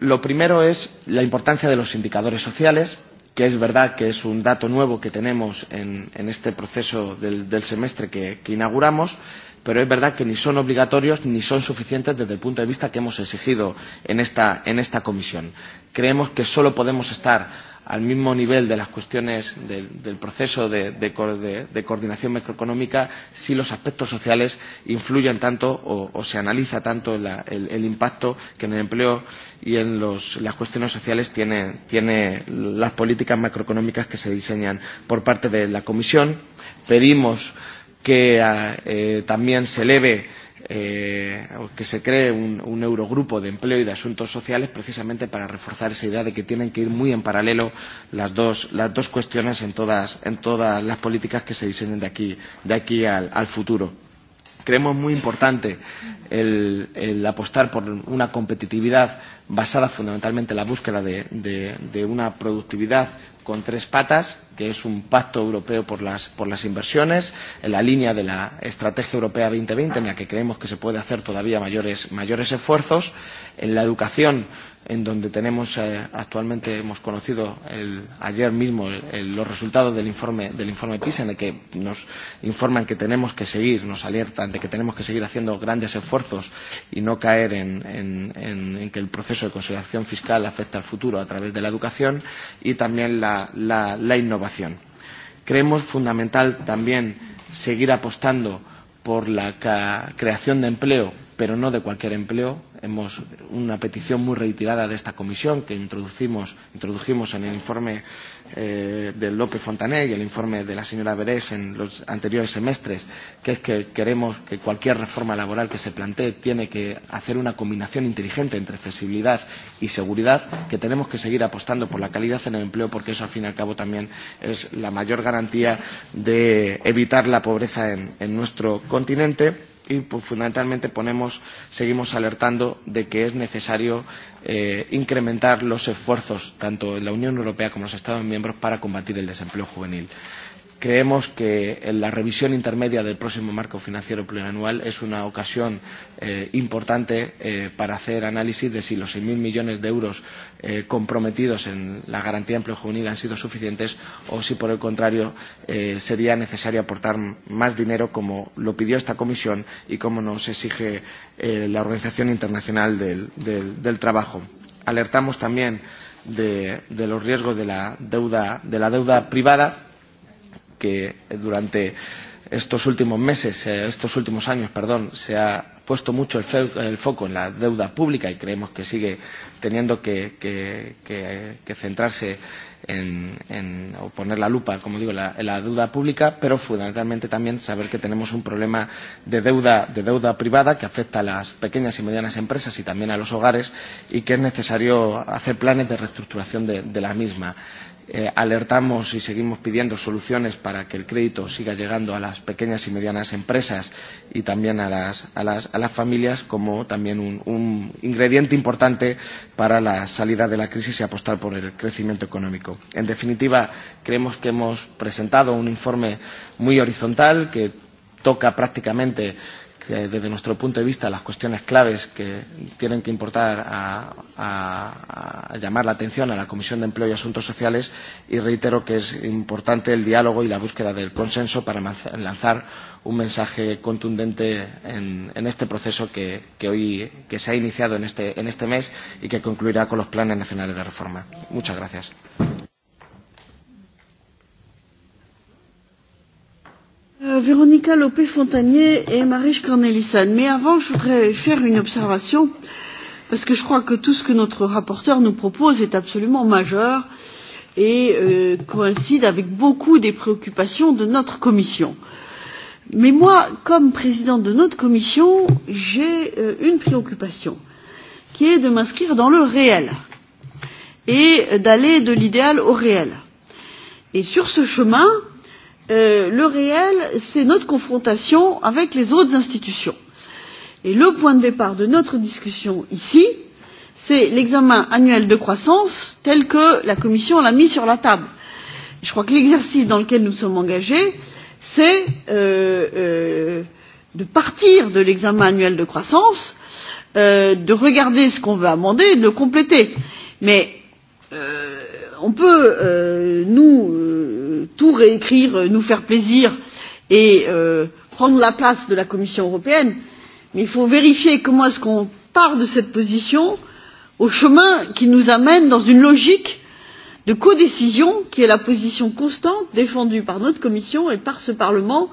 Lo primero es la importancia de los indicadores sociales, que es verdad que es un dato nuevo que tenemos en, en este proceso del, del semestre que, que inauguramos pero es verdad que ni son obligatorios ni son suficientes desde el punto de vista que hemos exigido en esta, en esta comisión. Creemos que solo podemos estar al mismo nivel de las cuestiones del, del proceso de, de, de, de coordinación macroeconómica si los aspectos sociales influyen tanto o, o se analiza tanto la, el, el impacto que en el empleo y en los, las cuestiones sociales tiene, tiene las políticas macroeconómicas que se diseñan por parte de la Comisión. Pedimos que eh, también se eleve eh, que se cree un, un Eurogrupo de Empleo y de Asuntos Sociales precisamente para reforzar esa idea de que tienen que ir muy en paralelo las dos, las dos cuestiones en todas, en todas las políticas que se diseñen de aquí, de aquí al, al futuro creemos muy importante el, el apostar por una competitividad basada fundamentalmente en la búsqueda de, de, de una productividad con tres patas, que es un pacto europeo por las, por las inversiones, en la línea de la Estrategia Europea 2020, en la que creemos que se puede hacer todavía mayores, mayores esfuerzos, en la educación en donde tenemos eh, actualmente hemos conocido el, ayer mismo el, el, los resultados del informe del informe PISA en el que nos informan que tenemos que seguir nos alertan de que tenemos que seguir haciendo grandes esfuerzos y no caer en, en, en, en que el proceso de consolidación fiscal afecta al futuro a través de la educación y también la, la, la innovación creemos fundamental también seguir apostando por la creación de empleo pero no de cualquier empleo hemos, una petición muy reiterada de esta comisión que introducimos, introdujimos en el informe eh, de López Fontané y el informe de la señora Berés en los anteriores semestres, que es que queremos que cualquier reforma laboral que se plantee tiene que hacer una combinación inteligente entre flexibilidad y seguridad, que tenemos que seguir apostando por la calidad en el empleo porque eso al fin y al cabo también es la mayor garantía de evitar la pobreza en, en nuestro continente y pues, fundamentalmente ponemos, seguimos alertando de que es necesario eh, incrementar los esfuerzos tanto en la Unión Europea como en los Estados miembros para combatir el desempleo juvenil. Creemos que eh, la revisión intermedia del próximo marco financiero plurianual es una ocasión eh, importante eh, para hacer análisis de si los 6.000 millones de euros eh, comprometidos en la garantía de empleo juvenil han sido suficientes o si, por el contrario, eh, sería necesario aportar más dinero, como lo pidió esta comisión y como nos exige eh, la Organización Internacional del, del, del Trabajo. Alertamos también de, de los riesgos de la deuda, de la deuda privada que durante estos últimos meses, eh, estos últimos años, perdón, se ha puesto mucho el, fe, el foco en la deuda pública y creemos que sigue teniendo que, que, que, que centrarse en, en o poner la lupa, como digo, la, en la deuda pública, pero fundamentalmente también saber que tenemos un problema de deuda, de deuda privada que afecta a las pequeñas y medianas empresas y también a los hogares y que es necesario hacer planes de reestructuración de, de la misma eh, alertamos y seguimos pidiendo soluciones para que el crédito siga llegando a las pequeñas y medianas empresas y también a las, a las, a las familias como también un, un ingrediente importante para la salida de la crisis y apostar por el crecimiento económico. En definitiva, creemos que hemos presentado un informe muy horizontal que toca prácticamente desde nuestro punto de vista las cuestiones claves que tienen que importar a, a, a llamar la atención a la Comisión de Empleo y Asuntos Sociales y reitero que es importante el diálogo y la búsqueda del consenso para lanzar un mensaje contundente en, en este proceso que, que hoy que se ha iniciado en este, en este mes y que concluirá con los planes nacionales de reforma. Muchas gracias. Euh, Véronica Lopé-Fontanier et Marie Cornelissen. Mais avant, je voudrais faire une observation, parce que je crois que tout ce que notre rapporteur nous propose est absolument majeur et euh, coïncide avec beaucoup des préoccupations de notre commission. Mais moi, comme président de notre commission, j'ai euh, une préoccupation, qui est de m'inscrire dans le réel et d'aller de l'idéal au réel. Et sur ce chemin, euh, Euh, le réel, c'est notre confrontation avec les autres institutions. Et le point de départ de notre discussion ici, c'est l'examen annuel de croissance tel que la Commission l'a mis sur la table. Je crois que l'exercice dans lequel nous sommes engagés, c'est euh, euh, de partir de l'examen annuel de croissance, euh, de regarder ce qu'on veut amender et de le compléter. Mais euh, on peut euh, nous euh, tout réécrire nous faire plaisir et euh, prendre la place de la commission européenne mais il faut vérifier comment est ce qu'on part de cette position au chemin qui nous amène dans une logique de codécision qui est la position constante défendue par notre commission et par ce parlement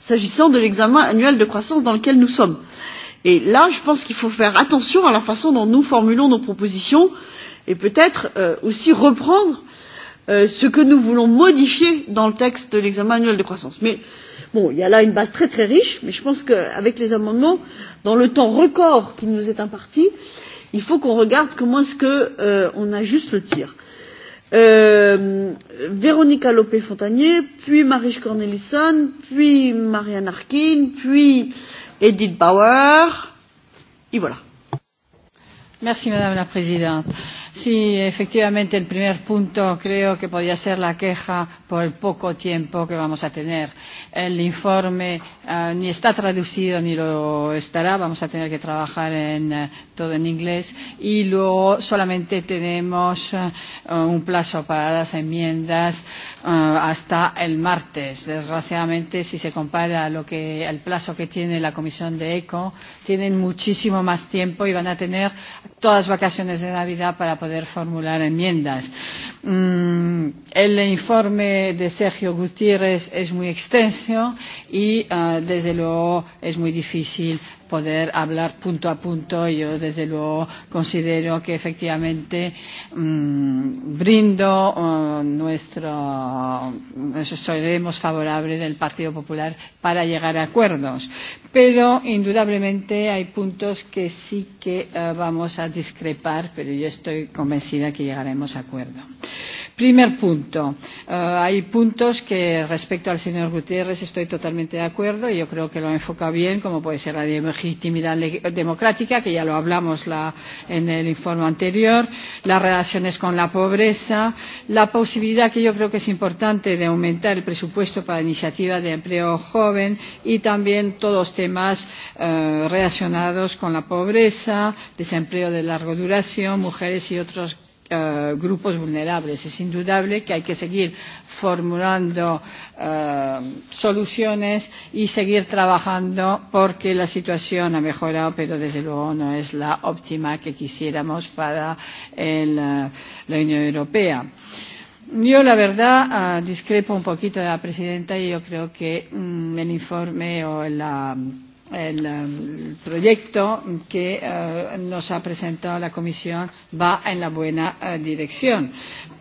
s'agissant de l'examen annuel de croissance dans lequel nous sommes. et là je pense qu'il faut faire attention à la façon dont nous formulons nos propositions et peut être euh, aussi reprendre euh, ce que nous voulons modifier dans le texte de l'examen annuel de croissance. mais bon il y a là une base très très riche mais je pense qu'avec les amendements dans le temps record qui nous est imparti il faut qu'on regarde comment est ce qu'on euh, ajuste le tir. Euh, Véronica Lopé Fontanier, puis Marie Cornelissen, puis Marianne Arkin, puis Edith Bauer, et voilà. Merci Madame la Présidente. Euh, Sí, efectivamente, el primer punto creo que podía ser la queja por el poco tiempo que vamos a tener. El informe uh, ni está traducido ni lo estará, vamos a tener que trabajar en uh, todo en inglés y luego solamente tenemos uh, un plazo para las enmiendas uh, hasta el martes. Desgraciadamente, si se compara lo que, el plazo que tiene la Comisión de ECO, tienen muchísimo más tiempo y van a tener todas vacaciones de Navidad para poder poder formular enmiendas. Mm, el informe de Sergio Gutiérrez es muy extenso y, uh, desde luego, es muy difícil poder hablar punto a punto. Yo, desde luego, considero que efectivamente mmm, brindo uh, nuestro. seremos favorables del Partido Popular para llegar a acuerdos. Pero, indudablemente, hay puntos que sí que uh, vamos a discrepar, pero yo estoy convencida que llegaremos a acuerdo. Primer punto. Uh, hay puntos que respecto al señor Gutiérrez estoy totalmente de acuerdo. y Yo creo que lo enfoca bien, como puede ser la legitimidad democrática, que ya lo hablamos la, en el informe anterior, las relaciones con la pobreza, la posibilidad que yo creo que es importante de aumentar el presupuesto para iniciativas de empleo joven y también todos los temas uh, relacionados con la pobreza, desempleo de larga duración, mujeres y otros eh, grupos vulnerables. Es indudable que hay que seguir formulando eh, soluciones y seguir trabajando porque la situación ha mejorado, pero desde luego no es la óptima que quisiéramos para el, eh, la Unión Europea. Yo, la verdad, uh, discrepo un poquito de la presidenta y yo creo que mm, el informe o la el um, proyecto que eh, nos ha presentado la Comisión va en la buena eh, dirección.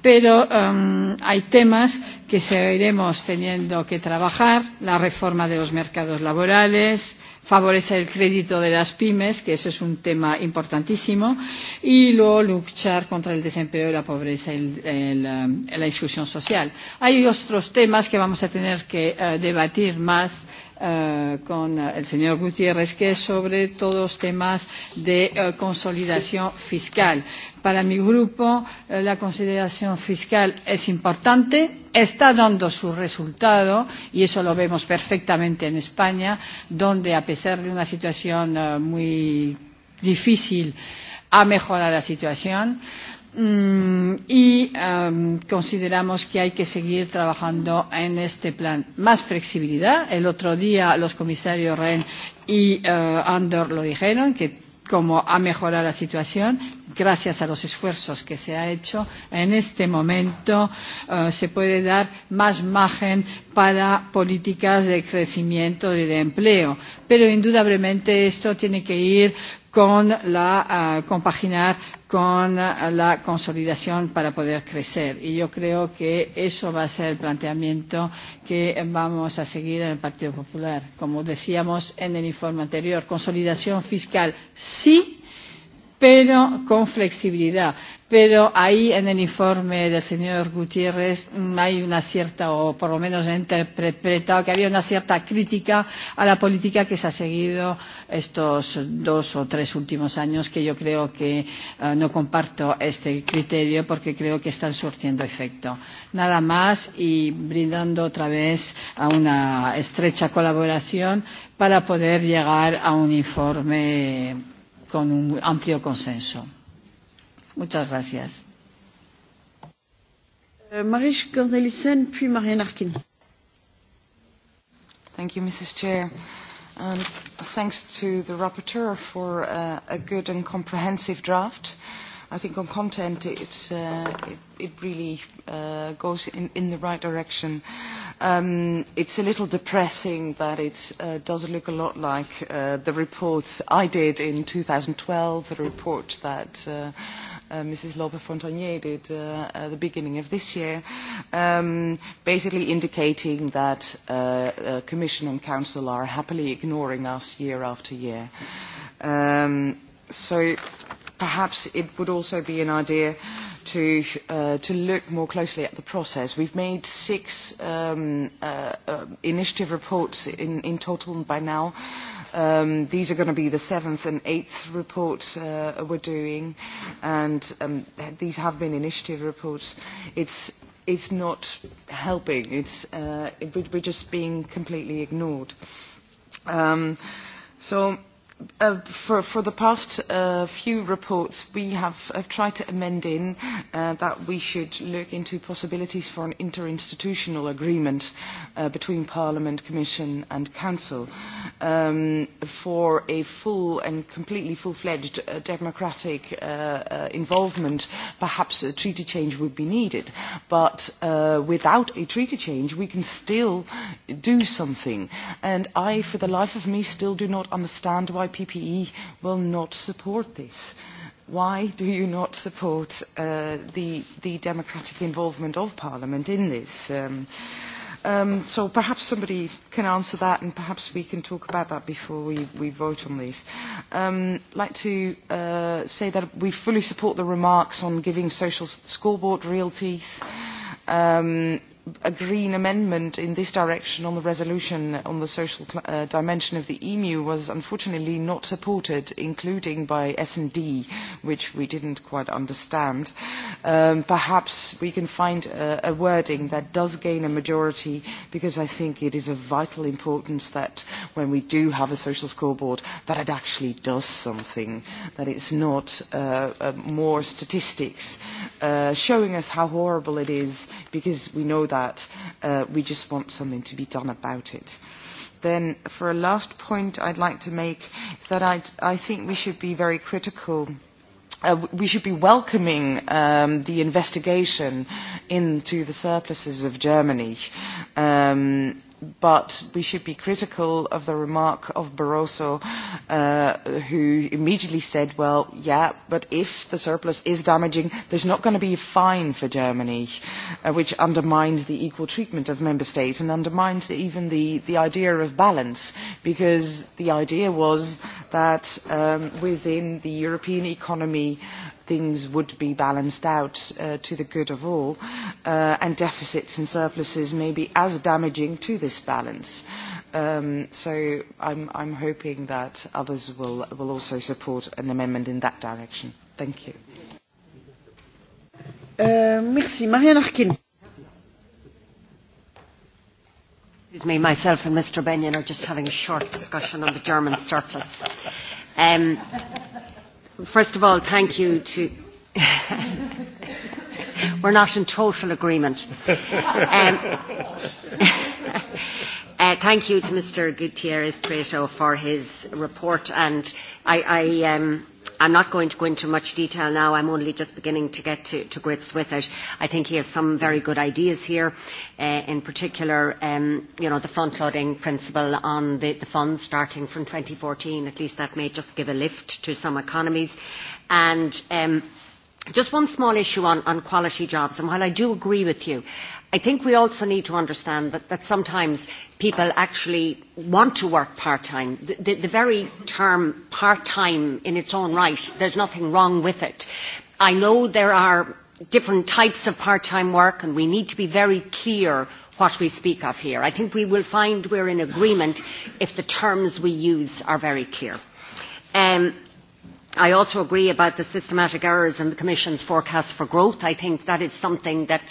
Pero eh, hay temas que seguiremos teniendo que trabajar, la reforma de los mercados laborales, favorecer el crédito de las pymes, que eso es un tema importantísimo, y luego luchar contra el desempleo y la pobreza y um, la exclusión social. Hay otros temas que vamos a tener que eh, debatir más Eh, con el señor Gutiérrez, que es sobre todos temas de uh, consolidación fiscal. Para mi grupo, uh, la consolidación fiscal es importante, está dando su resultado y eso lo vemos perfectamente en España, donde a pesar de una situación uh, muy difícil ha mejorado la situación. Uh, Mm, y um, consideramos que hay que seguir trabajando en este plan. Más flexibilidad. El otro día los comisarios Ren y uh, Andor lo dijeron, que como ha mejorado la situación, gracias a los esfuerzos que se ha hecho, en este momento uh, se puede dar más margen para políticas de crecimiento y de empleo. Pero indudablemente esto tiene que ir con la, uh, compaginar con la consolidación para poder crecer. Y yo creo que eso va a ser el planteamiento que vamos a seguir en el Partido Popular. Como decíamos en el informe anterior, consolidación fiscal sí pero con flexibilidad. Pero ahí en el informe del señor Gutiérrez mm, hay una cierta, o por lo menos he interpretado que había una cierta crítica a la política que se ha seguido estos dos o tres últimos años, que yo creo que uh, no comparto este criterio porque creo que están surtiendo efecto. Nada más y brindando otra vez a una estrecha colaboración para poder llegar a un informe con un amplio consenso. Muchas gracias. Euh, Marish Cornelissen, puis Marianne Arkin. Thank you, Mrs. Chair. Um, thanks to the rapporteur for uh, a good and comprehensive draft. I think on content, it's, uh, it, it really uh, goes in, in the right direction. Uh, Um, it's a little depressing that it uh, does look a lot like uh, the reports I did in 2012, the report that uh, uh, Mrs. Lope Fontanier did uh, at the beginning of this year, um, basically indicating that uh, uh, Commission and Council are happily ignoring us year after year. Um, so perhaps it would also be an idea to, uh, to look more closely at the process. We've made six um, uh, uh, initiative reports in, in total by now. Um, these are going to be the seventh and eighth reports uh, we're doing, and um, these have been initiative reports. It's it's not helping. It's uh, it, we're just being completely ignored. Um, so Uh, for, for the past uh, few reports, we have, have tried to amend in uh, that we should look into possibilities for an interinstitutional agreement uh, between Parliament, Commission and Council um, for a full and completely full-fledged uh, democratic uh, uh, involvement. Perhaps a treaty change would be needed, but uh, without a treaty change, we can still do something. And I, for the life of me, still do not understand why IPPE will not support this. Why do you not support uh, the, the democratic involvement of Parliament in this? Um, um, so perhaps somebody can answer that and perhaps we can talk about that before we, we vote on this. Um, I'd like to uh, say that we fully support the remarks on giving social scoreboard real teeth. Um, a green amendment in this direction on the resolution on the social uh, dimension of the emu was unfortunately not supported, including by S&D, which we didn't quite understand. Um, perhaps we can find a, a wording that does gain a majority, because I think it is of vital importance that when we do have a social scoreboard, that it actually does something, that it's not uh, uh, more statistics uh, showing us how horrible it is, because we know that that. Uh, we just want something to be done about it. Then, for a last point I'd like to make, is that I'd, I think we should be very critical uh, we should be welcoming um, the investigation into the surpluses of Germany. Um, but we should be critical of the remark of Barroso, uh, who immediately said, well, yeah, but if the surplus is damaging, there's not going to be a fine for Germany, uh, which undermines the equal treatment of member states and undermines even the, the idea of balance, because the idea was that um, within the European economy, things would be balanced out uh, to the good of all, uh, and deficits and surpluses may be as damaging to this balance. Um, so I'm, I'm hoping that others will, will also support an amendment in that direction. Thank you. Uh, merci. Excuse me, myself and Mr. Benyon are just having a short discussion on the German surplus. Um, First of all, thank you to. We're not in total agreement. Um, uh, thank you to Mr. Gutierrez Prieto for his report, and I, I um, I'm not going to go into much detail now. I'm only just beginning to get to, to grips with it. I think he has some very good ideas here, uh, in particular, um, you know, the front-loading principle on the, the funds starting from 2014. At least that may just give a lift to some economies. And... Um, just one small issue on, on quality jobs, and while I do agree with you, I think we also need to understand that, that sometimes people actually want to work part-time. The, the, the very term part-time in its own right, there's nothing wrong with it. I know there are different types of part-time work and we need to be very clear what we speak of here. I think we will find we're in agreement if the terms we use are very clear. Um, I also agree about the systematic errors in the Commission's forecast for growth. I think that is something that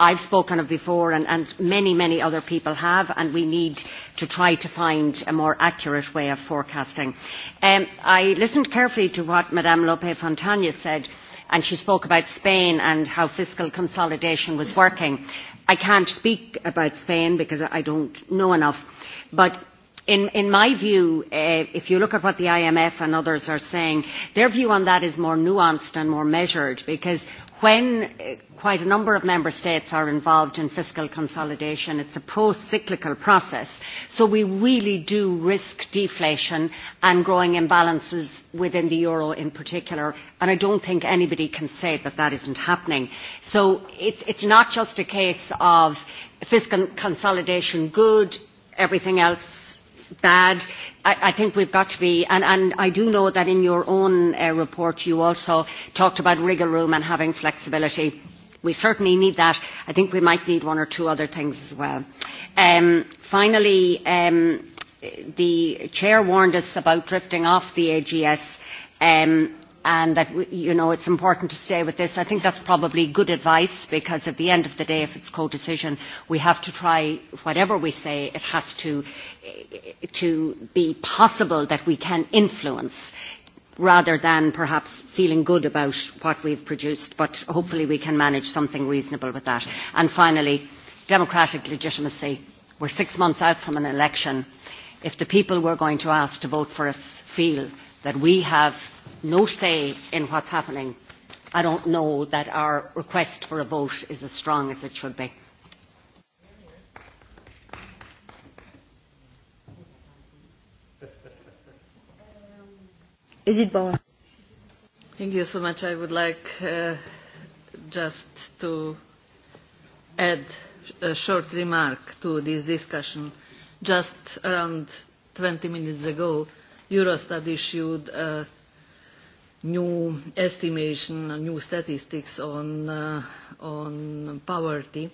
I've spoken of before and, many, many other people have, and we need to try to find a more accurate way of forecasting. Um, I listened carefully to what ms Lope Fontana said, and she spoke about Spain and how fiscal consolidation was working. I can't speak about Spain because I don't know enough, but in, in my view, uh, if you look at what the IMF and others are saying, their view on that is more nuanced and more measured because when eh, quite a number of member states are involved in fiscal consolidation, it's a pro-cyclical process. So we really do risk deflation and growing imbalances within the euro in particular. And I don't think anybody can say that that isn't happening. So it's, it's not just a case of fiscal consolidation good, everything else bad. I, I think we've got to be, and, and I do know that in your own uh, report you also talked about wriggle room and having flexibility. We certainly need that. I think we might need one or two other things as well. Um, finally, um, the chair warned us about drifting off the AGS. Um, and that you know it's important to stay with this. I think that's probably good advice because at the end of the day, if it's co-decision, we have to try whatever we say. It has to to be possible that we can influence rather than perhaps feeling good about what we've produced, but hopefully we can manage something reasonable with that. And finally, democratic legitimacy. We're six months out from an election. If the people we're going to ask to vote for us feel that we have no say in what's happening, I don't know that our request for a vote is as strong as it should be. Edith Bauer. Thank you so much. I would like uh, just to add a short remark to this discussion. Just around 20 minutes ago, Eurostat issued a uh, new estimation, new statistics on, uh, on poverty,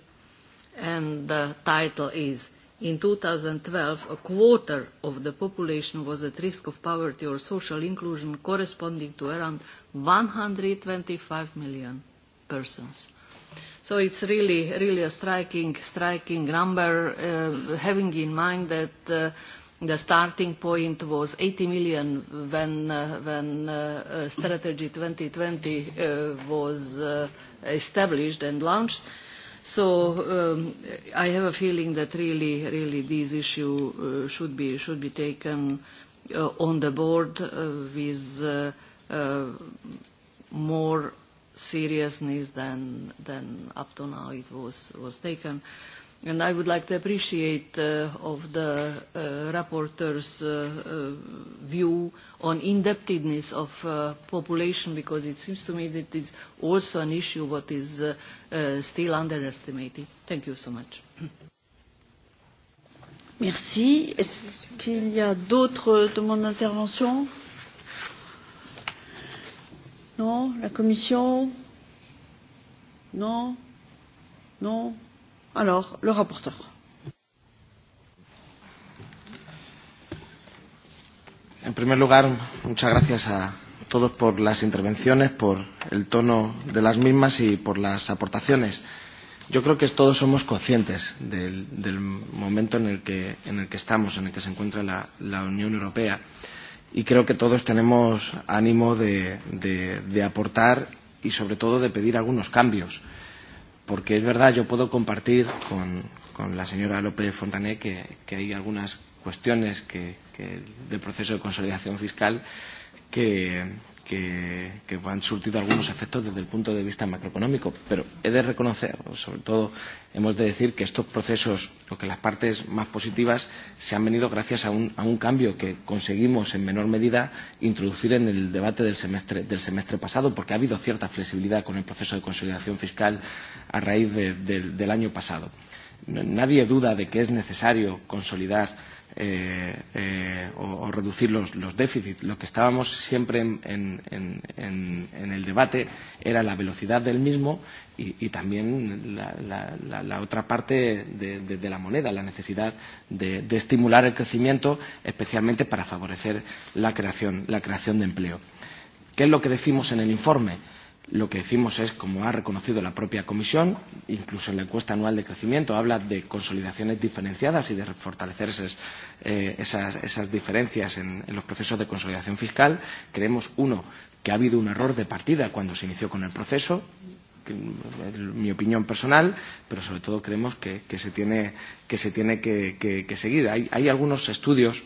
and the title is In 2012, a quarter of the population was at risk of poverty or social inclusion, corresponding to around 125 million persons. So it's really, really a striking, striking number, uh, having in mind that uh, the starting point was 80 million when, uh, when uh, uh Strategy 2020 uh, was uh, established and launched. So um, I have a feeling that really, really this issue uh, should, be, should be taken uh, on the board uh, with uh, uh, more seriousness than, than up to now it was, was taken. Uh, And I would like to appreciate uh, of the uh, rapporteur's uh, uh, view on indebtedness of uh, population because it seems to me that it's also an issue what is uh, uh, still underestimated. Thank you so much. Merci. Est-ce qu'il y a d'autres demandes d'intervention Non La Commission Non Non Alors, le rapporteur. En primer lugar, muchas gracias a todos por las intervenciones, por el tono de las mismas y por las aportaciones. Yo creo que todos somos conscientes del, del momento en el, que, en el que estamos, en el que se encuentra la, la Unión Europea y creo que todos tenemos ánimo de, de, de aportar y sobre todo de pedir algunos cambios porque es verdad, yo puedo compartir con, con la señora López Fontané que, que hay algunas cuestiones que, que del proceso de consolidación fiscal que, que, que han surtido algunos efectos desde el punto de vista macroeconómico, pero he de reconocer, sobre todo hemos de decir que estos procesos, o que las partes más positivas, se han venido gracias a un, a un cambio que conseguimos en menor medida introducir en el debate del semestre, del semestre pasado, porque ha habido cierta flexibilidad con el proceso de consolidación fiscal a raíz de, de, del año pasado. Nadie duda de que es necesario consolidar eh, eh, o, o reducir los, los déficits. Lo que estábamos siempre en, en, en, en el debate era la velocidad del mismo y, y también la, la, la, la otra parte de, de, de la moneda, la necesidad de, de estimular el crecimiento, especialmente para favorecer la creación, la creación de empleo. ¿Qué es lo que decimos en el informe? Eh, lo que decimos es, como ha reconocido la propia Comisión, incluso en la encuesta anual de crecimiento, habla de consolidaciones diferenciadas y de fortalecer esas, eh, esas, esas diferencias en, en los procesos de consolidación fiscal. Creemos, uno, que ha habido un error de partida cuando se inició con el proceso, que, en mi opinión personal, pero sobre todo creemos que, que se tiene que, se tiene que, que, que seguir. Hay, hay algunos estudios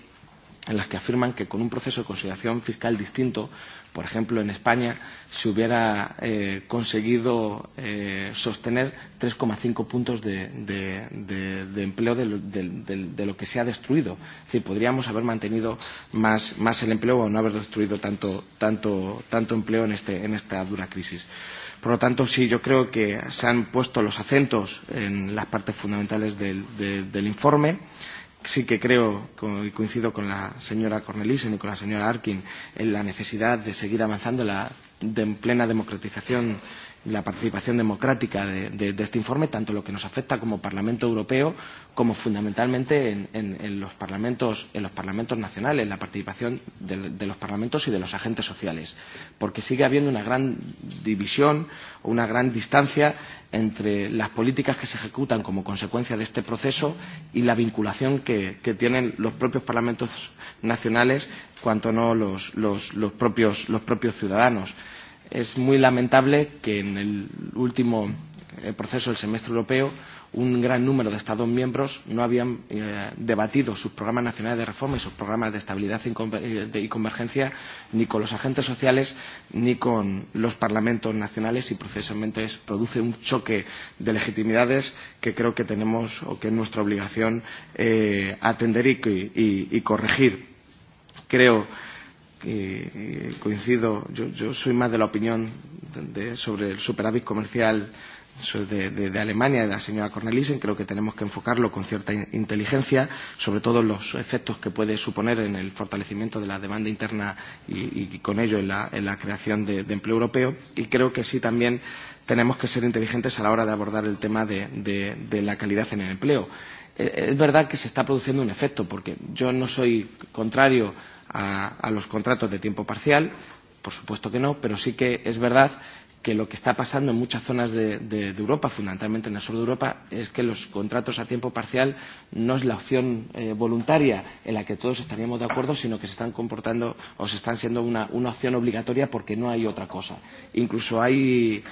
en las que afirman que con un proceso de consolidación fiscal distinto, por ejemplo en España, se hubiera eh, conseguido eh, sostener 3,5 puntos de, de, de, de empleo de de, de, de lo que se ha destruido. Es decir, podríamos haber mantenido más, más el empleo o no haber destruido tanto, tanto, tanto empleo en, este, en esta dura crisis. Por lo tanto, sí, yo creo que se han puesto los acentos en las partes fundamentales del, de, del informe sí que creo y coincido con la señora Cornelissen y con la señora Arkin en la necesidad de seguir avanzando la de plena democratización la participación democrática de, de, de este informe, tanto lo que nos afecta como Parlamento Europeo, como fundamentalmente en, en, en, los, parlamentos, en los parlamentos nacionales, la participación de, de los parlamentos y de los agentes sociales, porque sigue habiendo una gran división, o una gran distancia entre las políticas que se ejecutan como consecuencia de este proceso y la vinculación que, que tienen los propios parlamentos nacionales, cuanto no los, los, los, propios, los propios ciudadanos es muy lamentable que en el último eh, proceso del semestre europeo un gran número de Estados miembros no habían eh, debatido sus programas nacionales de reforma y sus programas de estabilidad y, eh, convergencia ni con los agentes sociales ni con los parlamentos nacionales y precisamente produce un choque de legitimidades que creo que tenemos o que es nuestra obligación eh, atender y, y, y corregir. Creo que y y coincido, yo, yo soy más de la opinión de, de, sobre el superávit comercial de, de, de Alemania, de la señora Cornelissen, creo que tenemos que enfocarlo con cierta in inteligencia, sobre todo los efectos que puede suponer en el fortalecimiento de la demanda interna y, y con ello en la, en la creación de, de empleo europeo. Y creo que sí también tenemos que ser inteligentes a la hora de abordar el tema de, de, de la calidad en el empleo. Eh, es verdad que se está produciendo un efecto, porque yo no soy contrario a, a los contratos de tiempo parcial, por supuesto que no, pero sí que es verdad que lo que está pasando en muchas zonas de, de, de Europa, fundamentalmente en el sur de Europa, es que los contratos a tiempo parcial no es la opción eh, voluntaria en la que todos estaríamos de acuerdo, sino que se están comportando o se están siendo una, una opción obligatoria porque no hay otra cosa. Incluso hay,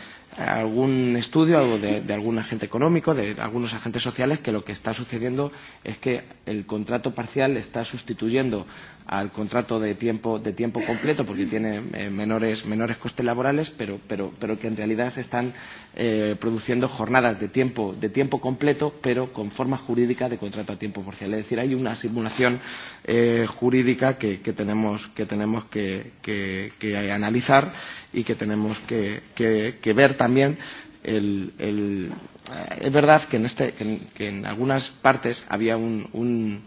algún estudio de, de algún agente económico, de algunos agentes sociales, que lo que está sucediendo es que el contrato parcial está sustituyendo al contrato de tiempo, de tiempo completo porque tiene eh, menores, menores costes laborales, pero, pero, pero que en realidad se están eh, produciendo jornadas de tiempo, de tiempo completo, pero con forma jurídica de contrato a tiempo parcial. Es decir, hay una simulación eh, jurídica que, que tenemos que, tenemos que, que, que analizar y que tenemos que, que, que ver también el, el, eh, es verdad que en, este, que en, que en algunas partes había un, un,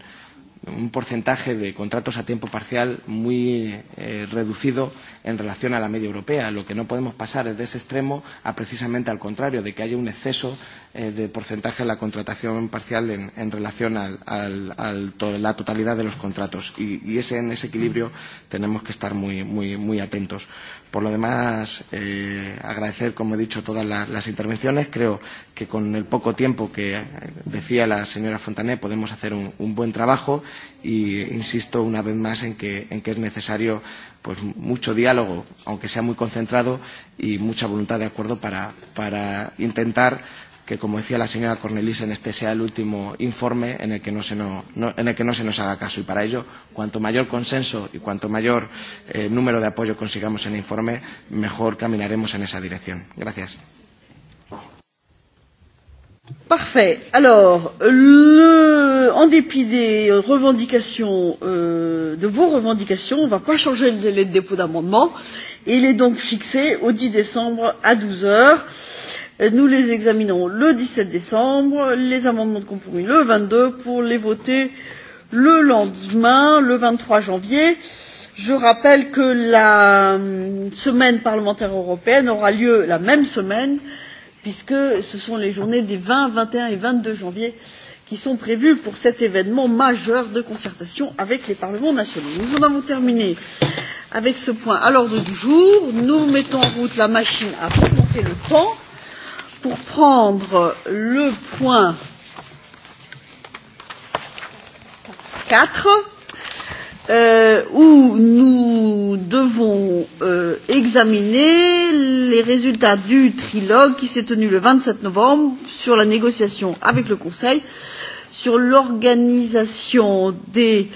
un porcentaje de contratos a tiempo parcial muy eh, reducido en relación a la media europea. Lo que no podemos pasar es de ese extremo a precisamente al contrario, de que haya un exceso eh, de porcentaje de la contratación parcial en, en relación a al, al, al la totalidad de los contratos. Y, y ese, en ese equilibrio tenemos que estar muy, muy, muy atentos. Por lo demás, eh, agradecer, como he dicho, todas las, las intervenciones. Creo que con el poco tiempo que decía la señora Fontané podemos hacer un, un buen trabajo y insisto una vez más en que, en que es necesario pues mucho diálogo, aunque sea muy concentrado, y mucha voluntad de acuerdo para, para intentar que, como decía la señora Cornelissen, este sea el último informe en el que no se, no, no, en el que no se nos haga caso. Y para ello, cuanto mayor consenso y cuanto mayor eh, número de apoyo consigamos en el informe, mejor caminaremos en esa dirección. Gracias. Parfait. Alors, le, en dépit des revendications, euh, de vos revendications, on ne va pas changer le délai de dépôt d'amendement. Il est donc fixé au 10 décembre à 12 heures nous les examinerons le dix sept décembre les amendements de compromis le vingt deux pour les voter le lendemain le vingt trois janvier. je rappelle que la semaine parlementaire européenne aura lieu la même semaine puisque ce sont les journées des vingt vingt et un et vingt deux janvier qui sont prévues pour cet événement majeur de concertation avec les parlements nationaux. nous en avons terminé avec ce point à l'ordre du jour. nous mettons en route la machine à remonter le temps pour prendre le point 4, euh, où nous devons euh, examiner les résultats du trilogue qui s'est tenu le 27 novembre sur la négociation avec le Conseil sur l'organisation des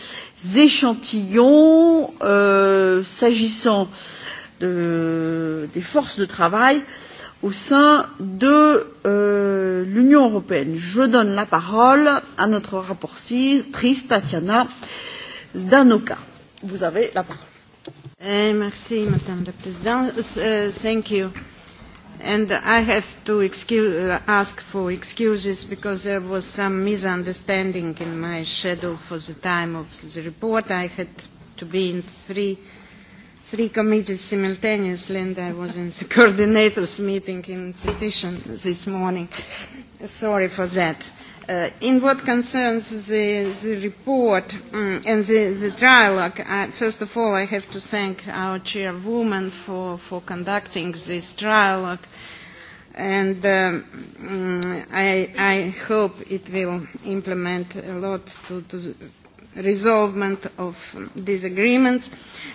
échantillons euh, s'agissant de, des forces de travail euh, au sein de euh, l'Union européenne. Je donne la parole à notre rapporteur, Tatiana Zdanoka. Vous avez la parole. Eh, merci, Madame la Présidente. Uh, thank you. And I have to excuse, uh, ask for excuses because there was some misunderstanding in my schedule for the time of the report. I had to be in three three committees simultaneously, and I was in the coordinators' meeting in petition this morning. Sorry for that. Uh, in what concerns the, the report um, and the, the trialogue, I, first of all, I have to thank our chairwoman for, for conducting this trialogue, and um, mm, I, I hope it will implement a lot to, to resolvement of these agreements.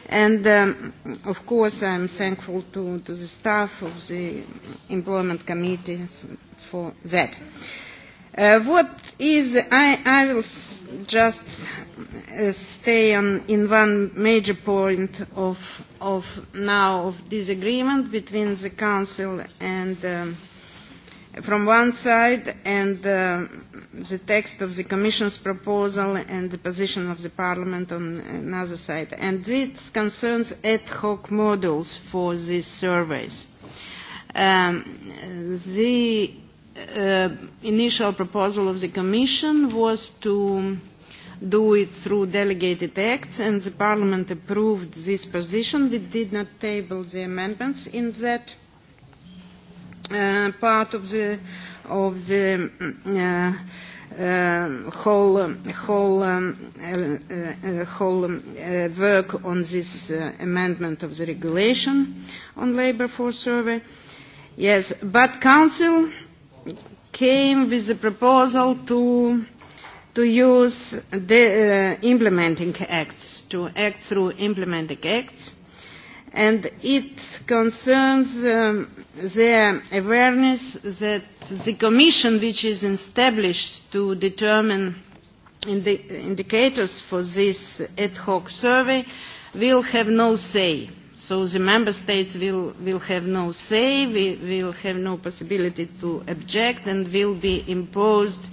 And um, of course, I'm thankful to, to the staff of the Employment Committee for that. Uh, what is, I, I will just uh, stay on in one major point of, of now of disagreement between the Council and um, from one side and uh, the text of the Commission's proposal and the position of the Parliament on another side. And this concerns ad hoc models for these surveys. Um, the uh, initial proposal of the Commission was to do it through delegated acts, and the Parliament approved this position. We did not table the amendments in that Eh, part of the of the uh, mm, eh, uh, eh, whole whole um, uh, uh, whole um, uh, work on this uh, amendment of the regulation on labour force survey. Yes, but council came with a proposal to to use the uh, implementing acts to act through implementing acts and it concerns um, The awareness that the Commission, which is established to determine indi indicators for this ad hoc survey, will have no say. So the member states will, will have no say, we, will have no possibility to object and will be imposed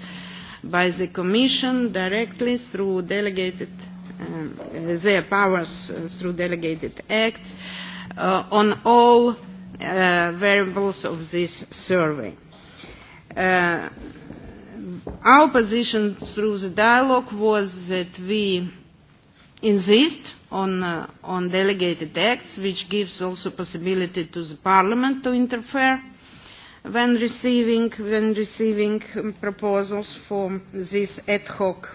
by the Commission directly through delegated, um, their powers uh, through delegated acts uh, on all Uh, variables of this survey. Uh, our position through the dialogue was that we insist on, uh, on delegated acts, which gives also possibility to the Parliament to interfere when receiving, when receiving proposals for these ad hoc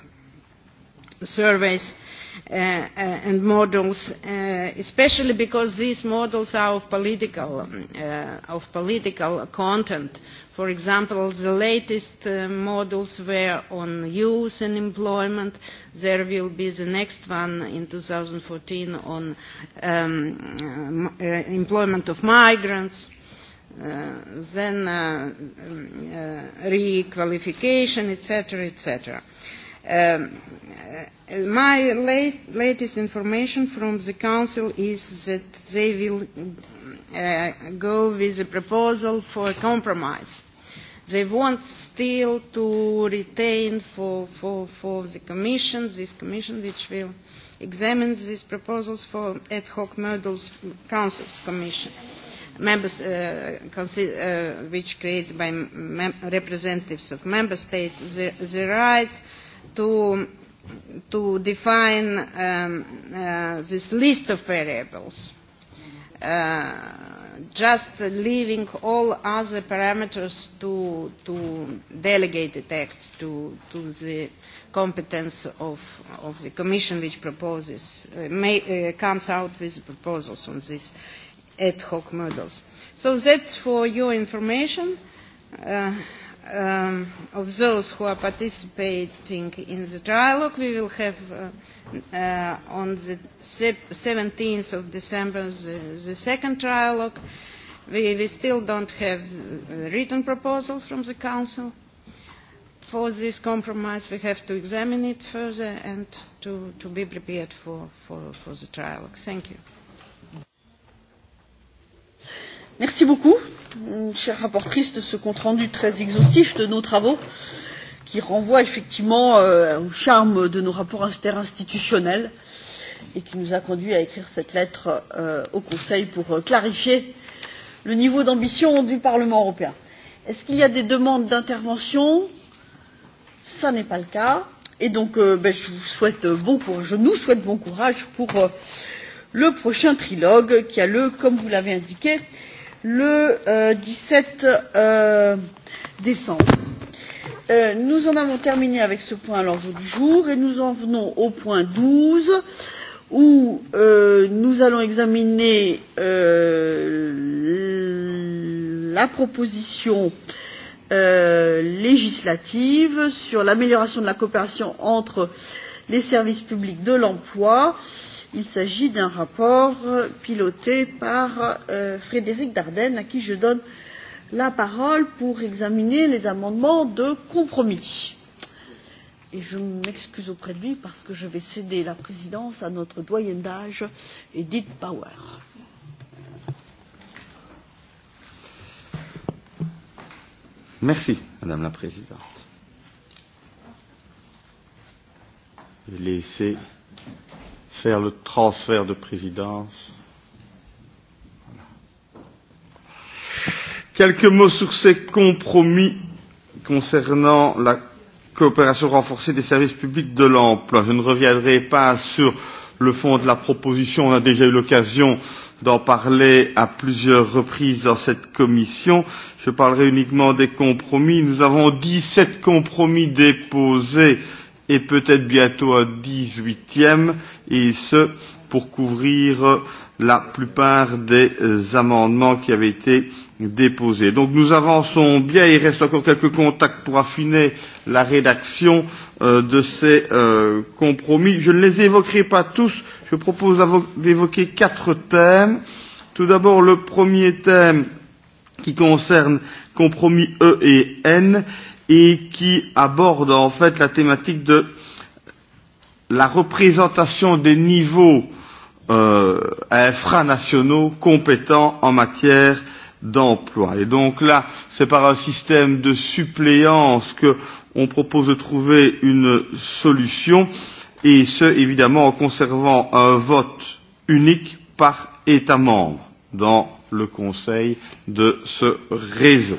surveys Uh, uh, and models, uh, especially because these models are of political, um, uh, of political content. For example, the latest uh, models were on youth and employment. There will be the next one in 2014 on um, uh, uh, employment of migrants. Uh, then uh, um, uh, requalification, etc., etc. Um, uh, my late, latest information from the Council is that they will uh, go with a proposal for a compromise. They want still to retain for, for, for the Commission, this Commission which will examine these proposals for ad hoc models Council's Commission members, uh, uh, which creates by mem representatives of member states the, the right to, to define um, uh, this list of variables, uh, just leaving all other parameters to, to delegated acts, to, to the competence of, of the Commission which proposes, uh, may, uh, comes out with proposals on these ad hoc models. So that's for your information. Uh, um, of those who are participating in the dialogue. We will have uh, uh, on the 17th of December the, the second dialogue. We, we still don't have a uh, written proposal from the Council for this compromise. We have to examine it further and to, to be prepared for, for, for the trial. Thank you. Merci beaucoup, chère rapporteure, de ce compte rendu très exhaustif de nos travaux qui renvoie effectivement euh, au charme de nos rapports interinstitutionnels et qui nous a conduits à écrire cette lettre euh, au Conseil pour euh, clarifier le niveau d'ambition du Parlement européen. Est-ce qu'il y a des demandes d'intervention Ça n'est pas le cas. Et donc, euh, ben, je, vous souhaite bon courage, je nous souhaite bon courage pour euh, le prochain trilogue qui a lieu, comme vous l'avez indiqué, le euh, dix sept euh, décembre. Euh, nous en avons terminé avec ce point à l'ordre du jour et nous en venons au point douze où euh, nous allons examiner euh, la proposition euh, législative sur l'amélioration de la coopération entre euh, les services publics de l'emploi. Il s'agit d'un rapport piloté par euh, Frédéric Dardenne, à qui je donne la parole pour examiner les amendements de compromis. Et je m'excuse auprès de lui parce que je vais céder la présidence à notre doyenne d'âge, Edith Bauer. Merci, Madame la Présidente. laisser faire le transfert de présidence. Voilà. Quelques mots sur ces compromis concernant la coopération renforcée des services publics de l'emploi. Je ne reviendrai pas sur le fond de la proposition. On a déjà eu l'occasion d'en parler à plusieurs reprises dans cette commission. Je parlerai uniquement des compromis. Nous avons 17 compromis déposés euh, et peut-être bientôt un 18e, et ce, pour couvrir la plupart des euh, amendements qui avaient été déposés. Donc nous avançons bien, il reste encore quelques contacts pour affiner la rédaction euh, de ces euh, compromis. Je ne les évoquerai pas tous, je propose d'évoquer quatre thèmes. Tout d'abord, le premier thème qui concerne compromis E et N et qui aborde en fait la thématique de la représentation des niveaux euh, infranationaux compétents en matière d'emploi. Et donc là, c'est par un système de suppléance que on propose de trouver une solution, et ce, évidemment, en conservant un vote unique par État membre dans le Conseil de ce réseau.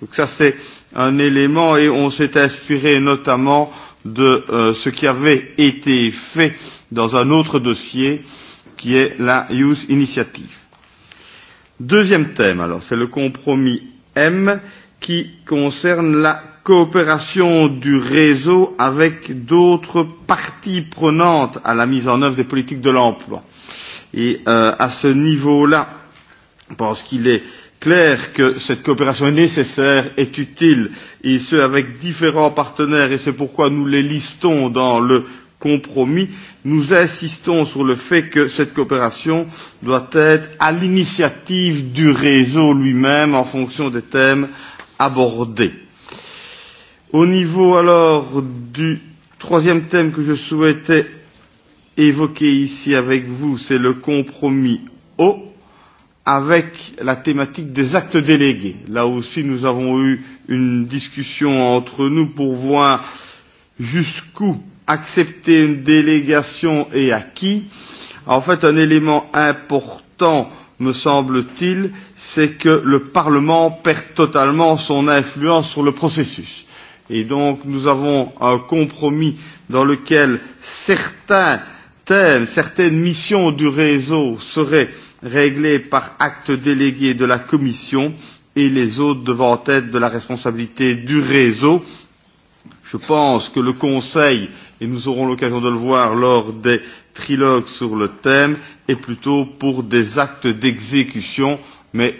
Donc ça, c'est un élément et on s'est inspiré notamment de euh, ce qui avait été fait dans un autre dossier qui est la Youth Initiative. Deuxième thème, alors, c'est le compromis M qui concerne la coopération du réseau avec d'autres parties prenantes à la mise en œuvre des politiques de l'emploi. Et euh, à ce niveau-là, je pense qu'il est euh, clair que cette coopération est nécessaire, est utile, et ce avec différents partenaires, et c'est pourquoi nous les listons dans le compromis. Nous insistons sur le fait que cette coopération doit être à l'initiative du réseau lui-même en fonction des thèmes abordés. Au niveau alors du troisième thème que je souhaitais évoquer ici avec vous, c'est le compromis O avec la thématique des actes délégués. Là aussi, nous avons eu une discussion entre nous pour voir jusqu'où accepter une délégation et à qui. En fait, un élément important, me semble-t-il, c'est que le Parlement perd totalement son influence sur le processus. Et donc, nous avons un compromis dans lequel certains thèmes, certaines missions du réseau seraient réglées par acte délégué de la Commission et les autres devant être de la responsabilité du réseau. Je pense que le Conseil, et nous aurons l'occasion de le voir lors des trilogues sur le thème, est plutôt pour des actes d'exécution, mais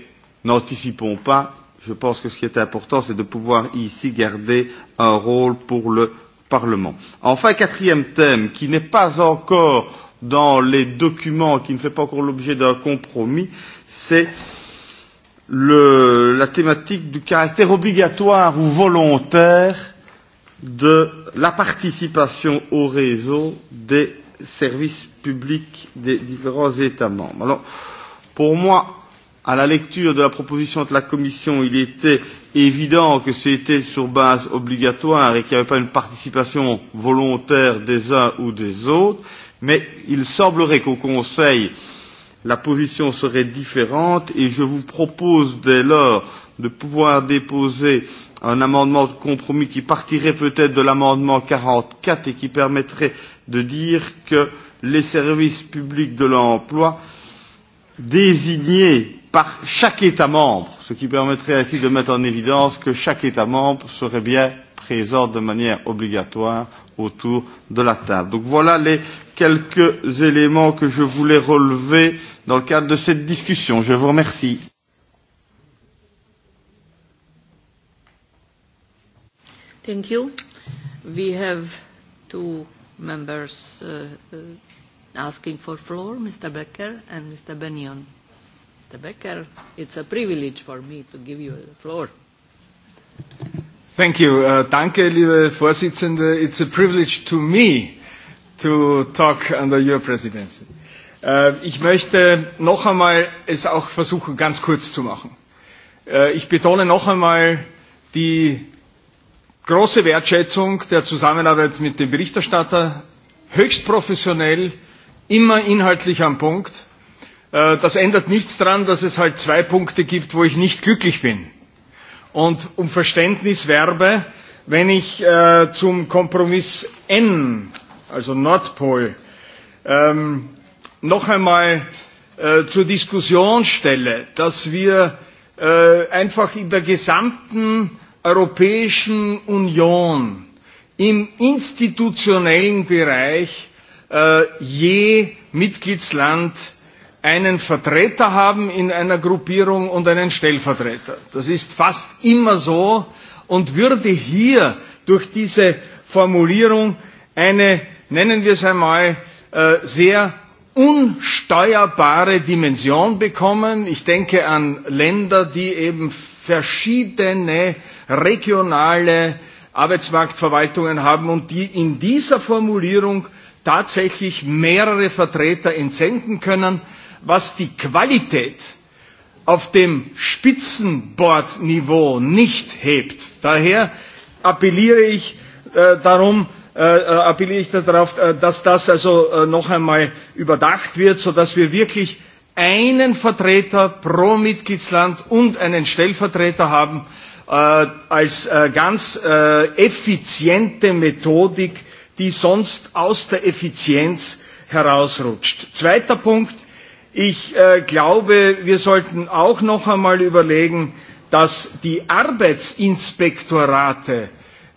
n'anticipons pas. Je pense que ce qui est important, c'est de pouvoir ici garder un rôle pour le Parlement. Enfin, quatrième thème, qui n'est pas encore euh, dans les documents qui ne fait pas encore l'objet d'un compromis, c'est le, la thématique du caractère obligatoire ou volontaire de la participation au réseau des services publics des différents États membres. Alors, pour moi, à la lecture de la proposition de la Commission, il était évident que c'était sur base obligatoire et qu'il n'y avait pas une participation volontaire des uns ou des autres mais il semblerait qu'au Conseil, la position serait différente et je vous propose dès lors de pouvoir déposer un amendement de compromis qui partirait peut-être de l'amendement 44 et qui permettrait de dire que les services publics de l'emploi désignés par chaque État membre, ce qui permettrait ainsi de mettre en évidence que chaque État membre serait bien présent de manière obligatoire autour de la table. Donc voilà les quelques éléments que je voulais relever dans le cadre de cette discussion. Je vous remercie. Thank you. We have two members uh, uh asking for floor, Mr. Becker and Mr. Benion. Mr. Becker, it's a privilege for me to give you the floor. Thank you. Uh, danke, liebe Vorsitzende. It's a privilege to me to talk under your presidency. Äh, ich möchte noch einmal es auch versuchen, ganz kurz zu machen. Äh, ich betone noch einmal die große Wertschätzung der Zusammenarbeit mit dem Berichterstatter, höchst professionell, immer inhaltlich am Punkt. Äh, das ändert nichts daran, dass es halt zwei Punkte gibt, wo ich nicht glücklich bin und um Verständnis werbe, wenn ich äh, zum Kompromiss N also Nordpol. Ähm, noch einmal äh, zur Diskussion stelle, dass wir äh, einfach in der gesamten Europäischen Union im institutionellen Bereich äh, je Mitgliedsland einen Vertreter haben in einer Gruppierung und einen Stellvertreter. Das ist fast immer so und würde hier durch diese Formulierung eine nennen wir es einmal, äh, sehr unsteuerbare Dimension bekommen. Ich denke an Länder, die eben verschiedene regionale Arbeitsmarktverwaltungen haben und die in dieser Formulierung tatsächlich mehrere Vertreter entsenden können, was die Qualität auf dem Spitzenbordniveau nicht hebt. Daher appelliere ich äh, darum, Äh, äh, appelliere ich darauf, äh, dass das also noch einmal überdacht wird, sodass wir wirklich einen Vertreter pro Mitgliedsland und einen Stellvertreter haben, äh, als äh, ganz äh, effiziente Methodik, die sonst aus der Effizienz herausrutscht. Zweiter Punkt. Ich äh, glaube, wir sollten auch noch einmal überlegen, dass die Arbeitsinspektorate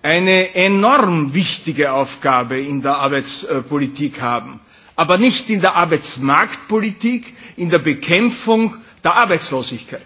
eine enorm wichtige Aufgabe in der Arbeitspolitik haben, aber nicht in der Arbeitsmarktpolitik, in der Bekämpfung der Arbeitslosigkeit,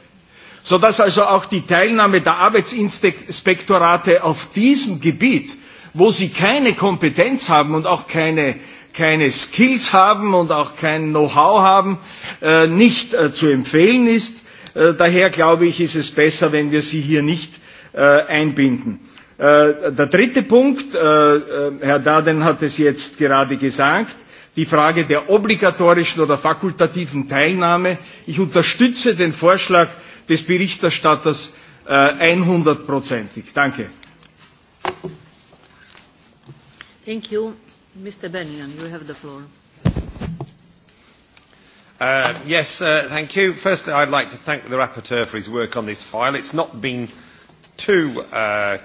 sodass also auch die Teilnahme der Arbeitsinspektorate auf diesem Gebiet, wo sie keine Kompetenz haben und auch keine, keine Skills haben und auch kein Know-how haben, äh, nicht äh, zu empfehlen ist. Äh, daher glaube ich, ist es besser, wenn wir sie hier nicht einbinden. Äh, der dritte Punkt, äh, äh, Herr Darden hat es jetzt gerade gesagt, die Frage der obligatorischen oder fakultativen Teilnahme. Ich unterstütze den Vorschlag des Berichterstatters äh, 100%ig. Danke. Thank you. Mr. Bennion, you have the floor. Uh, yes, uh, thank you. First, I'd like to thank the rapporteur for his work on this file. It's not been too uh,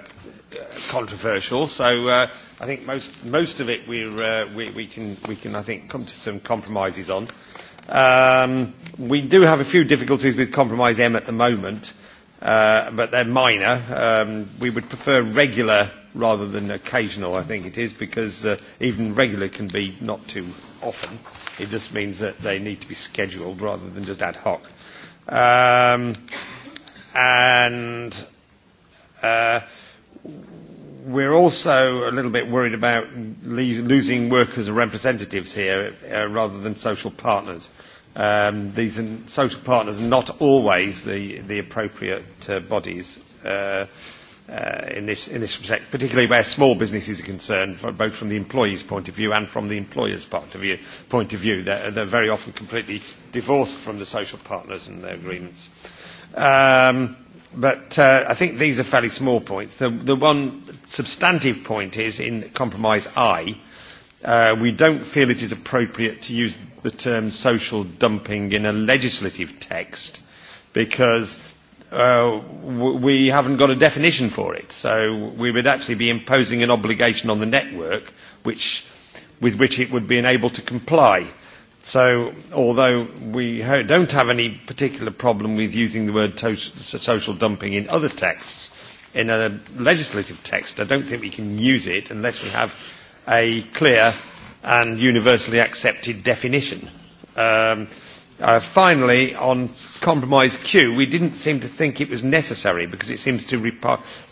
Uh, controversial. So uh, I think most most of it we're, uh, we we can we can I think come to some compromises on. Um, we do have a few difficulties with compromise M at the moment, uh, but they're minor. Um, we would prefer regular rather than occasional. I think it is because uh, even regular can be not too often. It just means that they need to be scheduled rather than just ad hoc. Um, and uh, we're also a little bit worried about losing workers as representatives here uh, rather than social partners. Um, these social partners are not always the, the appropriate uh, bodies uh, uh, in, this, in this respect, particularly where small businesses are concerned, for both from the employee's point of view and from the employer's point of view. Point of view. They're, they're very often completely divorced from the social partners and their agreements. Um, But uh, I think these are fairly small points. The, the one substantive point is in Compromise I, uh, we don't feel it is appropriate to use the term social dumping in a legislative text because uh, we haven't got a definition for it. So we would actually be imposing an obligation on the network which, with which it would be unable to comply. So although we don't have any particular problem with using the word social dumping in other texts, in a legislative text, I don't think we can use it unless we have a clear and universally accepted definition. Um, uh, finally, on compromise Q, we didn't seem to think it was necessary because it seems to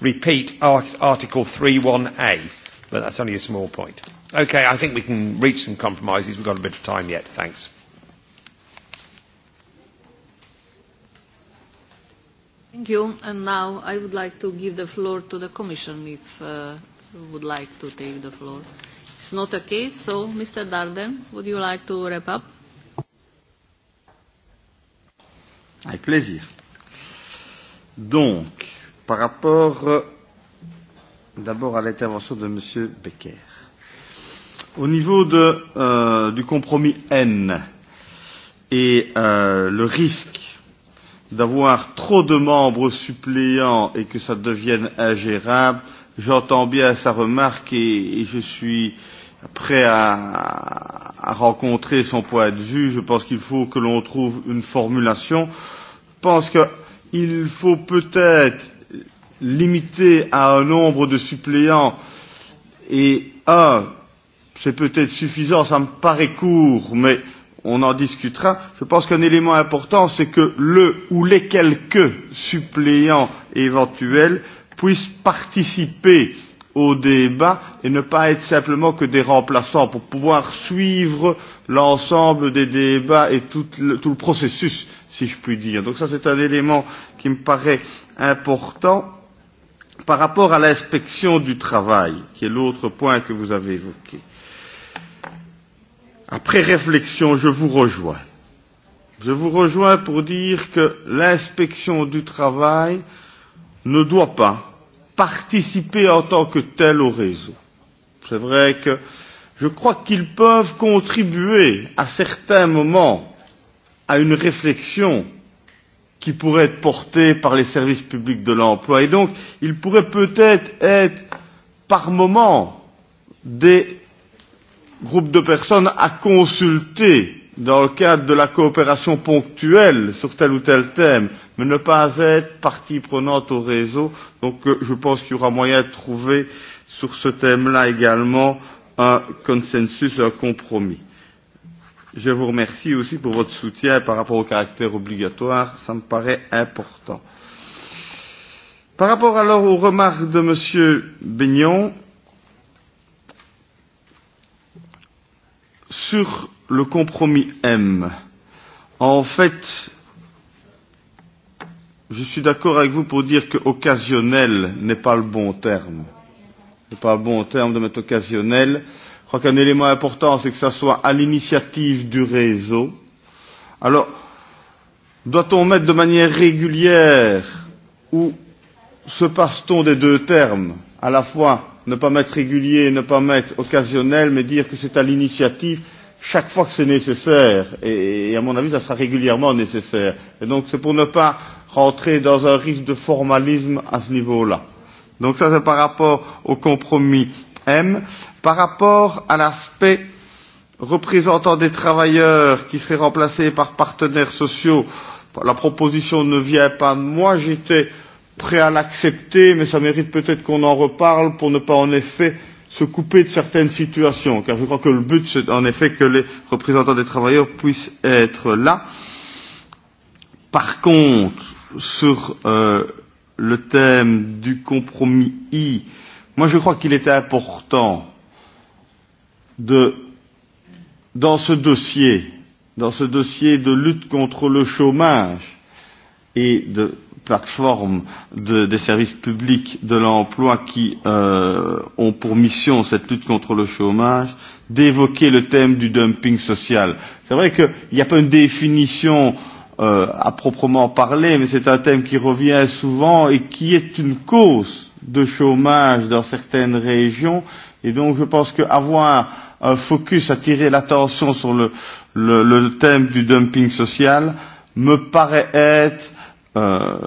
repeat Art Article 3.1a, but that's only a small point. Okay, I think we can reach some compromises. We've got a bit of time yet. Thanks. Thank you. And now I would like to give the floor to the Commission if uh, would like to take the floor. It's not the case, so Mr. Darden, would you like to wrap up? Avec plaisir. Donc, par rapport d'abord à l'intervention de Monsieur Becker. Au niveau de, euh, du compromis N et euh, le risque d'avoir trop de membres suppléants et que ça devienne ingérable, j'entends bien sa remarque et, et je suis prêt à, à rencontrer son point de vue. Je pense qu'il faut que l'on trouve une formulation. Je pense qu'il faut peut-être limiter à un nombre de suppléants et un c'est peut-être suffisant, ça me paraît court, mais on en discutera. Je pense qu'un élément important, c'est que le ou les quelques suppléants éventuels puissent participer au débat et ne pas être simplement que des remplaçants pour pouvoir suivre l'ensemble des débats et tout le, tout le processus, si je puis dire. Donc ça, c'est un élément qui me paraît important par rapport à l'inspection du travail, qui est l'autre point que vous avez évoqué. Euh, Après réflexion, je vous rejoins. Je vous rejoins pour dire que l'inspection du travail ne doit pas participer en tant que tel au réseau. C'est vrai que je crois qu'ils peuvent contribuer à certains moments à une réflexion qui pourrait être portée par les services publics de l'emploi. Et donc, ils pourraient peut-être être par moments des groupe de personnes à consulter dans le cadre de la coopération ponctuelle sur tel ou tel thème, mais ne pas être partie prenante au réseau. Donc euh, je pense qu'il y aura moyen de trouver sur ce thème-là également un consensus, un compromis. Je vous remercie aussi pour votre soutien par rapport au caractère obligatoire, ça me paraît important. Par rapport alors aux remarques de M. Bignon, sur le compromis M, en fait, je suis d'accord avec vous pour dire que occasionnel n'est pas le bon terme. n'est pas le bon terme de mettre occasionnel. Je crois qu'un élément important, c'est que ça soit à l'initiative du réseau. Alors, doit-on mettre de manière régulière ou se passe-t-on des deux termes, à la fois ne pas mettre régulier, ne pas mettre occasionnel, mais dire que c'est à l'initiative chaque fois que c'est nécessaire. Et, et à mon avis, ça sera régulièrement nécessaire. Et donc, c'est pour ne pas rentrer dans un risque de formalisme à ce niveau-là. Donc ça, c'est par rapport au compromis M. Par rapport à l'aspect représentant des travailleurs qui seraient remplacés par partenaires sociaux, la proposition ne vient pas de moi. J'étais euh, prêt à l'accepter, mais ça mérite peut-être qu'on en reparle pour ne pas en effet se couper de certaines situations, car je crois que le but, c'est en effet que les représentants des travailleurs puissent être là. Par contre, sur euh, le thème du compromis I, moi je crois qu'il était important de, dans ce dossier, dans ce dossier de lutte contre le chômage et de plateforme de, des services publics de l'emploi qui euh, ont pour mission cette lutte contre le chômage, d'évoquer le thème du dumping social. C'est vrai qu'il n'y a pas une définition euh, à proprement parler, mais c'est un thème qui revient souvent et qui est une cause de chômage dans certaines régions. Et donc je pense qu'avoir un focus, attirer l'attention sur le, le, le thème du dumping social me paraît être euh, Euh,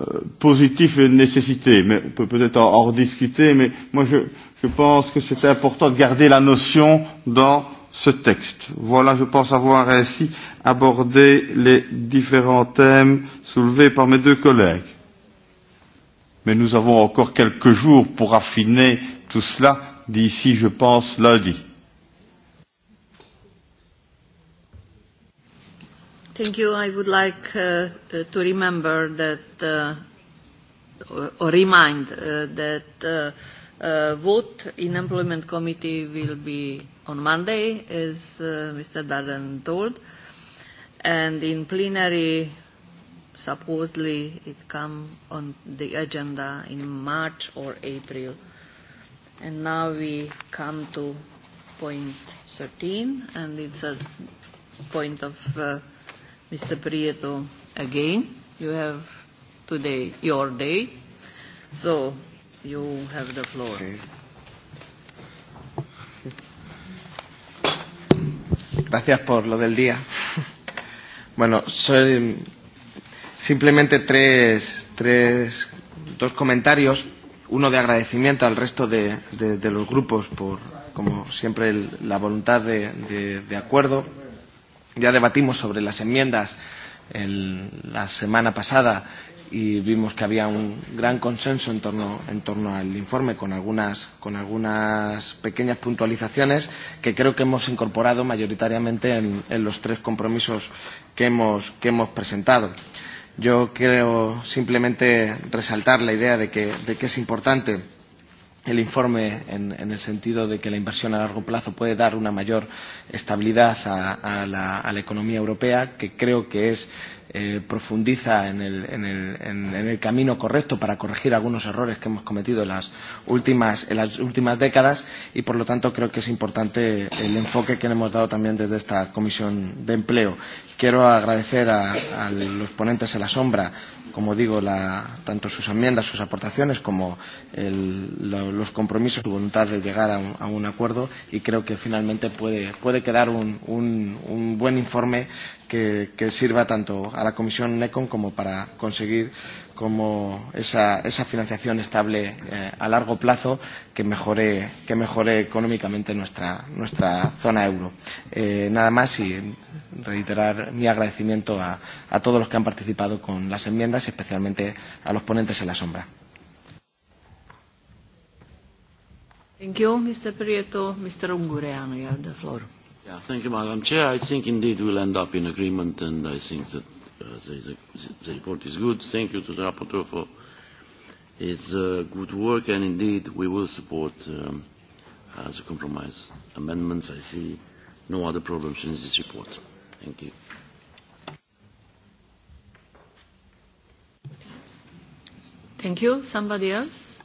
positif et une nécessité. Mais on peut peut-être en, en discuter, mais moi je, je pense que c'est important de garder la notion dans ce texte. Voilà, je pense avoir ainsi abordé les différents thèmes soulevés par mes deux collègues. Mais nous avons encore quelques jours pour affiner tout cela d'ici, je pense, lundi. Thank you. I would like uh, uh, to remember that, uh, or, remind uh, that uh, uh, vote in Employment Committee will be on Monday, as uh, Mr. Darden told, and in plenary, supposedly it come on the agenda in March or April. And now we come to point 13, and it's a point of uh, Mr. Prieto, again, you have today your day, so you have the floor. Okay. Gracias por lo del día. Bueno, soy simplemente tres, tres, dos comentarios. Uno de agradecimiento al resto de, de, de los grupos por, como siempre, el, la voluntad de, de, de acuerdo Ya debatimos sobre las enmiendas el, la semana pasada y vimos que había un gran consenso en torno, en torno al informe con algunas, con algunas pequeñas puntualizaciones que creo que hemos incorporado mayoritariamente en, en los tres compromisos que hemos, que hemos presentado. Yo creo simplemente resaltar la idea de que, de que es importante el informe en, en el sentido de que la inversión a largo plazo puede dar una mayor estabilidad a, a, la, a la economía europea, que creo que es eh, profundiza en el, en, el, en, en el camino correcto para corregir algunos errores que hemos cometido en las últimas, en las últimas décadas y, por lo tanto, creo que es importante el enfoque que le hemos dado también desde esta Comisión de Empleo. Quiero agradecer a, a los ponentes en la sombra como digo, la, tanto sus enmiendas, sus aportaciones, como el, lo, los compromisos, su voluntad de llegar a un, a un acuerdo y creo que finalmente puede, puede quedar un, un, un buen informe que, que sirva tanto a la Comisión NECON como para conseguir como esa, esa financiación estable eh, a largo plazo que mejore, que mejore económicamente nuestra, nuestra zona euro. Eh, nada más y reiterar mi agradecimiento a, a todos los que han participado con las enmiendas y especialmente a los ponentes en la sombra. Thank you, Mr. Prieto. Mr. Ungureanu, you have the floor. Yeah, thank you, Madam Chair. I think indeed we'll end up in agreement, and I think that uh, the, the report is good. Thank you to the rapporteur for his uh, good work, and indeed we will support um, uh, the compromise amendments. I see no other problems in this report. Thank you. Thank you. Somebody else?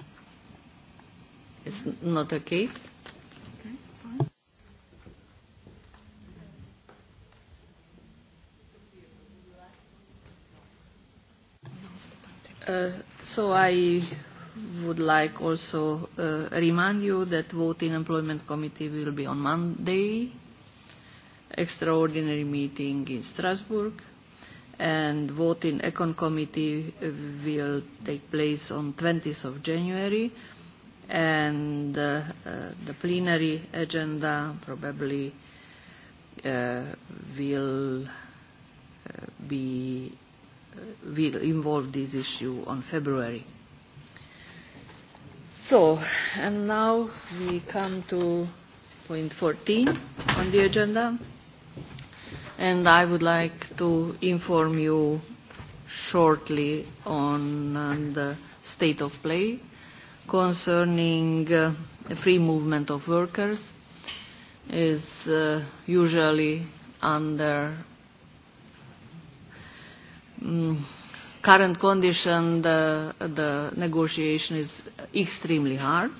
It's not the case. Uh, so I would like also uh, remind you that vote in Employment Committee will be on Monday, extraordinary meeting in Strasbourg, and vote in Econ Committee will take place on 20th of January, and uh, uh, the plenary agenda probably uh, will uh, be will involve this issue on February. So, and now we come to point 14 on the agenda. And I would like to inform you shortly on, on the state of play concerning uh, free movement of workers is uh, usually under Mm, current condition, the, the negotiation is extremely hard.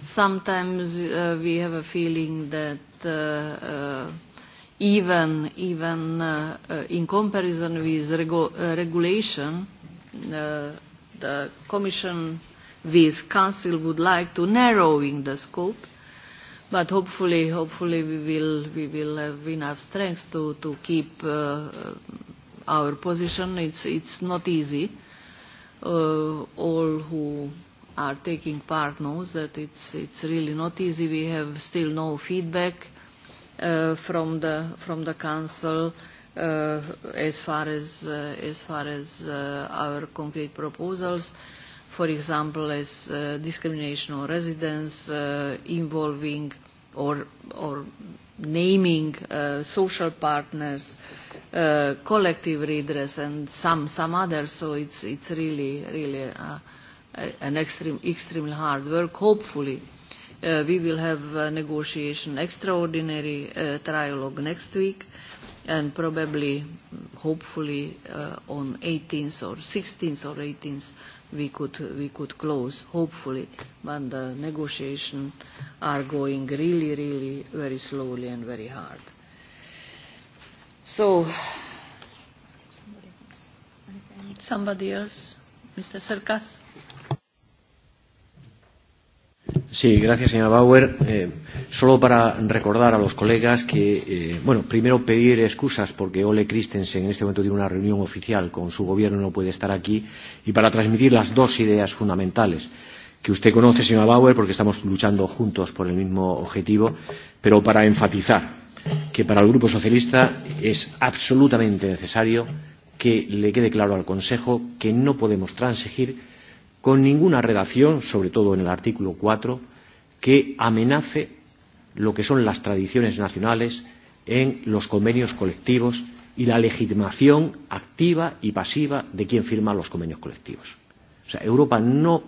Sometimes uh, we have a feeling that uh, uh, even even uh, uh, in comparison with regu uh, regulation, uh, the Commission with Council would like to narrowing the scope, but hopefully, hopefully we will we will have enough strength to to keep. Uh, our position. It's, it's not easy. Uh, all who are taking part knows that it's, it's really not easy. We have still no feedback uh, from, the, from the Council uh, as far as, uh, as, far as uh, our concrete proposals. For example, as uh, discrimination on residence uh, involving uh, or, or naming uh, social partners, uh, collective redress, and some, some others. So it's, it's really, really uh, an extreme, extremely hard work. Hopefully, uh, we will have a negotiation extraordinary uh, trialogue next week and probably, hopefully, uh, on 18th or 16th or 18th we could, we could close, hopefully, when the negotiations are going really, really very slowly and very hard. So, somebody else? Mr. Sarkas. Sí, gracias, señora Bauer. Eh, solo para recordar a los colegas que, eh, bueno, primero pedir excusas porque Ole Christensen en este momento tiene una reunión oficial con su gobierno y no puede estar aquí, y para transmitir las dos ideas fundamentales que usted conoce, señora Bauer, porque estamos luchando juntos por el mismo objetivo, pero para enfatizar que para el Grupo Socialista es absolutamente necesario que le quede claro al Consejo que no podemos transigir con ninguna redacción, sobre todo en el artículo 4, que amenace lo que son las tradiciones nacionales en los convenios colectivos y la legitimación activa y pasiva de quien firma los convenios colectivos. O sea, Europa no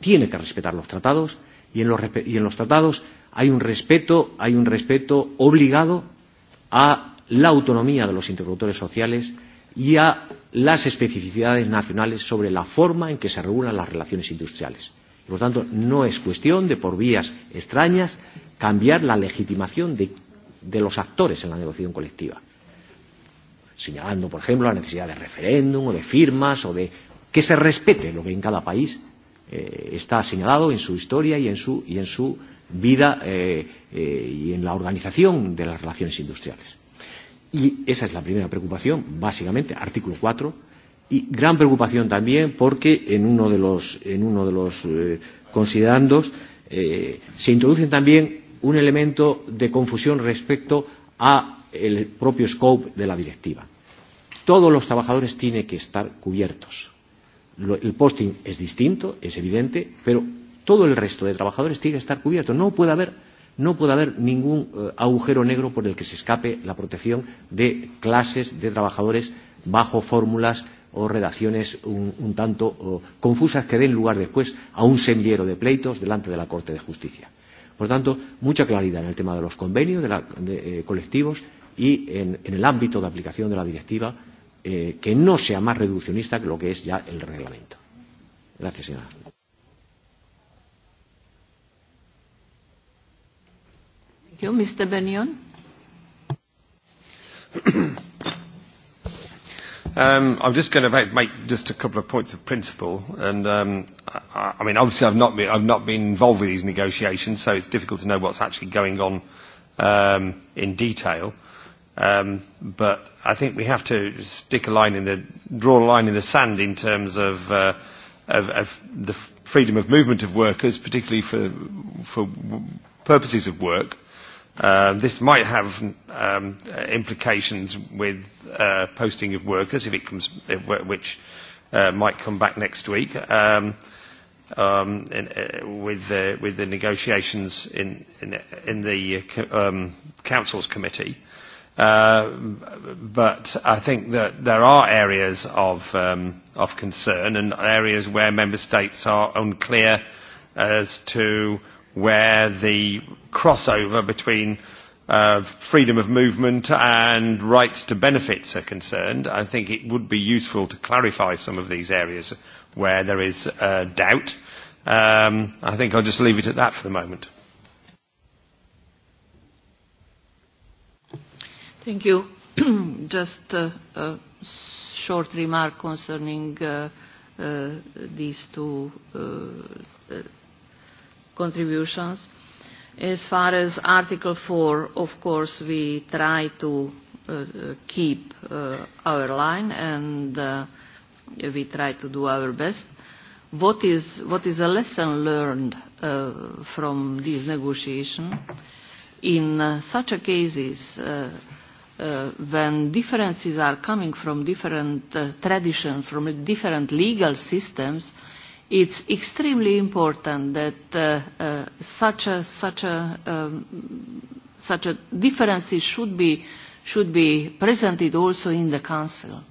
tiene que respetar los tratados y en los, y en los tratados hay un respeto, hay un respeto obligado a la autonomía de los interlocutores sociales y a las especificidades nacionales sobre la forma en que se regulan las relaciones industriales. Por lo tanto, no es cuestión de, por vías extrañas, cambiar la legitimación de, de los actores en la negociación colectiva. Señalando, por ejemplo, la necesidad de referéndum o de firmas o de que se respete lo que en cada país eh, está señalado en su historia y en su, y en su vida eh, eh, y en la organización de las relaciones industriales. Y esa es la primera preocupación, básicamente, artículo 4. Y gran preocupación también porque en uno de los, en uno de los eh, considerandos eh, se introduce también un elemento de confusión respecto a el propio scope de la directiva. Todos los trabajadores tienen que estar cubiertos. Lo, el posting es distinto, es evidente, pero todo el resto de trabajadores tiene que estar cubierto. No puede haber no puede haber ningún eh, agujero negro por el que se escape la protección de clases de trabajadores bajo fórmulas o redacciones un, un tanto o, confusas que den lugar después a un semillero de pleitos delante de la Corte de Justicia. Por tanto, mucha claridad en el tema de los convenios de la, de, eh, colectivos y en, en el ámbito de aplicación de la directiva eh, que no sea más reduccionista que lo que es ya el reglamento. Gracias, señora. Mr. Benyon. Um, I'm just going to make, make just a couple of points of principle, and um, I, I mean, obviously, I've not been I've not been involved with these negotiations, so it's difficult to know what's actually going on um, in detail. Um, but I think we have to stick a line in the draw a line in the sand in terms of uh, of, of the freedom of movement of workers, particularly for for purposes of work Um, this might have um, implications with uh, posting of workers, if it comes, if, which uh, might come back next week, um, um, in, uh, with, the, with the negotiations in, in, in the uh, um, Council's committee. Uh, but I think that there are areas of, um, of concern and areas where member states are unclear as to where the crossover between uh, freedom of movement and rights to benefits are concerned, I think it would be useful to clarify some of these areas where there is uh, doubt. Um, I think I'll just leave it at that for the moment. Thank you. just uh, a short remark concerning uh, uh, these two uh, contributions. As far as Article 4, of course, we try to uh, uh, keep uh, our line and uh, we try to do our best. What is, what is a lesson learned uh, from this negotiation? In uh, such a cases, uh, uh, when differences are coming from different uh, traditions, from different legal systems, it's extremely important that uh, uh, such a such a um, such a differences should be should be presented also in the council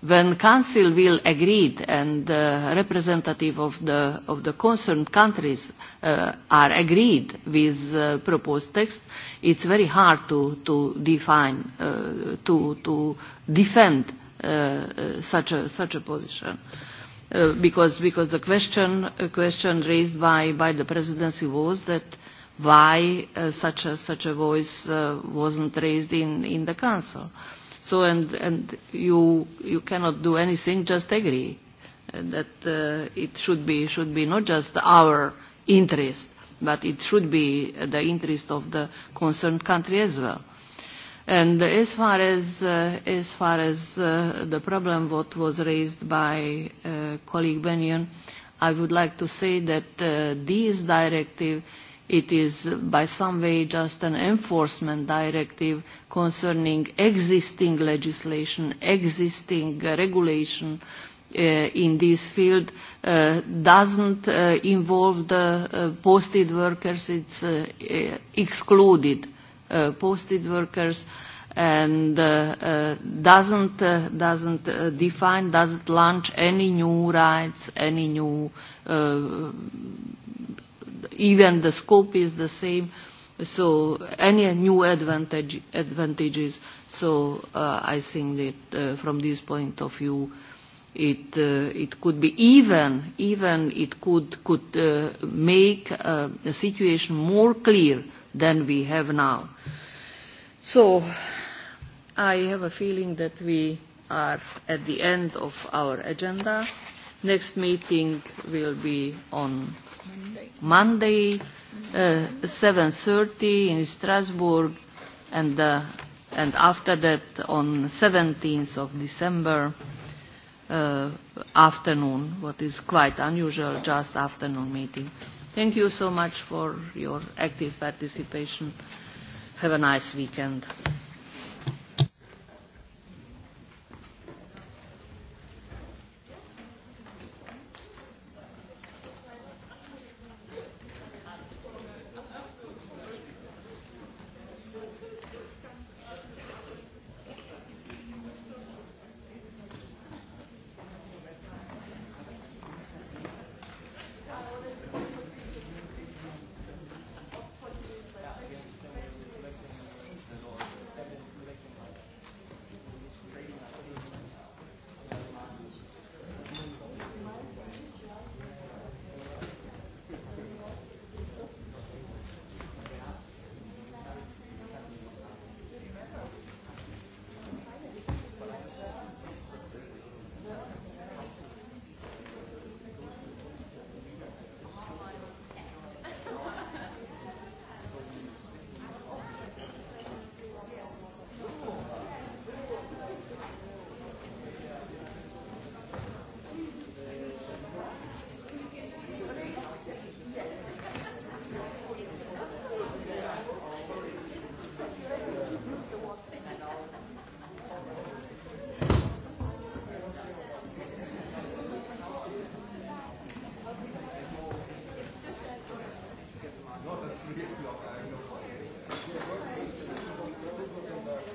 when council will agree and the uh, representative of the of the concerned countries uh, are agreed with uh, proposed text it's very hard to to define uh, to to defend uh, uh, such a such a position uh, Uh, because because the question a uh, question raised by by the presidency was that why uh, such a such a voice uh, wasn't raised in in the council so and and you you cannot do anything just agree uh, that uh, it should be should be not just our interest but it should be the interest of the concerned country as well And as far as, uh, as, far as uh, the problem what was raised by uh, colleague Benyon, I would like to say that uh, this directive, it is by some way just an enforcement directive concerning existing legislation, existing uh, regulation uh, in this field, uh, doesn't uh, involve the uh, posted workers, it's uh, uh excluded Uh, posted workers and uh, uh, doesn't, uh, doesn't uh, define, doesn't launch any new rights, any new, uh, even the scope is the same. So any new advantage, advantages. So uh, I think that uh, from this point of view, it uh, it could be even even it could could uh, make uh, the situation more clear than we have now. So I have a feeling that we are at the end of our agenda. Next meeting will be on Monday, uh, 7.30 in Strasbourg, and, uh, and after that on 17th of December uh, afternoon, what is quite unusual, just afternoon meeting. Thank you so much for your active participation. Have a nice weekend.